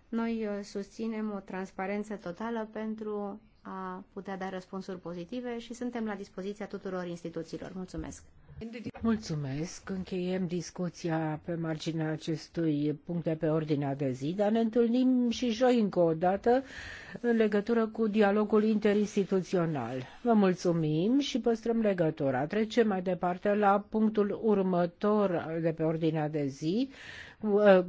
noi uh, susținem o transparență totală pentru a putea da răspunsuri pozitive și suntem la dispoziția tuturor instituțiilor. Mulțumesc! Mulțumesc! Încheiem discuția pe marginea acestui punct de pe ordinea de zi, dar ne întâlnim și joi încă o dată în legătură cu dialogul interinstituțional. Vă mulțumim și păstrăm legătura. Trecem mai departe la punctul următor de pe ordinea de zi, Uh,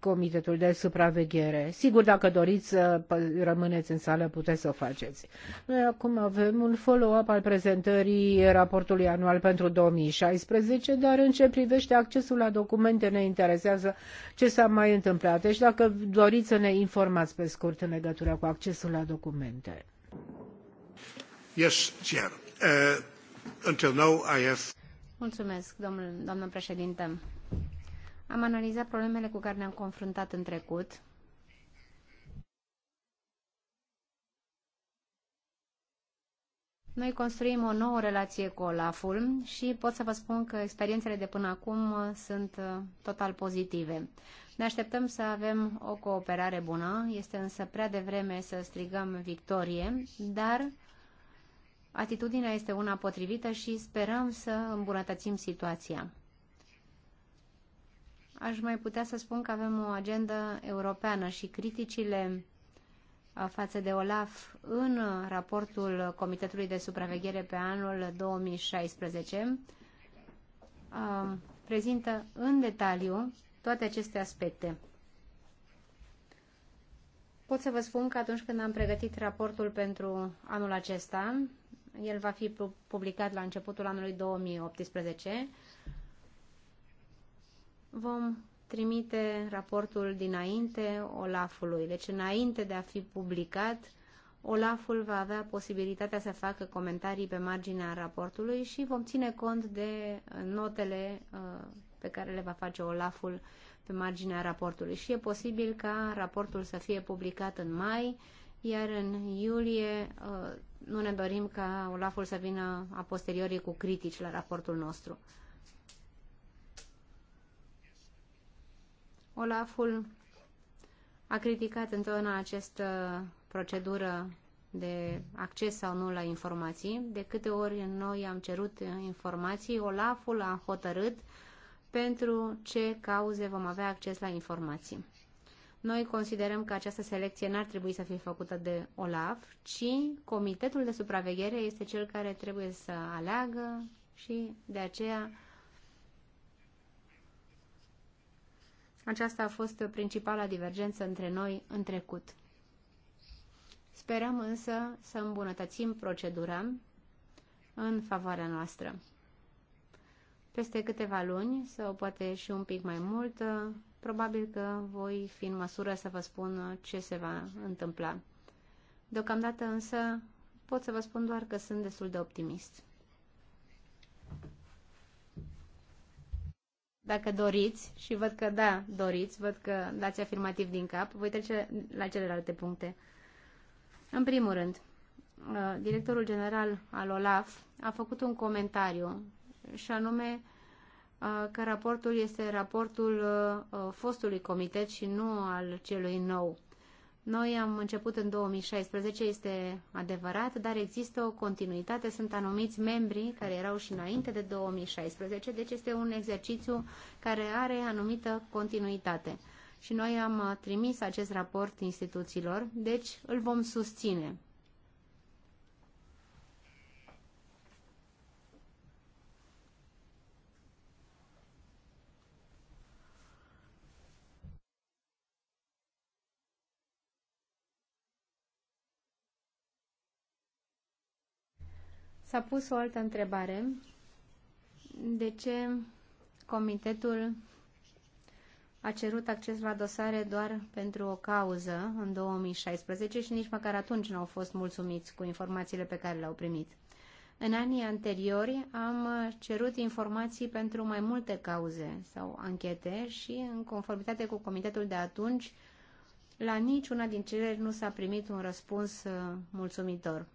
Comitetul de Supraveghere. Sigur, dacă doriți să rămâneți în sală, puteți să o faceți. Noi acum avem un follow-up al prezentării raportului anual pentru 2016, dar în ce privește accesul la documente ne interesează ce s-a mai întâmplat. Deci dacă doriți să ne informați pe scurt în legătură cu accesul la documente. Yes, Chair. Uh, until now I have... Mulțumesc, domnul, domnul președinte. Am analizat problemele cu care ne-am confruntat în trecut. Noi construim o nouă relație cu Olaful și pot să vă spun că experiențele de până acum sunt uh, total pozitive. Ne așteptăm să avem o cooperare bună, este însă prea devreme să strigăm victorie, dar atitudinea este una potrivită și sperăm să îmbunătățim situația aș mai putea să spun că avem o agendă europeană și criticile față de OLAF în raportul Comitetului de Supraveghere pe anul 2016 prezintă în detaliu toate aceste aspecte. Pot să vă spun că atunci când am pregătit raportul pentru anul acesta, el va fi publicat la începutul anului 2018, vom trimite raportul dinainte Olafului. Deci înainte de a fi publicat, Olaful va avea posibilitatea să facă comentarii pe marginea raportului și vom ține cont de uh, notele uh, pe care le va face Olaful pe marginea raportului. Și e posibil ca raportul să fie publicat în mai, iar în iulie uh, nu ne dorim ca Olaful să vină a posteriori cu critici la raportul nostru. Olaful a criticat întotdeauna această procedură de acces sau nu la informații. De câte ori noi am cerut informații, Olaful a hotărât pentru ce cauze vom avea acces la informații. Noi considerăm că această selecție n-ar trebui să fie făcută de OLAF, ci Comitetul de Supraveghere este cel care trebuie să aleagă și de aceea Aceasta a fost principala divergență între noi în trecut. Sperăm însă să îmbunătățim procedura în favoarea noastră. Peste câteva luni, sau poate și un pic mai mult, probabil că voi fi în măsură să vă spun ce se va întâmpla. Deocamdată însă pot să vă spun doar că sunt destul de optimist. Dacă doriți, și văd că da, doriți, văd că dați afirmativ din cap, voi trece la celelalte puncte. În primul rând, uh, directorul general al OLAF a făcut un comentariu și anume uh, că raportul este raportul uh, fostului comitet și nu al celui nou. Noi am început în 2016, este adevărat, dar există o continuitate, sunt anumiți membri care erau și înainte de 2016, deci este un exercițiu care are anumită continuitate. Și noi am trimis acest raport instituțiilor, deci îl vom susține. S-a pus o altă întrebare. De ce comitetul a cerut acces la dosare doar pentru o cauză în 2016 și nici măcar atunci nu au fost mulțumiți cu informațiile pe care le-au primit. În anii anteriori am cerut informații pentru mai multe cauze sau anchete și, în conformitate cu comitetul de atunci, la niciuna din cereri nu s-a primit un răspuns uh, mulțumitor.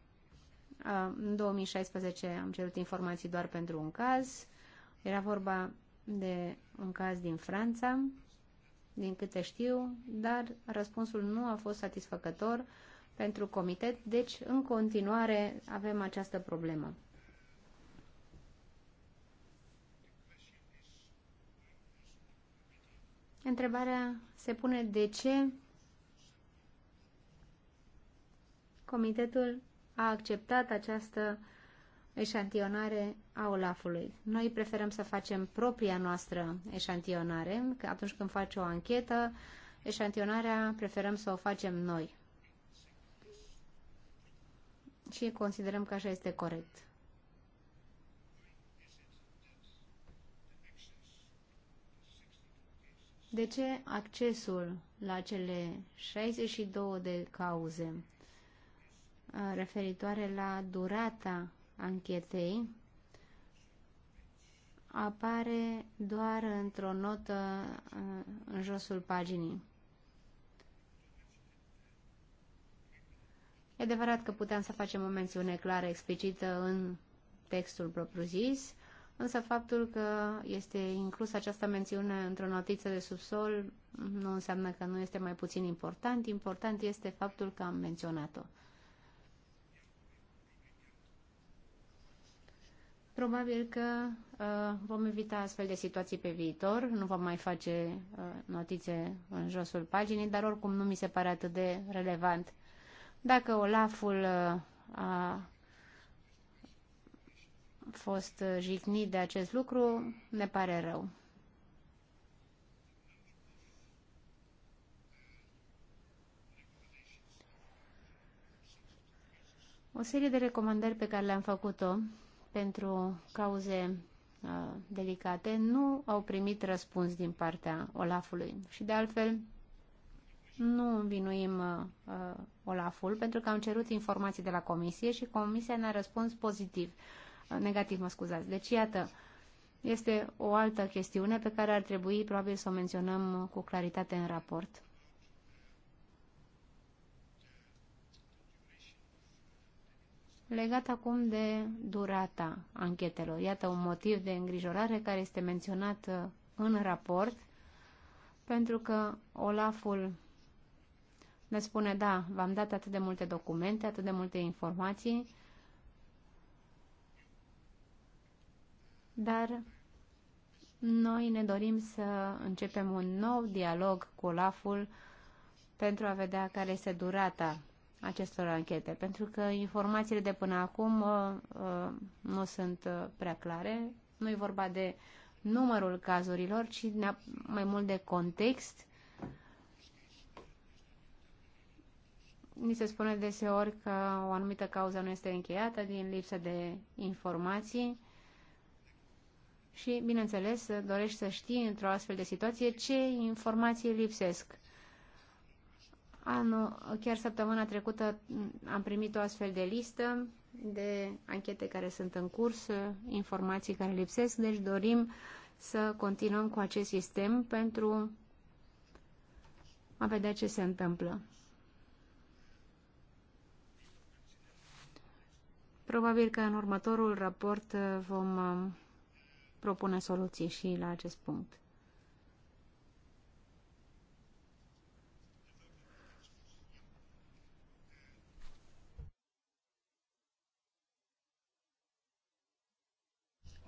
În 2016 am cerut informații doar pentru un caz. Era vorba de un caz din Franța, din câte știu, dar răspunsul nu a fost satisfăcător pentru comitet, deci în continuare avem această problemă. Întrebarea se pune de ce comitetul a acceptat această eșantionare a Olafului. Noi preferăm să facem propria noastră eșantionare, că atunci când face o anchetă, eșantionarea preferăm să o facem noi. Și considerăm că așa este corect. De ce accesul la cele 62 de cauze Uh, referitoare la durata anchetei apare doar într-o notă uh, în josul paginii. E adevărat că puteam să facem o mențiune clară, explicită în textul propriu-zis, însă faptul că este inclusă această mențiune într-o notiță de subsol nu înseamnă că nu este mai puțin important. Important este faptul că am menționat-o. Probabil că uh, vom evita astfel de situații pe viitor, nu vom mai face uh, notițe în josul paginii, dar oricum nu mi se pare atât de relevant. Dacă Olaful uh, a fost jignit de acest lucru, ne pare rău. O serie de recomandări pe care le-am făcut-o pentru cauze uh, delicate nu au primit răspuns din partea Olafului. Și de altfel, nu învinuim uh, uh, Olaful pentru că am cerut informații de la comisie și comisia ne-a răspuns pozitiv, uh, negativ, mă scuzați. Deci, iată, este o altă chestiune pe care ar trebui probabil să o menționăm uh, cu claritate în raport. Legat acum de durata anchetelor, iată un motiv de îngrijorare care este menționat uh, în raport, pentru că Olaful ne spune, da, v-am dat atât de multe documente, atât de multe informații, dar noi ne dorim să începem un nou dialog cu Olaful pentru a vedea care este durata acestor anchete, pentru că informațiile de până acum uh, uh nu sunt uh, prea clare. Nu e vorba de numărul cazurilor, ci mai mult de context. Ni se spune deseori că o anumită cauză nu este încheiată din lipsă de informații și, bineînțeles, dorești să știi într-o astfel de situație ce informații lipsesc Anul, chiar săptămâna trecută am primit o astfel de listă de anchete care sunt în curs, informații care lipsesc, deci dorim să continuăm cu acest sistem pentru a vedea ce se întâmplă. Probabil că în următorul raport uh, vom um, propune soluții și la acest punct.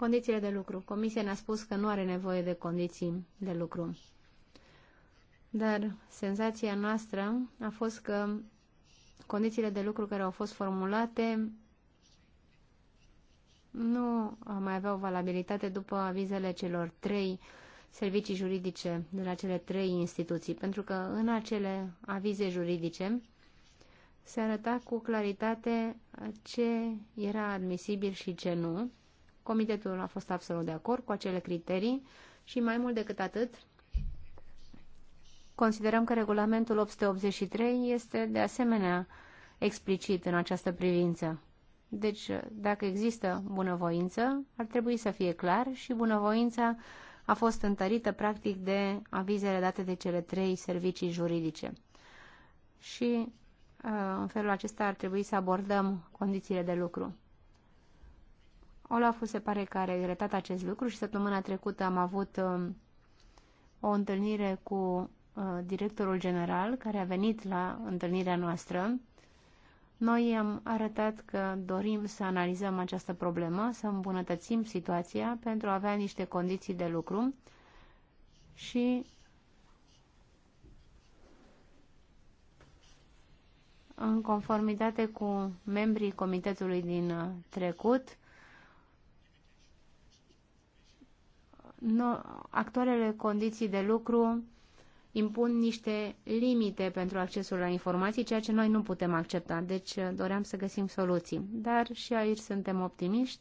Condițiile de lucru. Comisia ne-a spus că nu are nevoie de condiții de lucru. Dar senzația noastră a fost că condițiile de lucru care au fost formulate nu mai aveau valabilitate după avizele celor trei servicii juridice de la cele trei instituții, pentru că în acele avize juridice se arăta cu claritate ce era admisibil și ce nu Comitetul a fost absolut de acord cu acele criterii și mai mult decât atât, considerăm că regulamentul 883 este de asemenea explicit în această privință. Deci, dacă există bunăvoință, ar trebui să fie clar și bunăvoința a fost întărită practic de avizele date de cele trei servicii juridice. Și uh, în felul acesta ar trebui să abordăm condițiile de lucru. Olaf se pare că a regretat acest lucru și săptămâna trecută am avut um, o întâlnire cu uh, directorul general care a venit la întâlnirea noastră. Noi am arătat că dorim să analizăm această problemă, să îmbunătățim situația pentru a avea niște condiții de lucru și în conformitate cu membrii comitetului din uh, trecut, no, actualele condiții de lucru impun niște limite pentru accesul la informații, ceea ce noi nu putem accepta. Deci uh, doream să găsim soluții. Dar și aici suntem optimiști.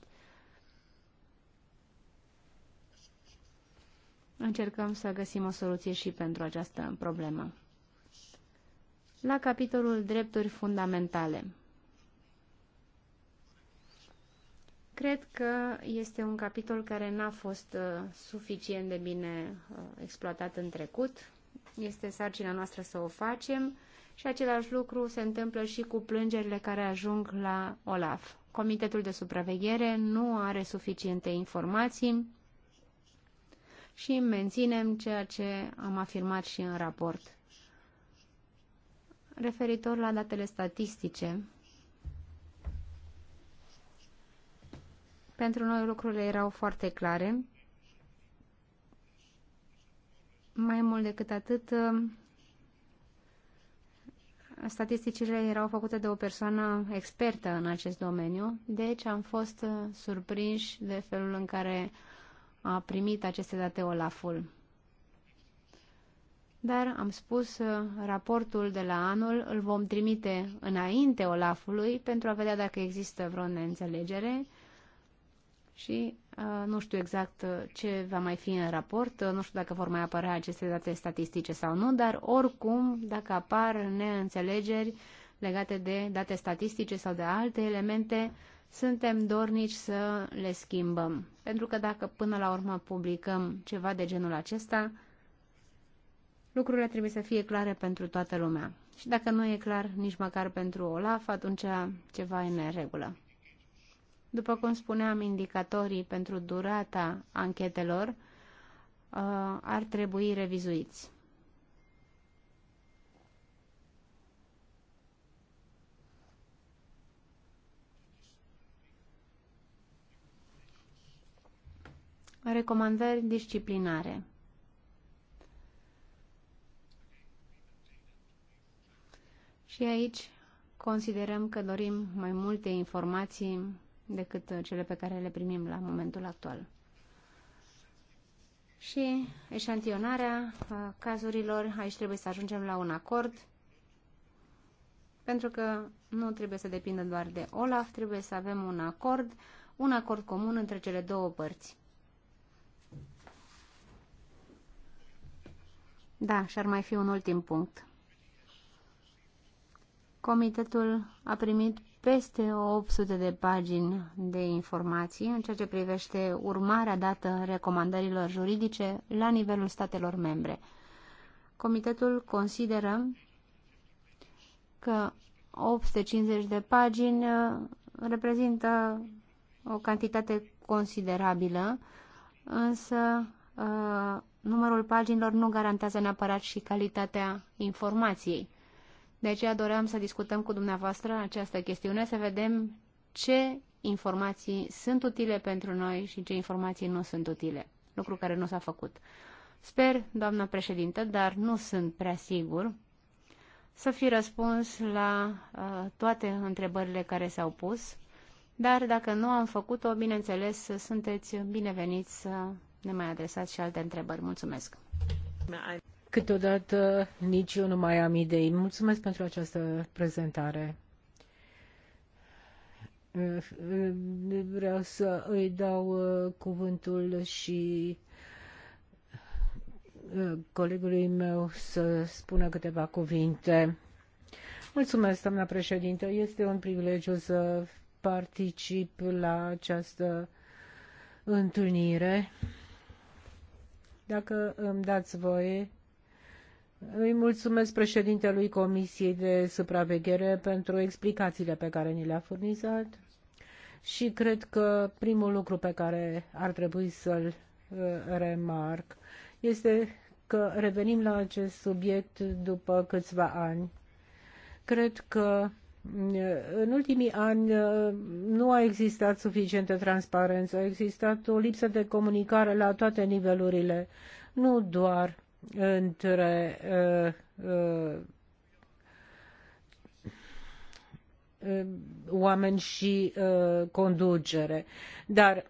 Încercăm să găsim o soluție și pentru această problemă. La capitolul drepturi fundamentale. Cred că este un capitol care n-a fost uh, suficient de bine uh, exploatat în trecut. Este sarcina noastră să o facem și același lucru se întâmplă și cu plângerile care ajung la OLAF. Comitetul de supraveghere nu are suficiente informații și menținem ceea ce am afirmat și în raport. Referitor la datele statistice, Pentru noi lucrurile erau foarte clare. Mai mult decât atât, statisticile erau făcute de o persoană expertă în acest domeniu, deci am fost surprinși de felul în care a primit aceste date Olaful. Dar am spus, raportul de la anul îl vom trimite înainte Olafului pentru a vedea dacă există vreo neînțelegere și uh, nu știu exact uh, ce va mai fi în raport, uh, nu știu dacă vor mai apărea aceste date statistice sau nu, dar oricum, dacă apar neînțelegeri legate de date statistice sau de alte elemente, suntem dornici să le schimbăm. Pentru că dacă până la urmă publicăm ceva de genul acesta, lucrurile trebuie să fie clare pentru toată lumea. Și dacă nu e clar nici măcar pentru OLAF, atunci ceva e în regulă. După cum spuneam, indicatorii pentru durata anchetelor uh, ar trebui revizuiți. Recomandări disciplinare Și aici considerăm că dorim mai multe informații decât uh, cele pe care le primim la momentul actual. Și eșantionarea uh, cazurilor, aici trebuie să ajungem la un acord, pentru că nu trebuie să depindă doar de OLAF, trebuie să avem un acord, un acord comun între cele două părți. Da, și ar mai fi un ultim punct. Comitetul a primit peste 800 de pagini de informații în ceea ce privește urmarea dată recomandărilor juridice la nivelul statelor membre. Comitetul consideră că 850 de pagini uh, reprezintă o cantitate considerabilă, însă uh, numărul paginilor nu garantează neapărat și calitatea informației. De aceea doream să discutăm cu dumneavoastră această chestiune, să vedem ce informații sunt utile pentru noi și ce informații nu sunt utile, lucru care nu s-a făcut. Sper, doamna președintă, dar nu sunt prea sigur, să fi răspuns la uh, toate întrebările care s-au pus, dar dacă nu am făcut-o, bineînțeles, sunteți bineveniți să ne mai adresați și alte întrebări. Mulțumesc! Câteodată nici eu nu mai am idei. Mulțumesc pentru această prezentare. Vreau să îi dau uh, cuvântul și uh, colegului meu să spună câteva cuvinte. Mulțumesc, doamna președintă. Este un privilegiu să particip la această întâlnire. Dacă îmi dați voie, îi mulțumesc președintelui Comisiei de Supraveghere pentru explicațiile pe care ni le-a furnizat și cred că primul lucru pe care ar trebui să-l uh, remarc este că revenim la acest subiect după câțiva ani. Cred că uh, în ultimii ani uh, nu a existat suficientă transparență, a existat o lipsă de comunicare la toate nivelurile, nu doar între uh, uh, oameni și uh, conducere. Dar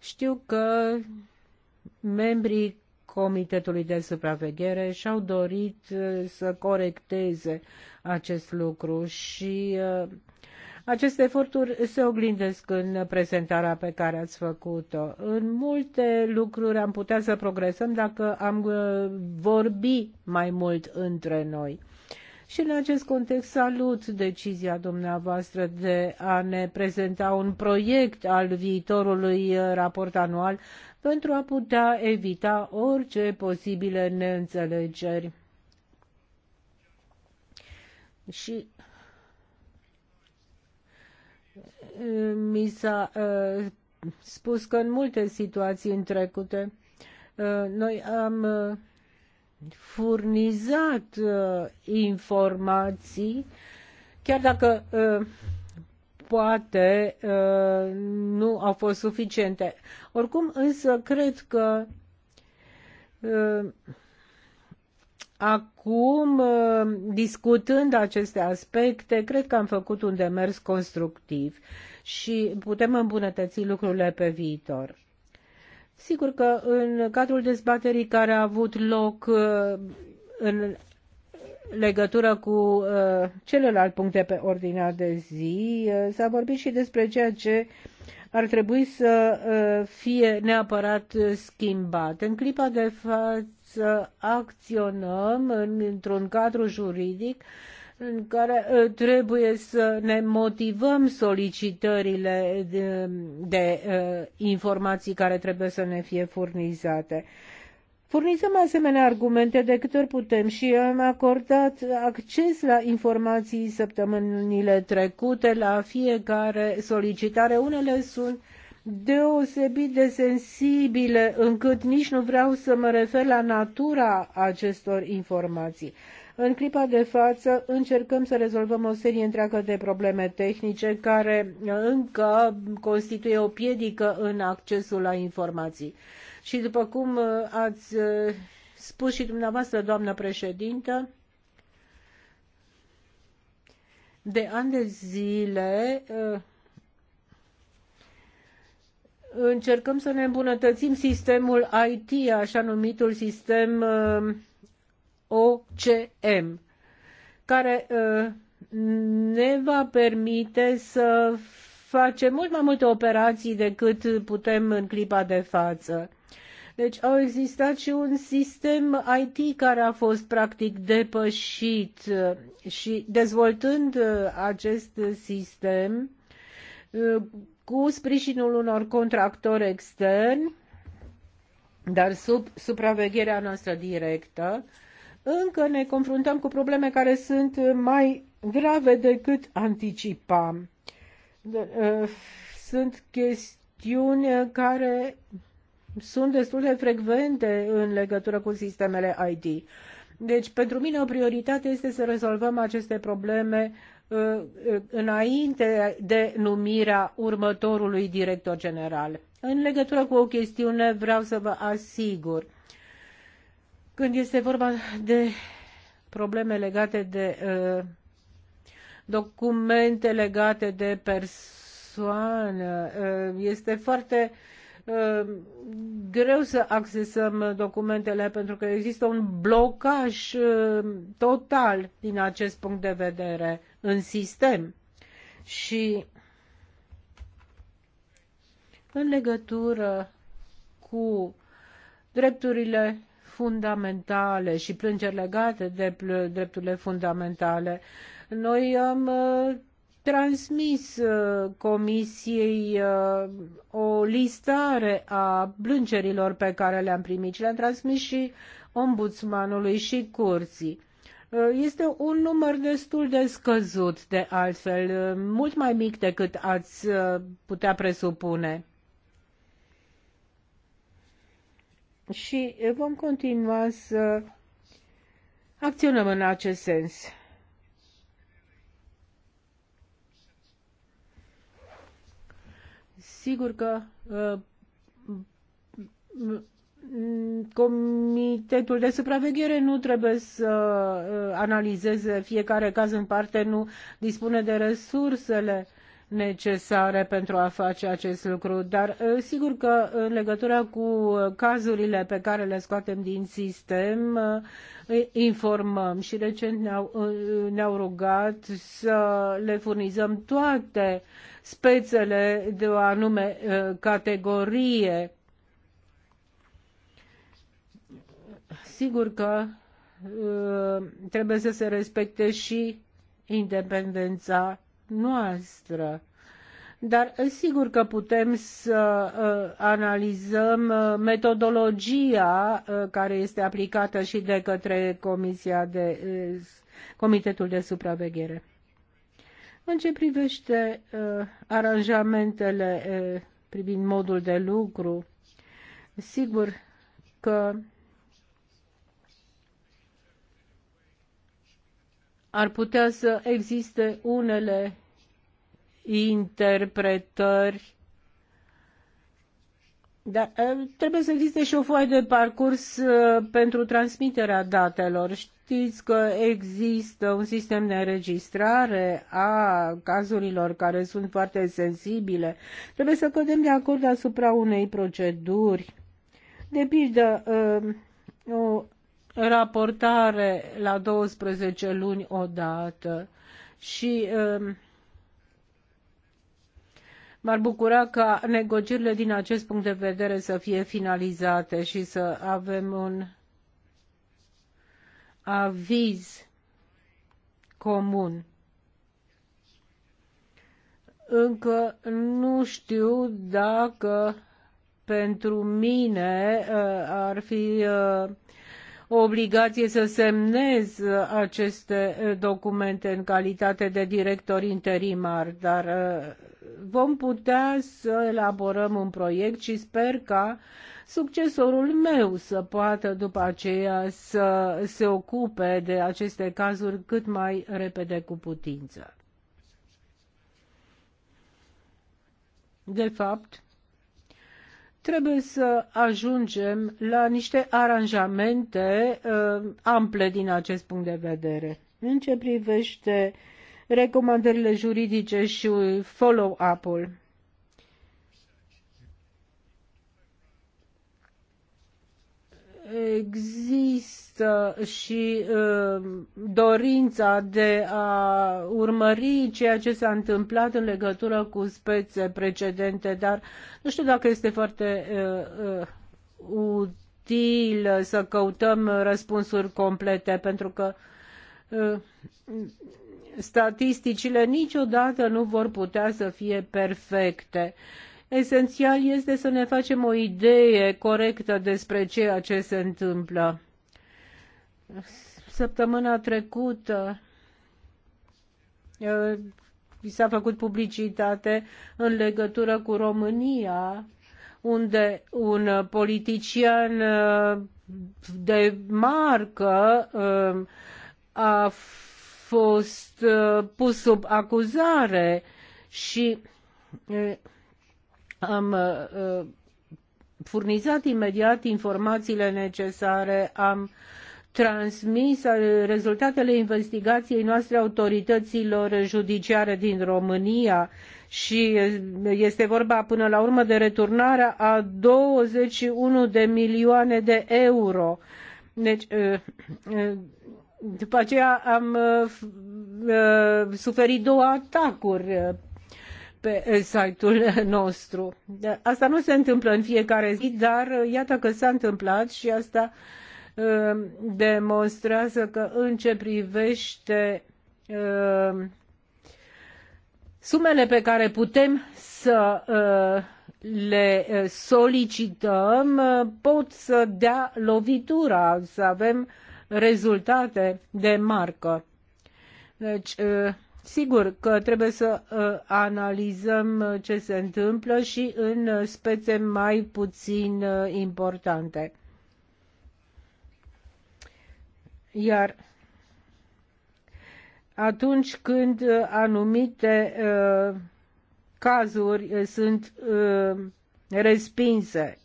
știu că membrii Comitetului de Supraveghere și-au dorit să corecteze acest lucru și aceste eforturi se oglindesc în prezentarea pe care ați făcut-o. În multe lucruri am putea să progresăm dacă am uh, vorbi mai mult între noi. Și în acest context salut decizia dumneavoastră de a ne prezenta un proiect al viitorului uh, raport anual pentru a putea evita orice posibile neînțelegeri. Și mi s-a uh, spus că în multe situații în trecute uh, noi am uh, furnizat informații, chiar dacă poate nu au fost suficiente. Oricum, însă, cred că Acum, ă, discutând aceste aspecte, cred că am făcut un demers constructiv și putem îmbunătăți lucrurile pe viitor. Sigur că în cadrul dezbaterii care a avut loc ă, în legătură cu ă, celălalt puncte pe ordinea de zi, s-a vorbit și despre ceea ce ar trebui să fie neapărat schimbat. În clipa de față, să acționăm într-un cadru juridic în care ă, trebuie să ne motivăm solicitările de, de ă, informații care trebuie să ne fie furnizate. Furnizăm asemenea argumente de câte ori putem și am acordat acces la informații săptămânile trecute la fiecare solicitare. Unele sunt deosebit de sensibile încât nici nu vreau să mă refer la natura acestor informații. În clipa de față încercăm să rezolvăm o serie întreagă de probleme tehnice care încă constituie o piedică în accesul la informații. Și după cum uh, ați uh, spus și dumneavoastră, doamnă președintă, de ani de zile uh, încercăm să ne îmbunătățim sistemul IT, așa numitul sistem uh, OCM, care uh, ne va permite să facem mult mai multe operații decât putem în clipa de față. Deci au existat și un sistem IT care a fost practic depășit uh, și dezvoltând acest sistem cu sprijinul unor contractori externi, dar sub supravegherea noastră directă, încă ne confruntăm cu probleme care sunt mai grave decât anticipam. Ă, sunt chestiuni care sunt destul de frecvente în legătură cu sistemele IT. Deci, pentru mine, o prioritate este să rezolvăm aceste probleme Uh, uh, înainte de numirea următorului director general. În legătură cu o chestiune vreau să vă asigur. Când este vorba de probleme legate de uh, documente legate de persoană, uh, este foarte uh, Uh, greu să accesăm documentele pentru că există un blocaj uh, total din acest punct de vedere în sistem. Și în legătură cu drepturile fundamentale și plângeri legate de drepturile fundamentale. Noi am uh, transmis uh, comisiei uh, o listare a plângerilor pe care le-am primit și le-am transmis și ombudsmanului și curții. Uh, este un număr destul de scăzut, de altfel, mult mai mic decât ați putea presupune. Și vom continua să acționăm în acest sens. sigur că uh, Comitetul de supraveghere nu trebuie să uh, analizeze fiecare caz în parte, nu dispune de resursele necesare pentru a face acest lucru, dar sigur că în legătură cu cazurile pe care le scoatem din sistem, informăm și recent ne-au, ne-au rugat să le furnizăm toate spețele de o anume categorie. Sigur că trebuie să se respecte și independența noastră. Dar eh, sigur că putem să eh, analizăm eh, metodologia care este aplicată și de către Comisia de, Comitetul de Supraveghere. În ce privește aranjamentele privind modul de lucru, sigur că ar putea să existe unele interpretări dar eh, trebuie să existe și o foaie de parcurs eh, pentru transmiterea datelor. Știți că există un sistem de înregistrare a cazurilor care sunt foarte sensibile. Trebuie să cădem de acord asupra unei proceduri. De pildă, eh, o raportare la 12 luni odată și um, M-ar bucura ca negocierile din acest punct de vedere să fie finalizate și să avem un aviz comun. Încă nu știu dacă pentru mine uh, ar fi uh, o obligație să semnez aceste eh, documente în calitate de director interimar, dar eh, vom putea să elaborăm un proiect și sper ca succesorul meu să poată după aceea să se ocupe de aceste cazuri cât mai repede cu putință. De fapt, trebuie să ajungem la niște aranjamente uh, ample din acest punct de vedere. În ce privește recomandările juridice și follow-up-ul. există și uh, dorința de a urmări ceea ce s-a întâmplat în legătură cu spețe precedente, dar nu știu dacă este foarte uh, uh, util să căutăm răspunsuri complete, pentru că statisticile niciodată nu vor putea să fie perfecte. Esențial este să ne facem o idee corectă despre ceea ce se întâmplă. Săptămâna trecută uh, i s-a făcut publicitate în legătură cu România, unde un politician uh, de marcă uh, a fost pus sub acuzare și am uh, uh, furnizat imediat informațiile necesare, am transmis uh, rezultatele investigației noastre autorităților judiciare din România și este vorba până la urmă de returnarea a 21 de milioane de euro. Deci, după aceea am suferit două atacuri pe eh, site-ul nostru. Asta nu se întâmplă în fiecare zi, dar eh, iată că s-a întâmplat și asta eh, demonstrează că în ce privește sumele pe care putem să le solicităm pot să dea lovitura, să avem rezultate de marcă. Deci, Sigur că trebuie să uh, analizăm uh, ce se întâmplă și în uh, spețe mai puțin importante. Iar atunci când anumite uh, cazuri sunt uh, respinse.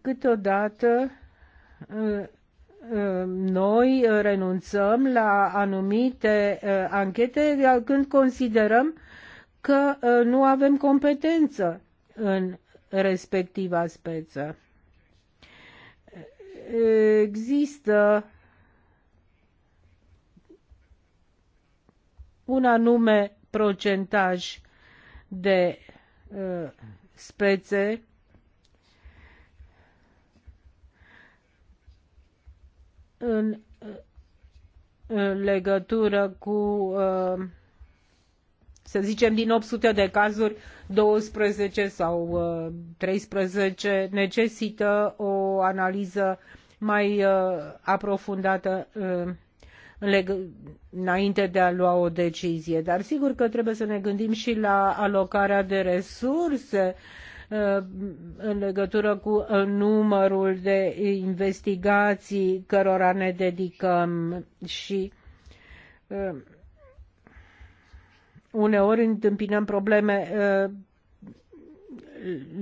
Câteodată uh, noi renunțăm la anumite uh, anchete când considerăm că uh, nu avem competență în respectiva speță. Există un anume procentaj de uh, spețe în legătură cu, uh, să zicem, din 800 de cazuri, 12 sau 13 uh, necesită o analiză mai uh, aprofundată înainte de a lua o decizie. Dar sigur că trebuie să ne gândim și la alocarea de resurse uh, Uh, în legătură cu uh, numărul de investigații cărora ne dedicăm și uh, uneori întâmpinăm probleme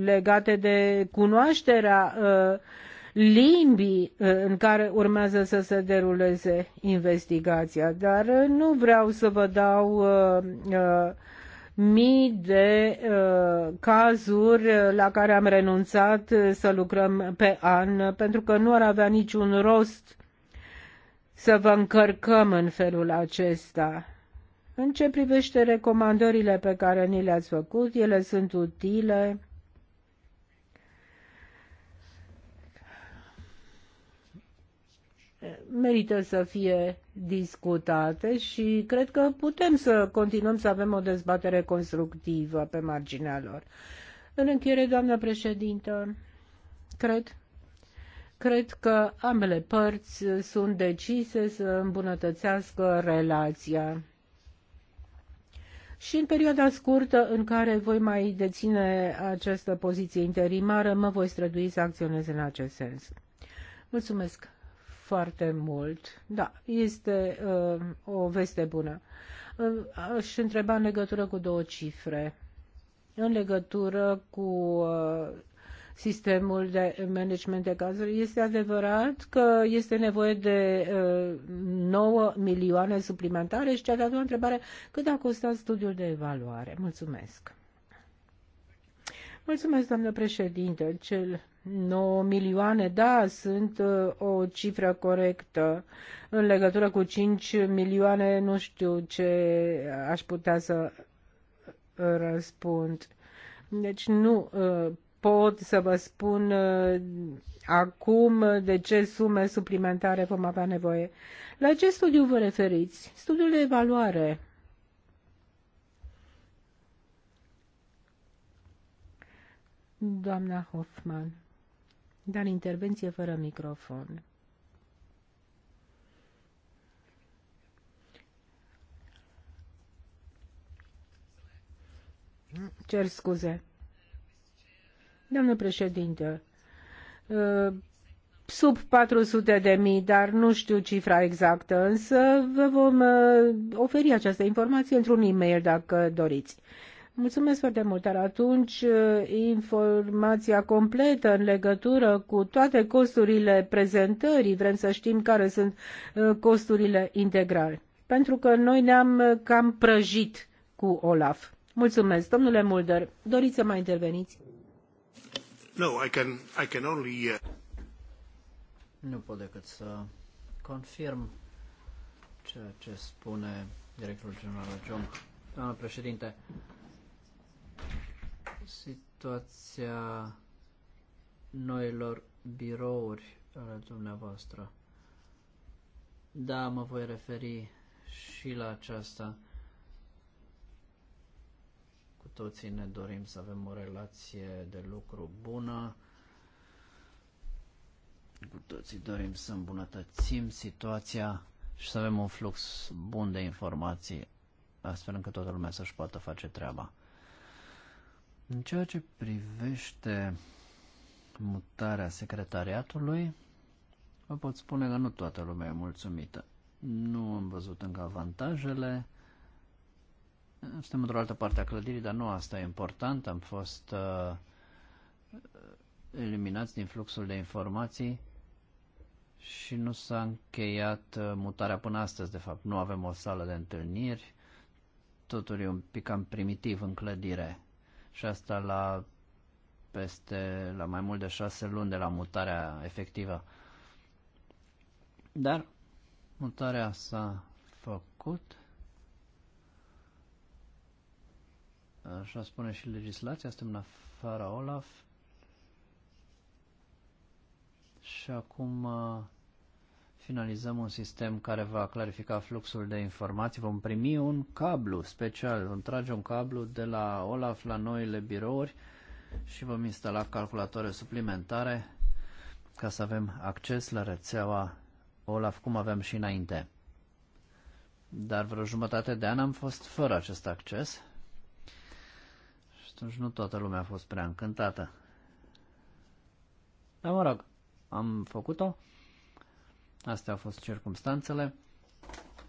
legate de cunoașterea limbii în care urmează să se deruleze investigația. Dar nu vreau să vă dau uh, mii de uh, cazuri la care am renunțat să lucrăm pe an, pentru că nu ar avea niciun rost să vă încărcăm în felul acesta. În ce privește recomandările pe care ni le-ați făcut, ele sunt utile. Merită să fie discutate și cred că putem să continuăm să avem o dezbatere constructivă pe marginea lor. În încheiere, doamnă președintă, cred, cred că ambele părți sunt decise să îmbunătățească relația. Și în perioada scurtă în care voi mai deține această poziție interimară, mă voi strădui să acționez în acest sens. Mulțumesc! foarte mult. Da, este uh, o veste bună. Uh, aș întreba în legătură cu două cifre. În legătură cu uh, sistemul de management de cazuri. Este adevărat că este nevoie de uh, 9 milioane suplimentare și cea de-a doua întrebare, cât a costat studiul de evaluare? Mulțumesc. Mulțumesc, doamnă președinte. Cel 9 milioane, da, sunt uh, o cifră corectă. În legătură cu 5 milioane, nu știu ce aș putea să uh, răspund. Deci nu uh, pot să vă spun acum de ce sume suplimentare vom avea nevoie. La ce studiu vă referiți? Studiul de evaluare Doamna Hoffman, dar intervenție fără microfon. Cer scuze. Doamnă președinte, uh, sub 400 de mii, dar nu știu cifra exactă, însă vă vom uh, oferi această informație într-un e-mail dacă doriți. Mulțumesc foarte mult, dar atunci uh, informația completă în legătură cu toate costurile prezentării, vrem să știm care sunt uh, costurile integrale. Pentru că noi ne-am uh, cam prăjit cu Olaf. Mulțumesc, domnule Mulder. Doriți să mai interveniți? No, I can, I can only, Nu pot decât să confirm ceea ce spune directorul general John, Doamna președinte, situația noilor birouri ale uh, dumneavoastră. Da, mă voi referi și la aceasta. Cu toții ne dorim să avem o relație de lucru bună. Cu toții dorim să îmbunătățim situația și să avem un flux bun de informații, astfel încât toată lumea să-și poată face treaba. În ceea ce privește mutarea secretariatului, vă pot spune că nu toată lumea e mulțumită. Nu am văzut încă avantajele. Suntem într-o altă parte a clădirii, dar nu asta e important. Am fost uh, eliminați din fluxul de informații și nu s-a încheiat uh, mutarea până astăzi, de fapt. Nu avem o sală de întâlniri, totul e un pic cam primitiv în clădire și asta la peste, la mai mult de șase luni de la mutarea efectivă. Dar mutarea s-a făcut, așa spune și legislația, suntem la fara Olaf și acum uh, finalizăm un sistem care va clarifica fluxul de informații. Vom primi un cablu special, vom trage un cablu de la OLAF la noile birouri și vom instala calculatoare suplimentare ca să avem acces la rețeaua OLAF cum aveam și înainte. Dar vreo jumătate de an am fost fără acest acces și atunci nu toată lumea a fost prea încântată. Dar mă rog, am făcut-o Astea au fost circumstanțele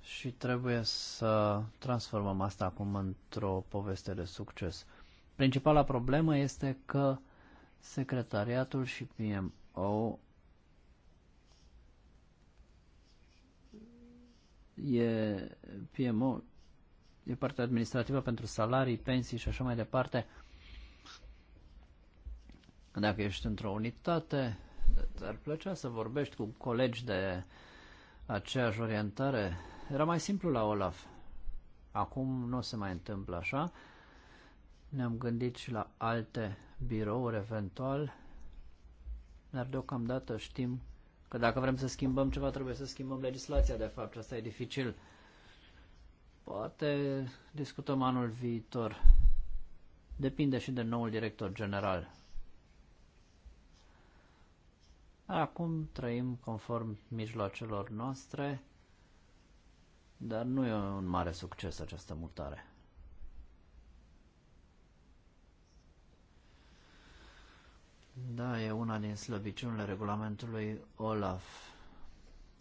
și trebuie să transformăm asta acum într-o poveste de succes. Principala problemă este că secretariatul și PMO e PMO e partea administrativă pentru salarii, pensii și așa mai departe. Dacă ești într-o unitate, ar plăcea să vorbești cu colegi de aceeași orientare. Era mai simplu la Olaf. Acum nu se mai întâmplă așa. Ne-am gândit și la alte birouri eventual, dar deocamdată știm că dacă vrem să schimbăm ceva, trebuie să schimbăm legislația, de fapt, asta e dificil. Poate discutăm anul viitor. Depinde și de noul director general. Acum trăim conform mijloacelor noastre, dar nu e un mare succes această mutare. Da, e una din slăbiciunile regulamentului OLAF,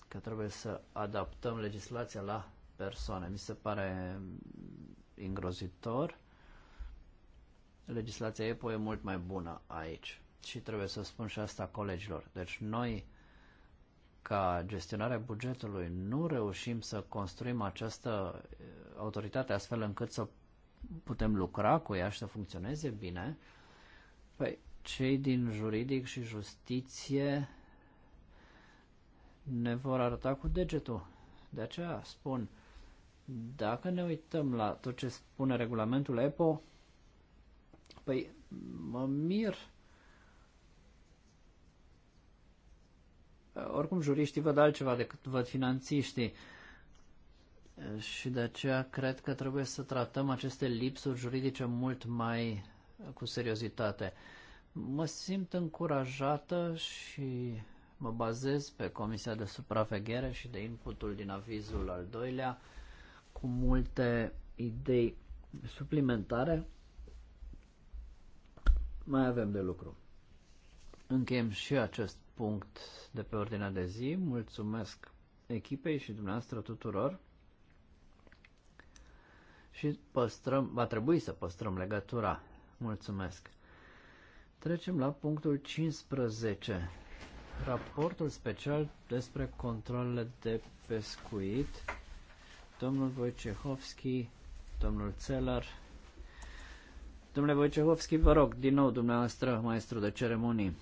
că trebuie să adaptăm legislația la persoane. Mi se pare îngrozitor. Legislația EPO e mult mai bună aici și trebuie să spun și asta colegilor. Deci noi, ca gestionarea bugetului, nu reușim să construim această eh, autoritate astfel încât să putem lucra cu ea și să funcționeze bine, păi cei din juridic și justiție ne vor arăta cu degetul. De aceea spun, dacă ne uităm la tot ce spune regulamentul EPO, păi mă mir Uh, oricum juriștii văd altceva decât văd finanțiștii. Uh, și de aceea cred că trebuie să tratăm aceste lipsuri juridice mult mai uh, cu seriozitate. Mă simt încurajată și mă bazez pe Comisia de Supraveghere și de inputul din avizul al doilea cu multe idei suplimentare. Mai avem de lucru. Încheiem și acest punct de pe ordinea de zi. Mulțumesc echipei și dumneavoastră tuturor. Și păstrăm, va trebui să păstrăm legătura. Mulțumesc. Trecem la punctul 15. Raportul special despre controlele de pescuit. Domnul Wojciechowski, domnul Țelar. Domnule Wojciechowski, vă rog, din nou dumneavoastră, maestru de ceremonii.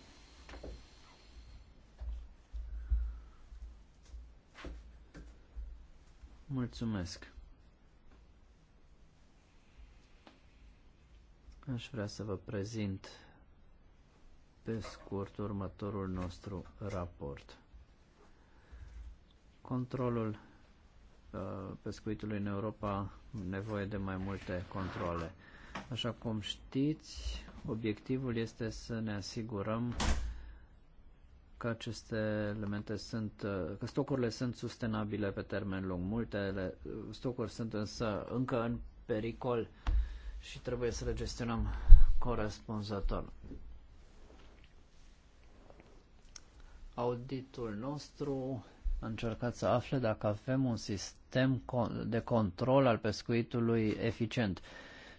Mulțumesc! Aș vrea să vă prezint pe scurt următorul nostru raport. Controlul uh, pescuitului în Europa nevoie de mai multe controle. Așa cum știți, obiectivul este să ne asigurăm că aceste elemente sunt, uh, că stocurile sunt sustenabile pe termen lung. Multe uh, stocuri sunt însă încă în pericol și trebuie să le gestionăm corespunzător. Auditul nostru a încercat să afle dacă avem un sistem de control al pescuitului eficient.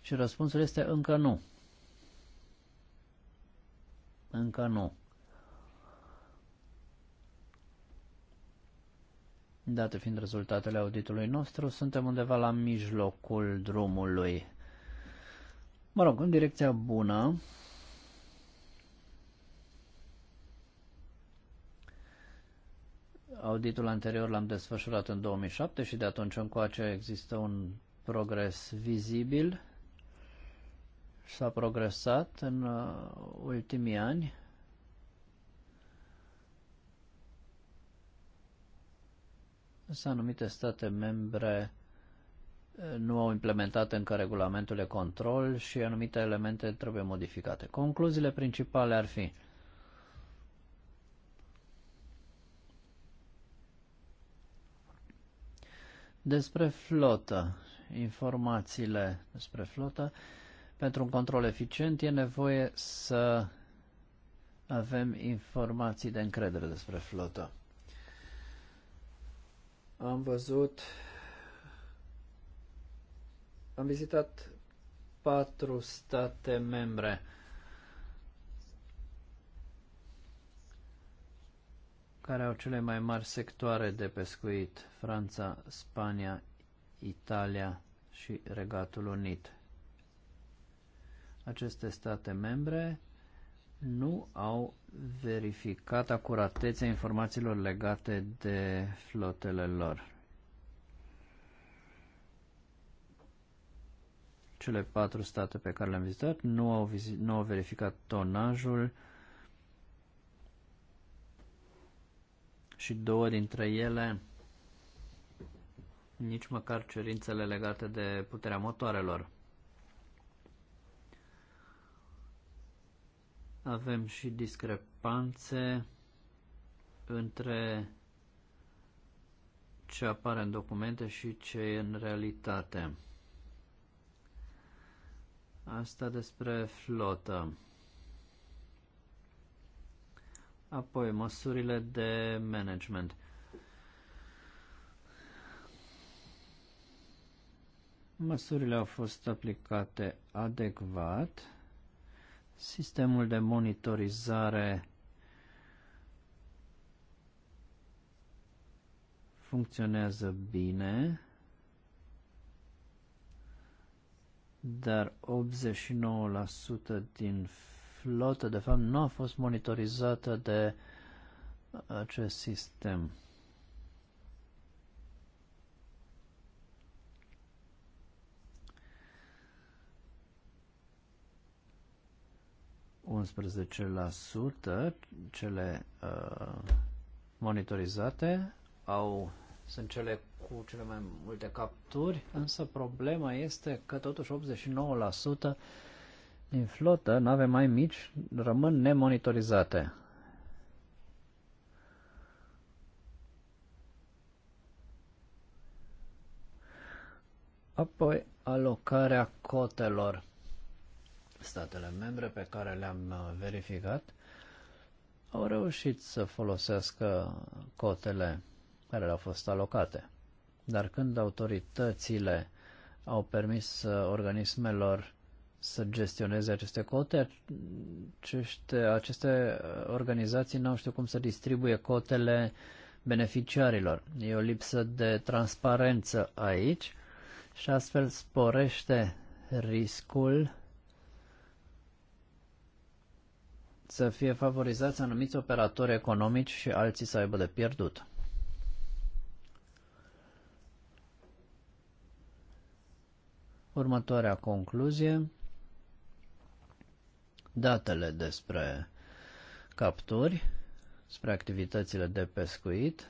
Și răspunsul este încă nu. Încă nu. Date fiind rezultatele auditului nostru, suntem undeva la mijlocul drumului. Mă rog, în direcția bună. Auditul anterior l-am desfășurat în 2007 și de atunci încoace există un progres vizibil. S-a progresat în uh, ultimii ani. însă anumite state membre nu au implementat încă regulamentul de control și anumite elemente trebuie modificate. Concluziile principale ar fi despre flotă, informațiile despre flotă. Pentru un control eficient e nevoie să avem informații de încredere despre flotă. Am văzut, am vizitat patru state membre. care au cele mai mari sectoare de pescuit, Franța, Spania, Italia și Regatul Unit. Aceste state membre nu au verificat acuratețea informațiilor legate de flotele lor. Cele patru state pe care le-am vizitat nu au, vizit, nu au verificat tonajul și două dintre ele nici măcar cerințele legate de puterea motoarelor. avem și discrepanțe între ce apare în documente și ce e în realitate. Asta despre flotă. Apoi, măsurile de management. Măsurile au fost aplicate adecvat. Sistemul de monitorizare funcționează bine, dar 89% din flotă, de fapt, nu a fost monitorizată de acest sistem. 11% cele uh, monitorizate au, sunt cele cu cele mai multe capturi, însă problema este că totuși 89% din flotă, nave mai mici, rămân nemonitorizate. Apoi alocarea cotelor statele membre pe care le-am uh, verificat au reușit să folosească cotele care le-au fost alocate. Dar când autoritățile au permis uh, organismelor să gestioneze aceste cote, aceste, aceste organizații n-au știut cum să distribuie cotele beneficiarilor. E o lipsă de transparență aici și astfel sporește riscul să fie favorizați anumiți operatori economici și alții să aibă de pierdut. Următoarea concluzie, datele despre capturi, spre activitățile de pescuit,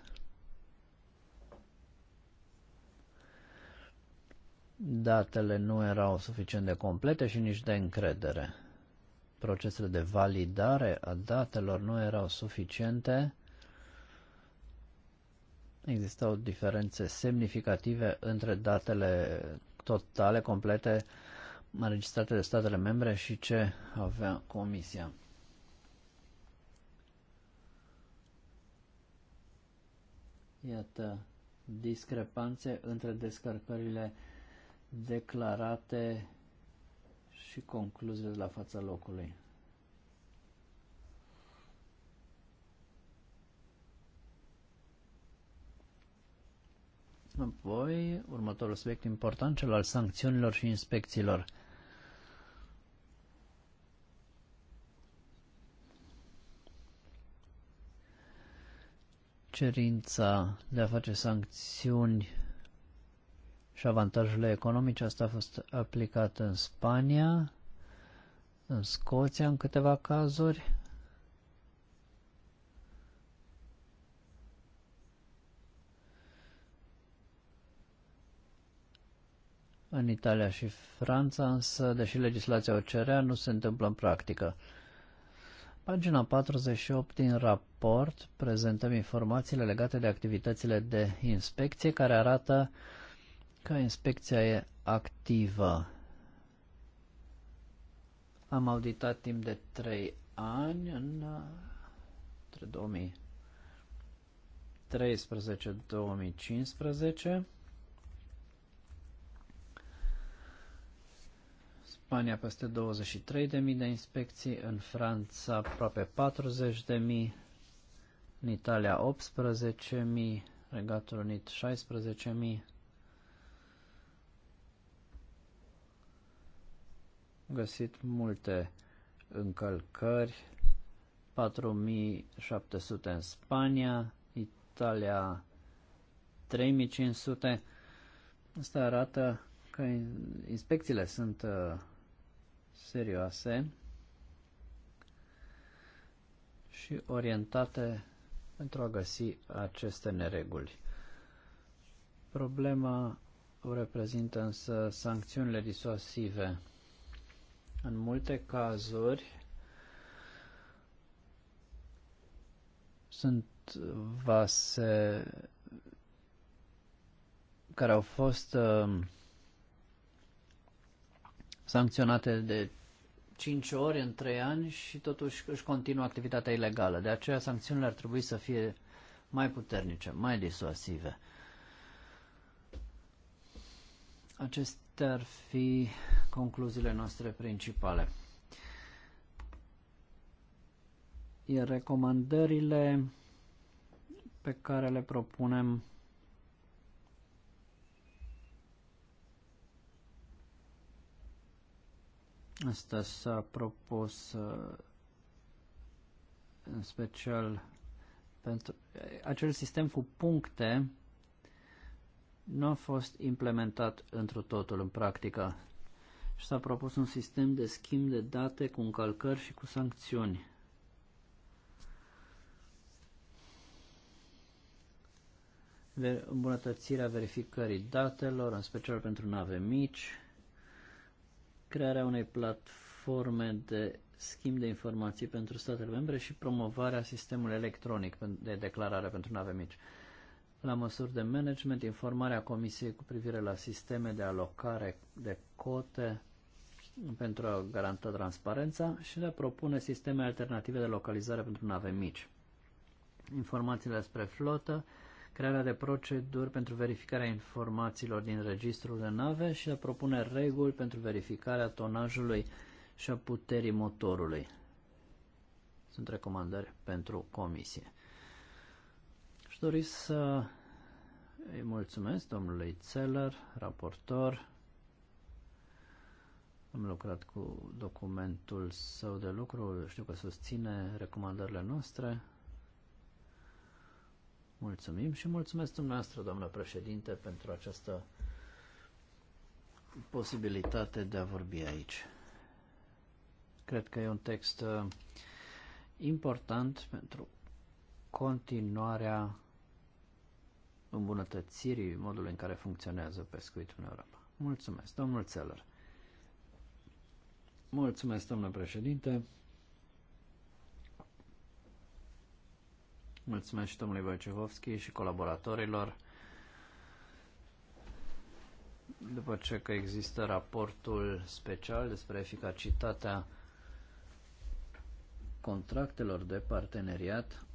datele nu erau suficient de complete și nici de încredere procesele de validare a datelor nu erau suficiente, existau diferențe semnificative între datele totale, complete, înregistrate de statele membre și ce avea Comisia. Iată, discrepanțe între descărcările declarate și concluziile la fața locului. Apoi, următorul subiect important, cel al sancțiunilor și inspecțiilor. Cerința de a face sancțiuni și avantajele economice. Asta a fost aplicat în Spania, în Scoția în câteva cazuri. În Italia și Franța, însă, deși legislația o cerea, nu se întâmplă în practică. Pagina 48 din raport prezentăm informațiile legate de activitățile de inspecție care arată ca inspecția e activă. Am auditat timp de 3 ani în între 2013-2015. Spania peste 23.000 de inspecții, în Franța aproape 40.000, în Italia 18.000, Regatul Unit 16.000. găsit multe încălcări, 4700 în Spania, Italia 3500. Asta arată că inspecțiile sunt uh, serioase și orientate pentru a găsi aceste nereguli. Problema o reprezintă însă sancțiunile disuasive în multe cazuri sunt vase care au fost uh, sancționate de 5 ori în 3 ani și totuși își continuă activitatea ilegală. De aceea sancțiunile ar trebui să fie mai puternice, mai disuasive. Acestea ar fi concluziile noastre principale. Iar recomandările pe care le propunem Asta s-a propus uh, în special pentru uh, acel sistem cu puncte nu a fost implementat întru totul în practică și s-a propus un sistem de schimb de date cu încălcări și cu sancțiuni. Îmbunătățirea verificării datelor, în special pentru nave mici, crearea unei platforme de schimb de informații pentru statele membre și promovarea sistemului electronic de declarare pentru nave mici la măsuri de management, informarea Comisiei cu privire la sisteme de alocare de cote pentru a garanta transparența și de a propune sisteme alternative de localizare pentru nave mici. Informațiile despre flotă, crearea de proceduri pentru verificarea informațiilor din registrul de nave și a propune reguli pentru verificarea tonajului și a puterii motorului. Sunt recomandări pentru comisie dori să îi mulțumesc domnului Țeller, raportor. Am lucrat cu documentul său de lucru, știu că susține recomandările noastre. Mulțumim și mulțumesc dumneavoastră, doamnă președinte, pentru această posibilitate de a vorbi aici. Cred că e un text uh, important pentru continuarea îmbunătățirii modului în care funcționează pescuitul în Europa. Mulțumesc, domnul Țelăr. Mulțumesc, domnule președinte. Mulțumesc și domnului Wojciechowski și colaboratorilor. După ce că există raportul special despre eficacitatea contractelor de parteneriat,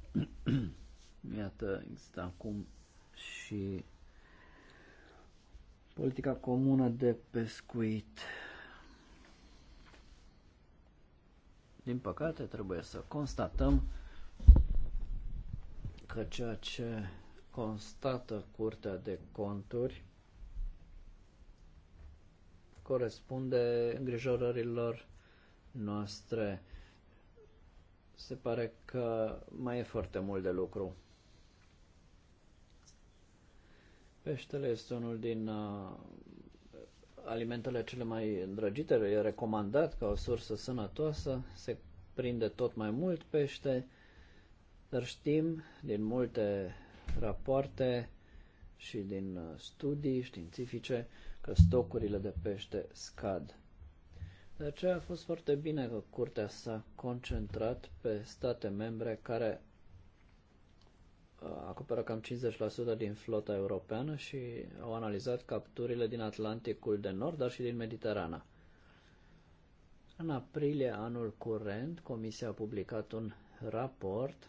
iată, există acum și politica comună de pescuit. Din păcate, trebuie să constatăm că ceea ce constată Curtea de Conturi corespunde îngrijorărilor noastre. Se pare că mai e foarte mult de lucru. Peștele este unul din uh, alimentele cele mai îndrăgite, e recomandat ca o sursă sănătoasă, se prinde tot mai mult pește, dar știm din multe rapoarte și din uh, studii științifice că stocurile de pește scad. De aceea a fost foarte bine că curtea s-a concentrat pe state membre care Uh, acoperă cam 50% din flota europeană și au analizat capturile din Atlanticul de Nord, dar și din Mediterana. În aprilie anul curent, Comisia a publicat un raport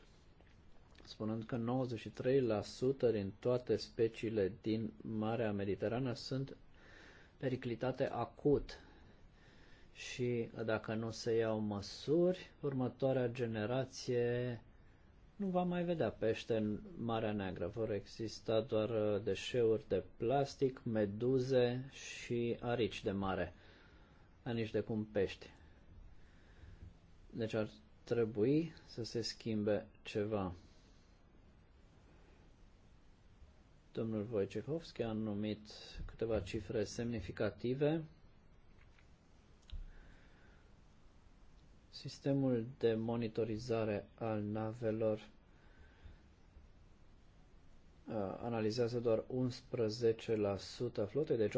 spunând că 93% din toate speciile din Marea Mediterană sunt periclitate acut și dacă nu se iau măsuri, următoarea generație nu va mai vedea pește în Marea Neagră. Vor exista doar uh, deșeuri de plastic, meduze și arici de mare, dar nici de cum pești. Deci ar trebui să se schimbe ceva. Domnul Wojciechowski a numit câteva cifre semnificative Sistemul de monitorizare al navelor analizează doar 11% flote, deci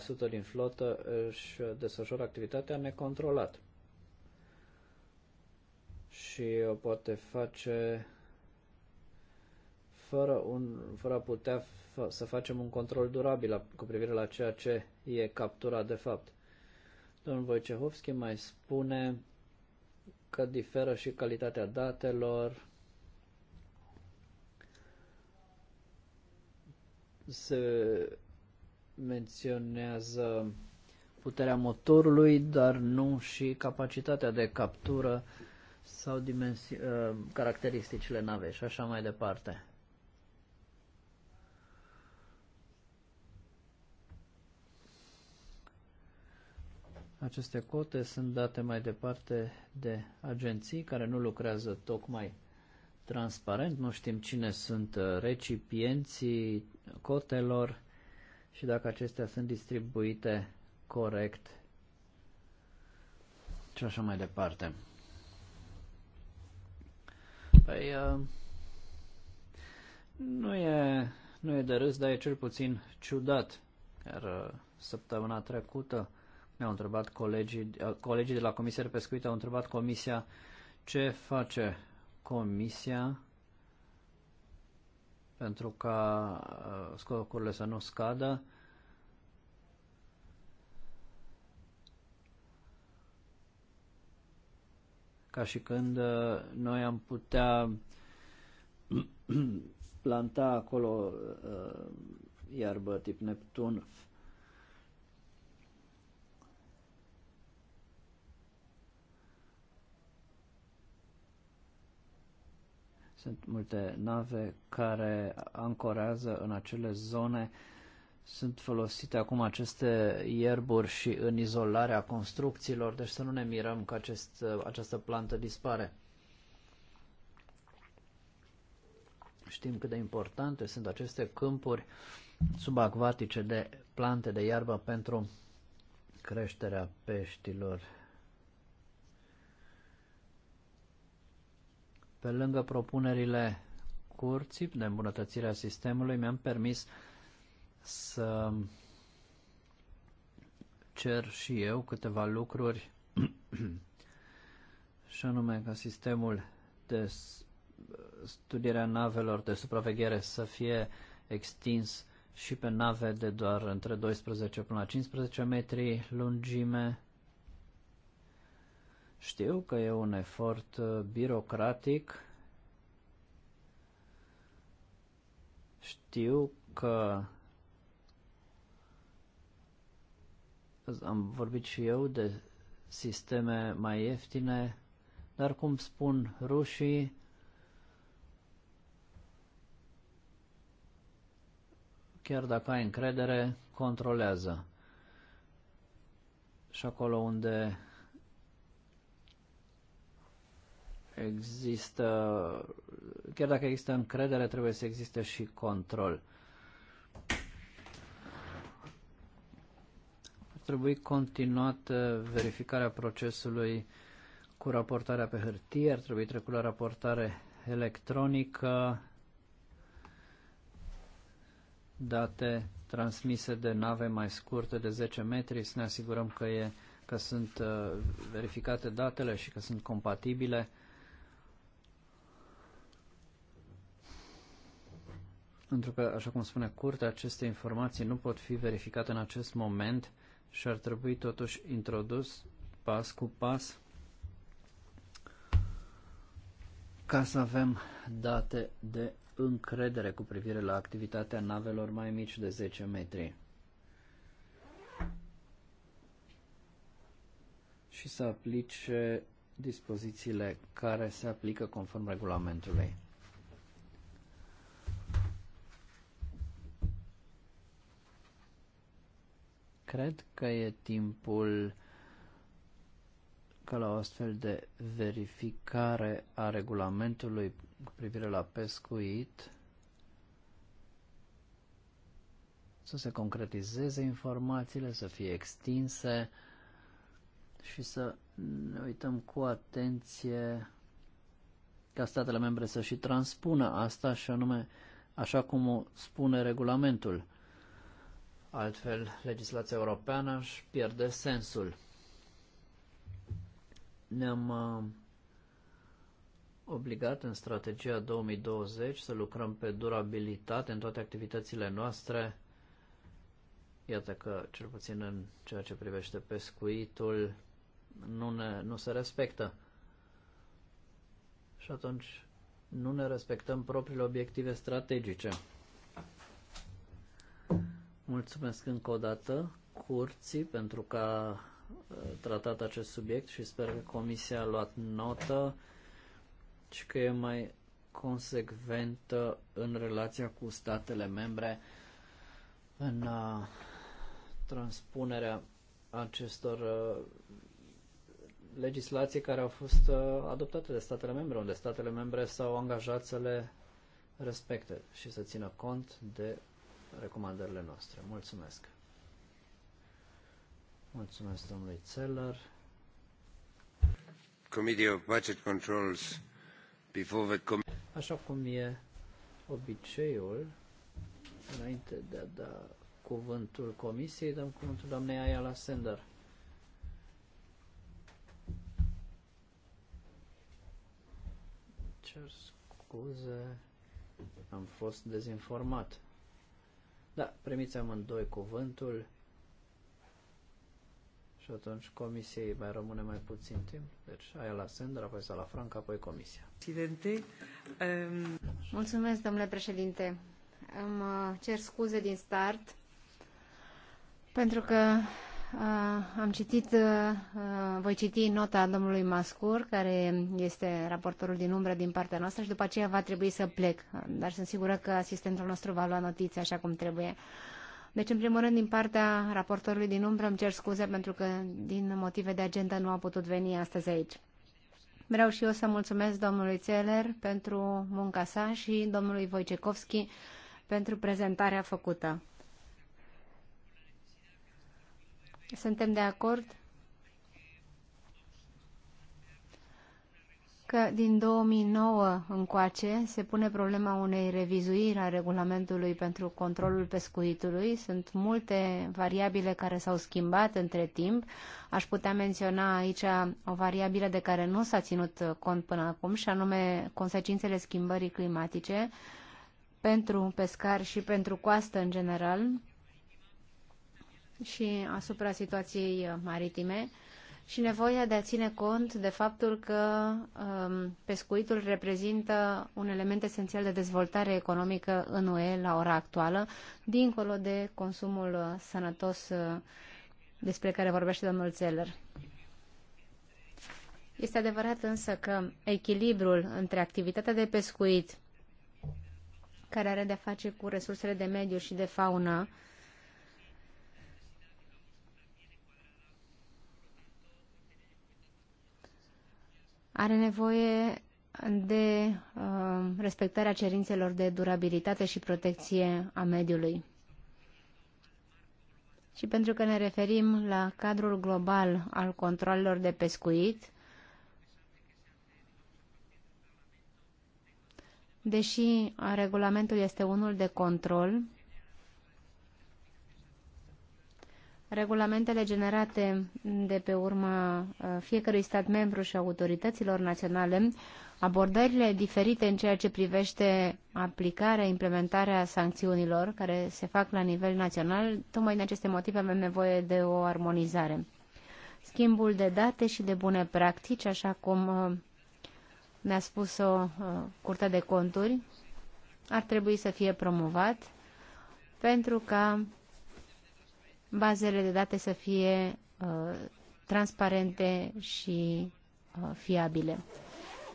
89% din flotă își desfășoară activitatea necontrolat. Și o poate face fără, un, fără a putea să facem un control durabil cu privire la ceea ce e captura de fapt. Domnul Wojciechowski mai spune că diferă și calitatea datelor, se menționează puterea motorului, dar nu și capacitatea de captură sau uh, caracteristicile navei și așa mai departe. Aceste cote sunt date mai departe de agenții care nu lucrează tocmai transparent, nu știm cine sunt recipienții cotelor și dacă acestea sunt distribuite corect și așa mai departe. Păi, uh, nu e, nu e de râs, dar e cel puțin ciudat. Iar uh, săptămâna trecută mi-au întrebat colegii, uh, colegii de la Comisia de Pescuit, au întrebat Comisia ce face Comisia pentru ca uh, scocurile să nu scadă. Ca și când uh, noi am putea planta acolo iarbă tip Neptun Sunt multe nave care ancorează în acele zone. Sunt folosite acum aceste ierburi și în izolarea construcțiilor, deci să nu ne mirăm că acest, această plantă dispare. Știm cât de importante sunt aceste câmpuri subacvatice de plante de iarbă pentru creșterea peștilor. Pe lângă propunerile curții de îmbunătățire a sistemului, mi-am permis să cer și eu câteva lucruri și anume ca sistemul de studierea navelor de supraveghere să fie extins și pe nave de doar între 12 până la 15 metri lungime, știu că e un efort uh, birocratic, știu că am vorbit și eu de sisteme mai ieftine, dar cum spun rușii, chiar dacă ai încredere, controlează. Și acolo unde există, chiar dacă există încredere, trebuie să existe și control. Ar trebui continuată verificarea procesului cu raportarea pe hârtie, ar trebui trecut la raportare electronică, date transmise de nave mai scurte de 10 metri, să ne asigurăm că, e, că sunt uh, verificate datele și că sunt compatibile. Pentru că, așa cum spune curtea, aceste informații nu pot fi verificate în acest moment și ar trebui totuși introdus pas cu pas ca să avem date de încredere cu privire la activitatea navelor mai mici de 10 metri. Și să aplice dispozițiile care se aplică conform regulamentului. cred că e timpul ca la o astfel de verificare a regulamentului cu privire la pescuit să se concretizeze informațiile, să fie extinse și să ne uităm cu atenție ca statele membre să și transpună asta și anume așa cum o spune regulamentul. Altfel, legislația europeană își pierde sensul. Ne-am uh, obligat în strategia 2020 să lucrăm pe durabilitate în toate activitățile noastre. Iată că, cel puțin în ceea ce privește pescuitul, nu, ne, nu se respectă. Și atunci nu ne respectăm propriile obiective strategice. Mulțumesc încă o dată curții pentru că a tratat acest subiect și sper că comisia a luat notă și că e mai consecventă în relația cu statele membre în transpunerea acestor legislații care au fost adoptate de statele membre, unde statele membre s-au angajat să le respecte și să țină cont de recomandările noastre. Mulțumesc! Mulțumesc domnului Țeller. Committee of Budget Controls before the Așa cum e obiceiul, înainte de a da cuvântul comisiei, dăm cuvântul doamnei Aia la sender. Cer scuze, am fost dezinformat. Da, primiți amândoi cuvântul și atunci comisiei mai rămâne mai puțin timp. Deci aia la Sandra, apoi la Franca, apoi comisia. Presidente, um... Mulțumesc, domnule președinte. Îmi uh, cer scuze din start pentru că Ah, am citit, ah, ah, voi citi nota domnului Mascur, care este raportorul din umbră din partea noastră și după aceea va trebui să plec, dar sunt sigură că asistentul nostru va lua notițe așa cum trebuie. Deci, în primul rând, din partea raportorului din umbră îmi cer scuze pentru că din motive de agenda nu a putut veni astăzi aici. Vreau și eu să mulțumesc domnului Țeler pentru munca sa și domnului Wojciechowski pentru prezentarea făcută. Suntem de acord că din 2009 încoace se pune problema unei revizuiri a regulamentului pentru controlul pescuitului. Sunt multe variabile care s-au schimbat între timp. Aș putea menționa aici o variabilă de care nu s-a ținut cont până acum și anume consecințele schimbării climatice pentru pescar și pentru coastă în general și asupra situației maritime și nevoia de a ține cont de faptul că um, pescuitul reprezintă un element esențial de dezvoltare economică în UE la ora actuală, dincolo de consumul sănătos uh, despre care vorbește domnul Zeller. Este adevărat însă că echilibrul între activitatea de pescuit, care are de-a face cu resursele de mediu și de faună, are nevoie de uh, respectarea cerințelor de durabilitate și protecție a mediului. Și pentru că ne referim la cadrul global al controlelor de pescuit, deși regulamentul este unul de control, Regulamentele generate de pe urma uh, fiecărui stat membru și autorităților naționale, abordările diferite în ceea ce privește aplicarea, implementarea sancțiunilor care se fac la nivel național, tocmai din aceste motive avem nevoie de o armonizare. Schimbul de date și de bune practici, așa cum uh, ne-a spus-o uh, Curtea de Conturi, ar trebui să fie promovat pentru ca bazele de date să fie uh, transparente și uh, fiabile.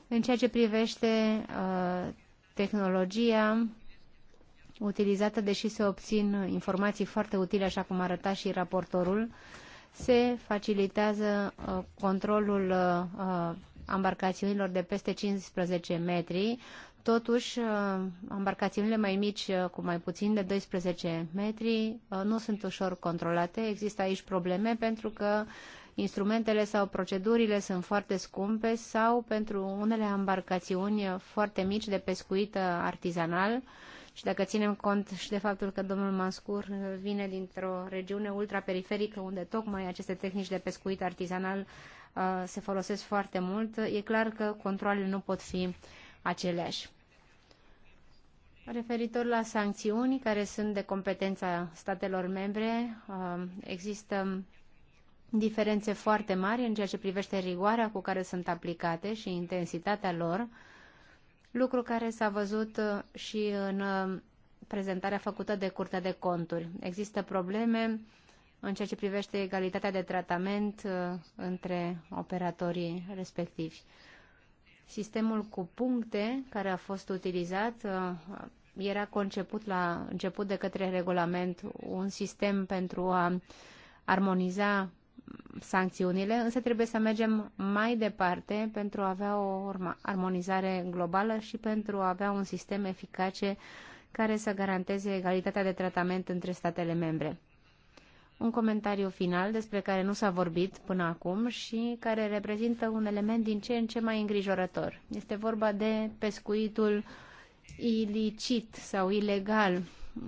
În ceea ce privește uh, tehnologia utilizată, deși se obțin informații foarte utile, așa cum arăta și raportorul, se facilitează uh, controlul uh, embarcațiunilor uh, de peste 15 metri, Totuși, uh, embarcațiunile mai mici, uh, cu mai puțin de 12 metri, uh, nu sunt ușor controlate. Există aici probleme pentru că instrumentele sau procedurile sunt foarte scumpe sau pentru unele embarcațiuni foarte mici de pescuit artizanal. Și dacă ținem cont și de faptul că domnul Mascur vine dintr-o regiune ultraperiferică unde tocmai aceste tehnici de pescuit artizanal se folosesc foarte mult, e clar că controlele nu pot fi aceleași. Referitor la sancțiuni care sunt de competența statelor membre, um, există diferențe foarte mari în ceea ce privește rigoarea cu care sunt aplicate și intensitatea lor, lucru care s-a văzut uh, și în uh, prezentarea făcută de Curtea de Conturi. Există probleme în ceea ce privește egalitatea de tratament uh, între operatorii respectivi. Sistemul cu puncte care a fost utilizat era conceput la început de către regulament un sistem pentru a armoniza sancțiunile, însă trebuie să mergem mai departe pentru a avea o armonizare globală și pentru a avea un sistem eficace care să garanteze egalitatea de tratament între statele membre. Un comentariu final despre care nu s-a vorbit până acum și care reprezintă un element din ce în ce mai îngrijorător. Este vorba de pescuitul ilicit sau ilegal.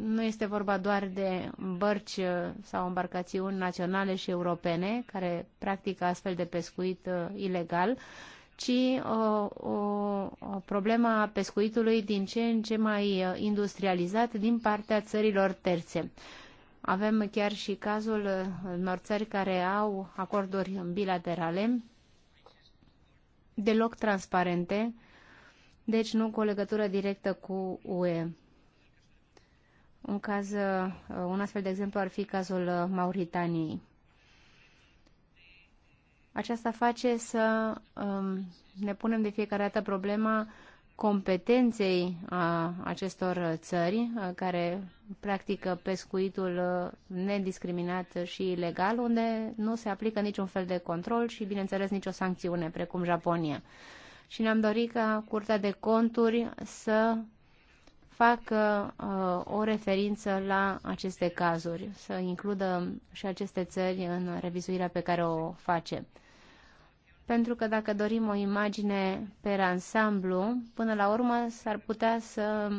Nu este vorba doar de bărci uh, sau embarcațiuni naționale și europene care practică astfel de pescuit uh, ilegal, ci uh, o, o pescuitului din ce în ce mai uh, industrializat din partea țărilor terțe. Avem chiar și cazul uh, unor țări care au acorduri bilaterale deloc transparente deci nu cu o legătură directă cu UE. Un caz, uh, un astfel de exemplu ar fi cazul uh, Mauritaniei. Aceasta face să um, ne punem de fiecare dată problema competenței a acestor țări uh, care practică pescuitul nediscriminat și ilegal, unde nu se aplică niciun fel de control și, bineînțeles, nicio sancțiune, precum Japonia și ne-am dorit ca Curtea de Conturi să facă uh, o referință la aceste cazuri, să includă și aceste țări în revizuirea pe care o face pentru că dacă dorim o imagine pe ansamblu, până la urmă s-ar putea să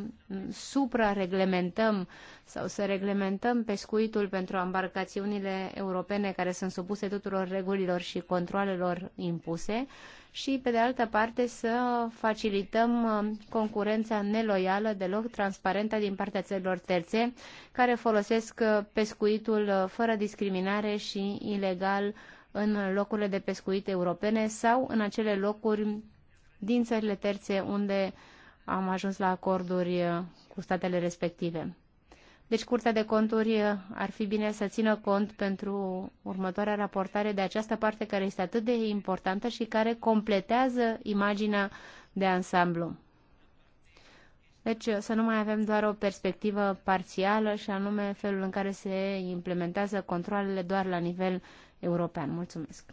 suprareglementăm sau să reglementăm pescuitul pentru embarcațiunile europene care sunt supuse tuturor regulilor și controlelor impuse și, pe de altă parte, să facilităm uh, concurența neloială, deloc transparentă din partea țărilor terțe, care folosesc uh, pescuitul uh, fără discriminare și ilegal în locurile de pescuit europene sau în acele locuri din țările terțe unde am ajuns la acorduri uh, cu statele respective. Deci Curtea de Conturi uh, ar fi bine să țină cont pentru următoarea raportare de această parte care este atât de importantă și care completează imaginea de ansamblu. Deci uh, să nu mai avem doar o perspectivă parțială și anume felul în care se implementează controlele doar la nivel european. Mulțumesc!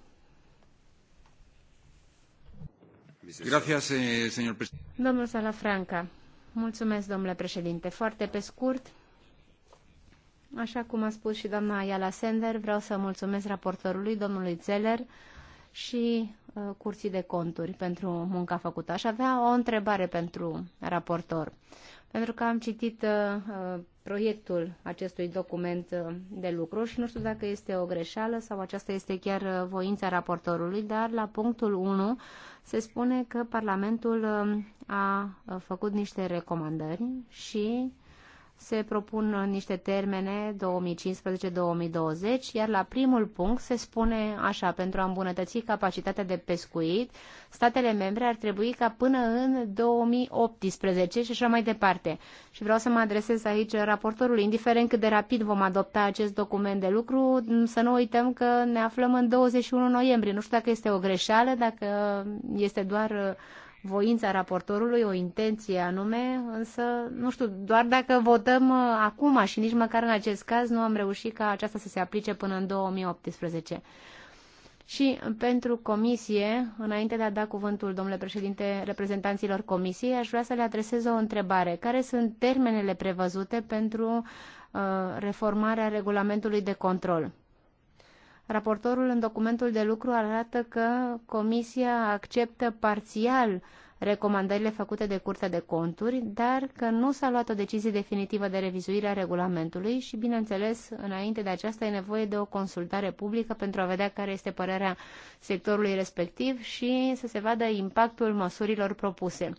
Eh, Domnul Salafranca, mulțumesc, domnule președinte. Foarte pe scurt, așa cum a spus și doamna Ayala Sender, vreau să mulțumesc raportorului, domnului Zeller, și uh, curții de conturi pentru munca făcută. Aș avea o întrebare pentru raportor, pentru că am citit uh, uh proiectul acestui document uh, de lucru și nu știu dacă este o greșeală sau aceasta este chiar uh, voința raportorului, dar la punctul 1 se spune că Parlamentul uh, a făcut niște recomandări și se propun niște termene 2015-2020, iar la primul punct se spune așa, pentru a îmbunătăți capacitatea de pescuit, statele membre ar trebui ca până în 2018 și așa mai departe. Și vreau să mă adresez aici raportorului, indiferent cât de rapid vom adopta acest document de lucru, să nu uităm că ne aflăm în 21 noiembrie. Nu știu dacă este o greșeală, dacă este doar voința raportorului, o intenție anume, însă, nu știu, doar dacă votăm uh, acum și nici măcar în acest caz nu am reușit ca aceasta să se aplice până în 2018. Și pentru comisie, înainte de a da cuvântul, domnule președinte, reprezentanților comisiei, aș vrea să le adresez o întrebare. Care sunt termenele prevăzute pentru uh, reformarea regulamentului de control? Raportorul în documentul de lucru arată că Comisia acceptă parțial recomandările făcute de Curtea de Conturi, dar că nu s-a luat o decizie definitivă de revizuire a regulamentului și, bineînțeles, înainte de aceasta e nevoie de o consultare publică pentru a vedea care este părerea sectorului respectiv și să se vadă impactul măsurilor propuse.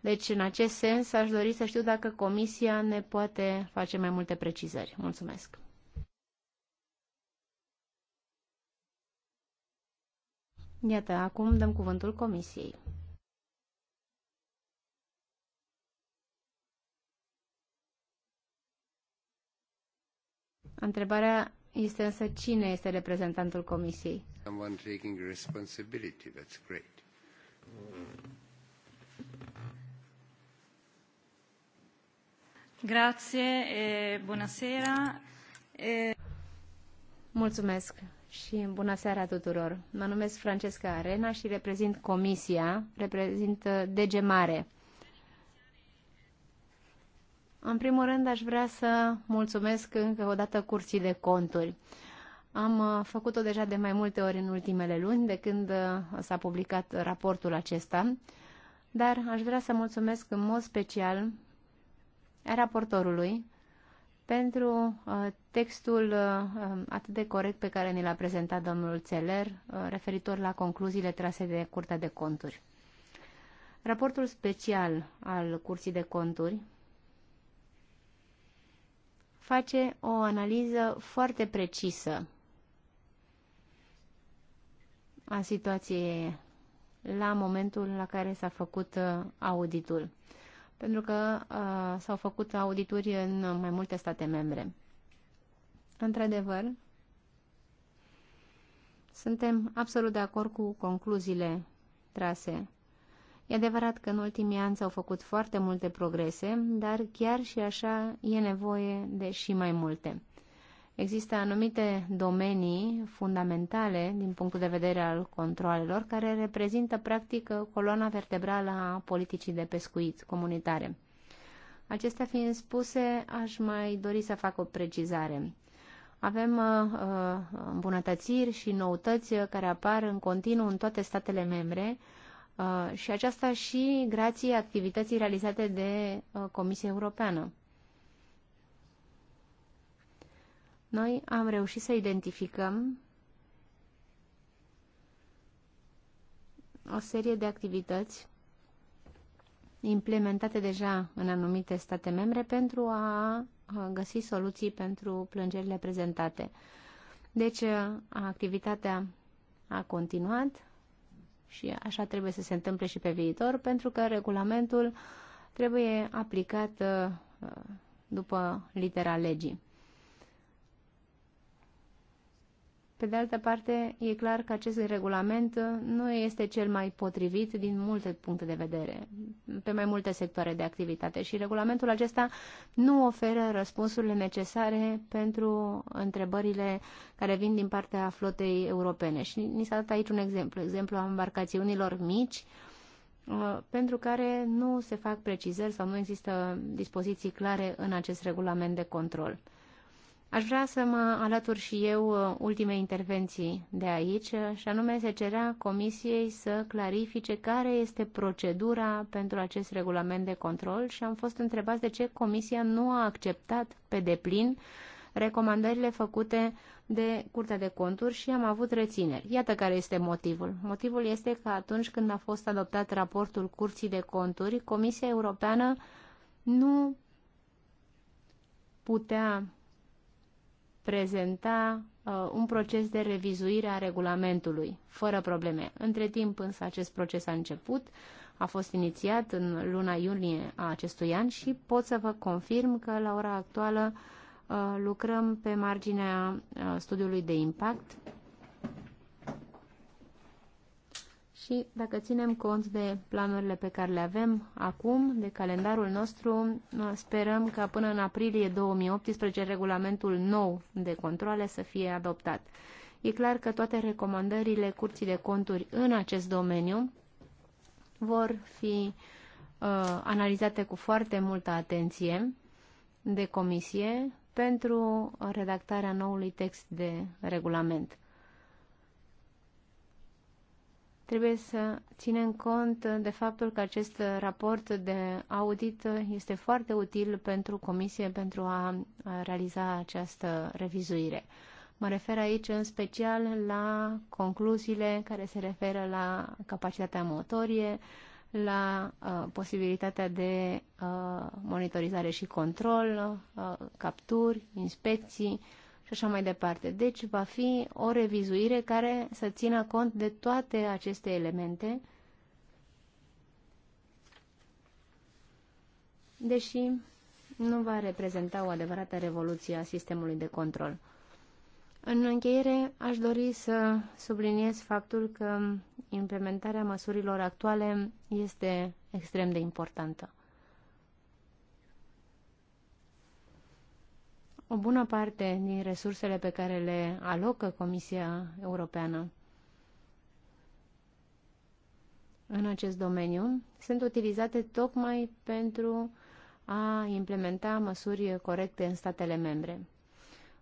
Deci, în acest sens, aș dori să știu dacă Comisia ne poate face mai multe precizări. Mulțumesc! Iată, acum dăm cuvântul Comisiei. Întrebarea este însă cine este reprezentantul Comisiei. Someone taking responsibility, that's great. Grazie, e, bunăseara. E... Mulțumesc și bună seara tuturor. Mă numesc Francesca Arena și reprezint comisia, reprezint uh, DG Mare. În primul rând aș vrea să mulțumesc încă o dată curții de conturi. Am uh, făcut-o deja de mai multe ori în ultimele luni, de când uh, s-a publicat raportul acesta, dar aș vrea să mulțumesc în mod special raportorului, pentru uh, textul uh, um, atât de corect pe care ni l-a prezentat domnul Țeler uh, referitor la concluziile trase de Curtea de Conturi. Raportul special al Curții de Conturi face o analiză foarte precisă a situației la momentul la care s-a făcut auditul pentru că uh, s-au făcut audituri în mai multe state membre. Într-adevăr, suntem absolut de acord cu concluziile trase. E adevărat că în ultimii ani s-au făcut foarte multe progrese, dar chiar și așa e nevoie de și mai multe. Există anumite domenii fundamentale din punctul de vedere al controlelor care reprezintă practic coloana vertebrală a politicii de pescuit comunitare. Acestea fiind spuse, aș mai dori să fac o precizare. Avem uh, uh îmbunătățiri și noutăți care apar în continuu în toate statele membre uh, și aceasta și grație activității realizate de uh, Comisia Europeană. noi am reușit să identificăm o serie de activități implementate deja în anumite state membre pentru a găsi soluții pentru plângerile prezentate. Deci, activitatea a continuat și așa trebuie să se întâmple și pe viitor, pentru că regulamentul trebuie aplicat după litera legii. Pe de altă parte, e clar că acest regulament nu este cel mai potrivit din multe puncte de vedere, pe mai multe sectoare de activitate și regulamentul acesta nu oferă răspunsurile necesare pentru întrebările care vin din partea flotei europene. Și ni s-a dat aici un exemplu, exemplu a embarcațiunilor mici, uh, pentru care nu se fac precizări sau nu există dispoziții clare în acest regulament de control. Aș vrea să mă alătur și eu uh, ultimei intervenții de aici, uh, și anume se cerea Comisiei să clarifice care este procedura pentru acest regulament de control și am fost întrebați de ce Comisia nu a acceptat pe deplin recomandările făcute de Curtea de Conturi și am avut rețineri. Iată care este motivul. Motivul este că atunci când a fost adoptat raportul Curții de Conturi, Comisia Europeană nu putea prezenta uh, un proces de revizuire a regulamentului, fără probleme. Între timp însă acest proces a început, a fost inițiat în luna iunie a acestui an și pot să vă confirm că la ora actuală uh, lucrăm pe marginea uh, studiului de impact Și dacă ținem cont de planurile pe care le avem acum, de calendarul nostru, uh, sperăm ca până în aprilie 2018 regulamentul nou de controle să fie adoptat. E clar că toate recomandările Curții de Conturi în acest domeniu vor fi uh, analizate cu foarte multă atenție de comisie pentru redactarea noului text de regulament. Trebuie să ținem cont de faptul că acest raport de audit este foarte util pentru Comisie pentru a realiza această revizuire. Mă refer aici în special la concluziile care se referă la capacitatea motorie, la uh, posibilitatea de uh, monitorizare și control, uh, capturi, inspecții, uh, și așa mai departe. Deci va fi o revizuire care să țină cont de toate aceste elemente, deși nu va reprezenta o adevărată revoluție a sistemului de control. În încheiere, aș dori să subliniez faptul că implementarea măsurilor actuale este extrem de importantă. o bună parte din resursele pe care le alocă Comisia Europeană în acest domeniu sunt utilizate tocmai pentru a implementa măsuri corecte în statele membre.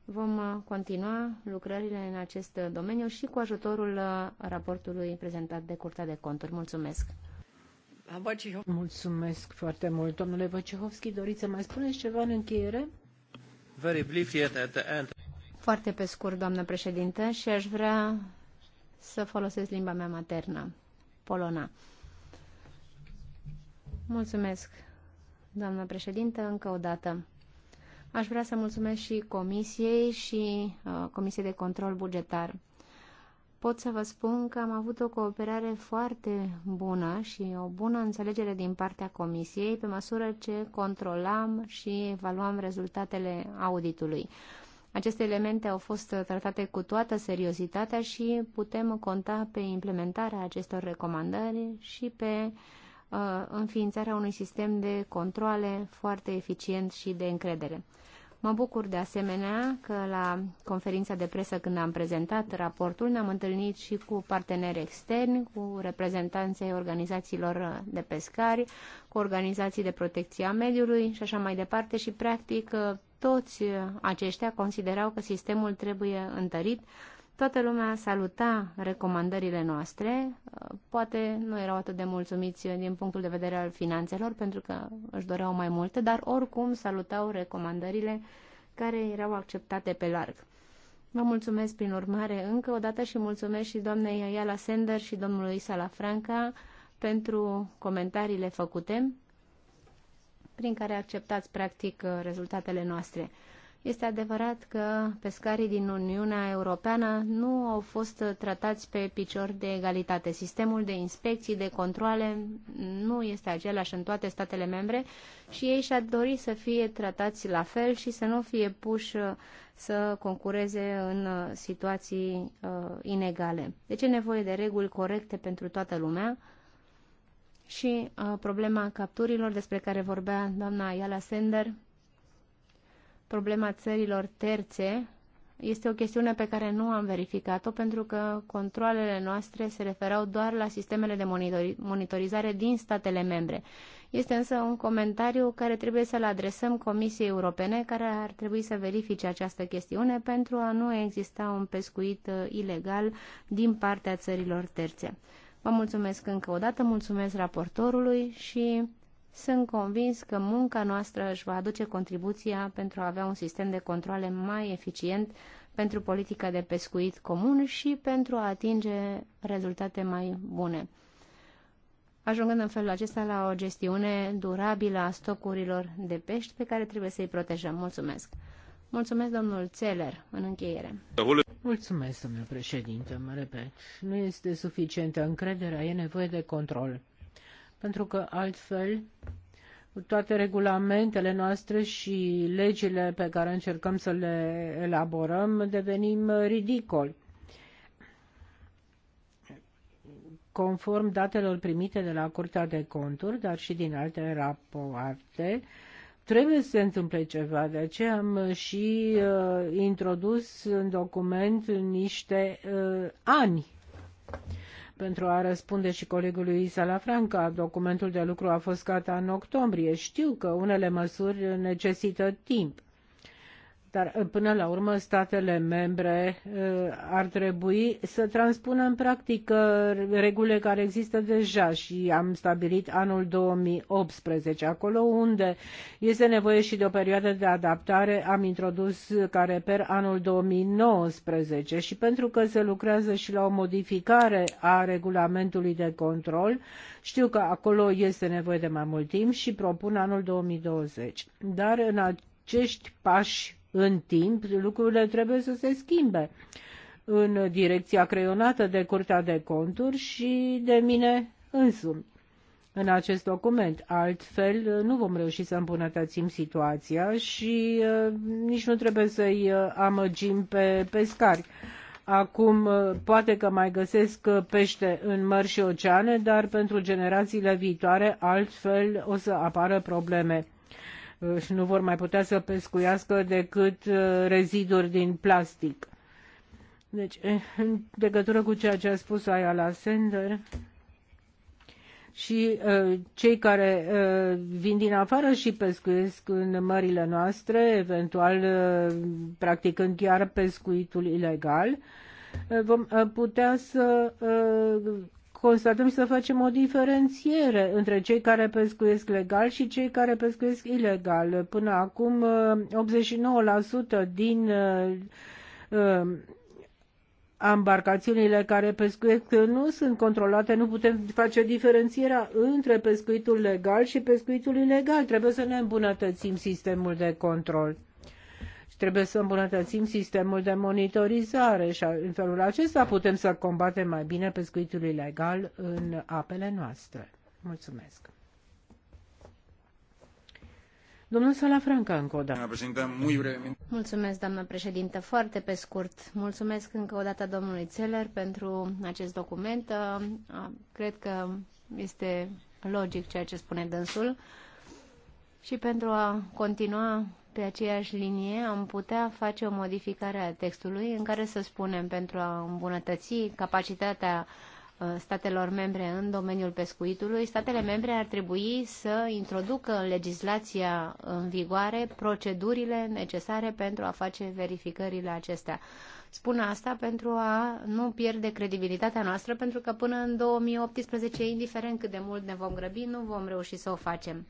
Vom continua lucrările în acest domeniu și cu ajutorul raportului prezentat de Curtea de Conturi. Mulțumesc! Mulțumesc foarte mult, domnule Văcehovski. Doriți să mai spuneți ceva în încheiere? Foarte pe scurt, doamnă președintă, și aș vrea să folosesc limba mea maternă, polona. Mulțumesc, doamnă președintă, încă o dată. Aș vrea să mulțumesc și Comisiei și uh, Comisiei de Control Bugetar pot să vă spun că am avut o cooperare foarte bună și o bună înțelegere din partea Comisiei pe măsură ce controlam și evaluam rezultatele auditului. Aceste elemente au fost tratate cu toată seriozitatea și putem conta pe implementarea acestor recomandări și pe uh, înființarea unui sistem de controle foarte eficient și de încredere. Mă bucur de asemenea că la conferința de presă când am prezentat raportul ne-am întâlnit și cu parteneri externi, cu reprezentanții organizațiilor de pescari, cu organizații de protecție a mediului și așa mai departe și practic toți aceștia considerau că sistemul trebuie întărit Toată lumea saluta recomandările noastre, poate nu erau atât de mulțumiți din punctul de vedere al finanțelor, pentru că își doreau mai multe, dar oricum salutau recomandările care erau acceptate pe larg. Vă mulțumesc prin urmare încă o dată și mulțumesc și doamnei Ayala Sender și domnului Franca pentru comentariile făcute, prin care acceptați practic rezultatele noastre. Este adevărat că pescarii din Uniunea Europeană nu au fost tratați pe picior de egalitate. Sistemul de inspecții, de controle nu este același în toate statele membre și ei și-ar dori să fie tratați la fel și să nu fie puși uh, să concureze în uh, situații uh, inegale. Deci e nevoie de reguli corecte pentru toată lumea și uh, problema capturilor despre care vorbea doamna Iala Sender problema țărilor terțe este o chestiune pe care nu am verificat-o pentru că controlele noastre se referau doar la sistemele de monitorizare din statele membre. Este însă un comentariu care trebuie să-l adresăm Comisiei Europene care ar trebui să verifice această chestiune pentru a nu exista un pescuit uh, ilegal din partea țărilor terțe. Vă mulțumesc încă o dată, mulțumesc raportorului și sunt convins că munca noastră își va aduce contribuția pentru a avea un sistem de controle mai eficient pentru politica de pescuit comun și pentru a atinge rezultate mai bune. Ajungând în felul acesta la o gestiune durabilă a stocurilor de pești pe care trebuie să-i protejăm. Mulțumesc! Mulțumesc, domnul Țeler, în încheiere. Mulțumesc, domnule președinte, mă repet. Nu este suficientă încrederea, e nevoie de control pentru că altfel toate regulamentele noastre și legile pe care încercăm să le elaborăm devenim ridicoli. Conform datelor primite de la Curtea de Conturi, dar și din alte rapoarte, trebuie să se întâmple ceva. De aceea am și uh, introdus în document niște uh, ani pentru a răspunde și colegului Salafranca, documentul de lucru a fost gata în octombrie. Știu că unele măsuri necesită timp. Dar eh, până la urmă statele membre eh, ar trebui să transpună în practică regulile care există deja și am stabilit anul 2018. Acolo unde este nevoie și de o perioadă de adaptare am introdus ca reper anul 2019 și pentru că se lucrează și la o modificare a regulamentului de control, știu că acolo este nevoie de mai mult timp și propun anul 2020. Dar în acești pași în timp, lucrurile trebuie să se schimbe în direcția creionată de Curtea de Conturi și de mine însumi în acest document. Altfel, nu vom reuși să îmbunătățim situația și uh, nici nu trebuie să-i uh, amăgim pe pescari. Acum, uh, poate că mai găsesc uh, pește în mări și oceane, dar pentru generațiile viitoare, altfel o să apară probleme și nu vor mai putea să pescuiască decât uh, reziduri din plastic. Deci, eh, în legătură cu ceea ce a spus la Sender, și uh, cei care uh, vin din afară și pescuiesc în mările noastre, eventual uh, practicând chiar pescuitul ilegal, uh, vom uh, putea să constatăm și să facem o diferențiere între cei care pescuiesc legal și cei care pescuiesc ilegal. Până acum, 89% uh, din uh, uh, ambarcațiunile care pescuiesc nu sunt controlate, nu putem face diferențierea între pescuitul legal și pescuitul ilegal. Trebuie să ne îmbunătățim sistemul de control. Trebuie să îmbunătățim sistemul de monitorizare și în felul acesta putem să combatem mai bine pescuitul ilegal în apele noastre. Mulțumesc. Domnul Salafranca, încă o dată. Mulțumesc, doamnă președintă. Foarte pe scurt. Mulțumesc încă o dată domnului Țeler pentru acest document. Cred că este logic ceea ce spune dânsul. Și pentru a continua pe aceeași linie, am putea face o modificare a textului în care să spunem pentru a îmbunătăți capacitatea uh, statelor membre în domeniul pescuitului, statele membre ar trebui să introducă în legislația în vigoare procedurile necesare pentru a face verificările acestea. Spun asta pentru a nu pierde credibilitatea noastră, pentru că până în 2018, indiferent cât de mult ne vom grăbi, nu vom reuși să o facem.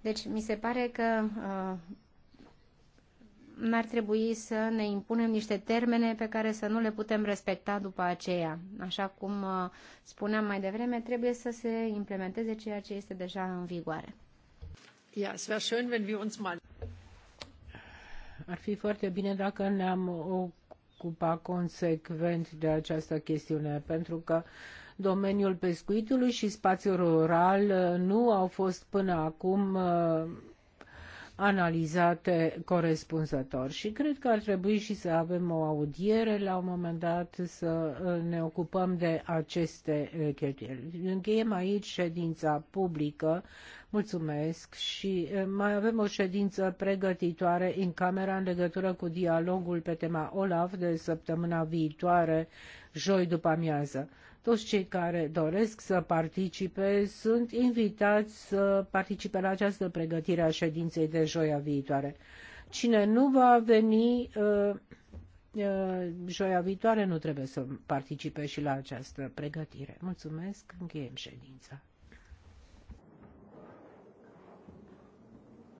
Deci mi se pare că uh, n-ar trebui să ne impunem niște termene pe care să nu le putem respecta după aceea. Așa cum uh, spuneam mai devreme, trebuie să se implementeze ceea ce este deja în vigoare. Ja, es wäre schön, wenn wir uns mal ar fi foarte bine dacă ne-am ocupa consecvent de această chestiune, pentru că domeniul pescuitului și spațiul rural uh, nu au fost până acum uh, analizate corespunzător și cred că ar trebui și să avem o audiere la un moment dat să uh, ne ocupăm de aceste uh, cheltuieli. Încheiem aici ședința publică. Mulțumesc și uh, mai avem o ședință pregătitoare în camera în legătură cu dialogul pe tema OLAF de săptămâna viitoare, joi după amiază. Toți cei care doresc să participe sunt invitați să participe la această pregătire a ședinței de joia viitoare. Cine nu va veni uh, uh, joia viitoare, nu trebuie să participe și la această pregătire. Mulțumesc, încheiem ședința.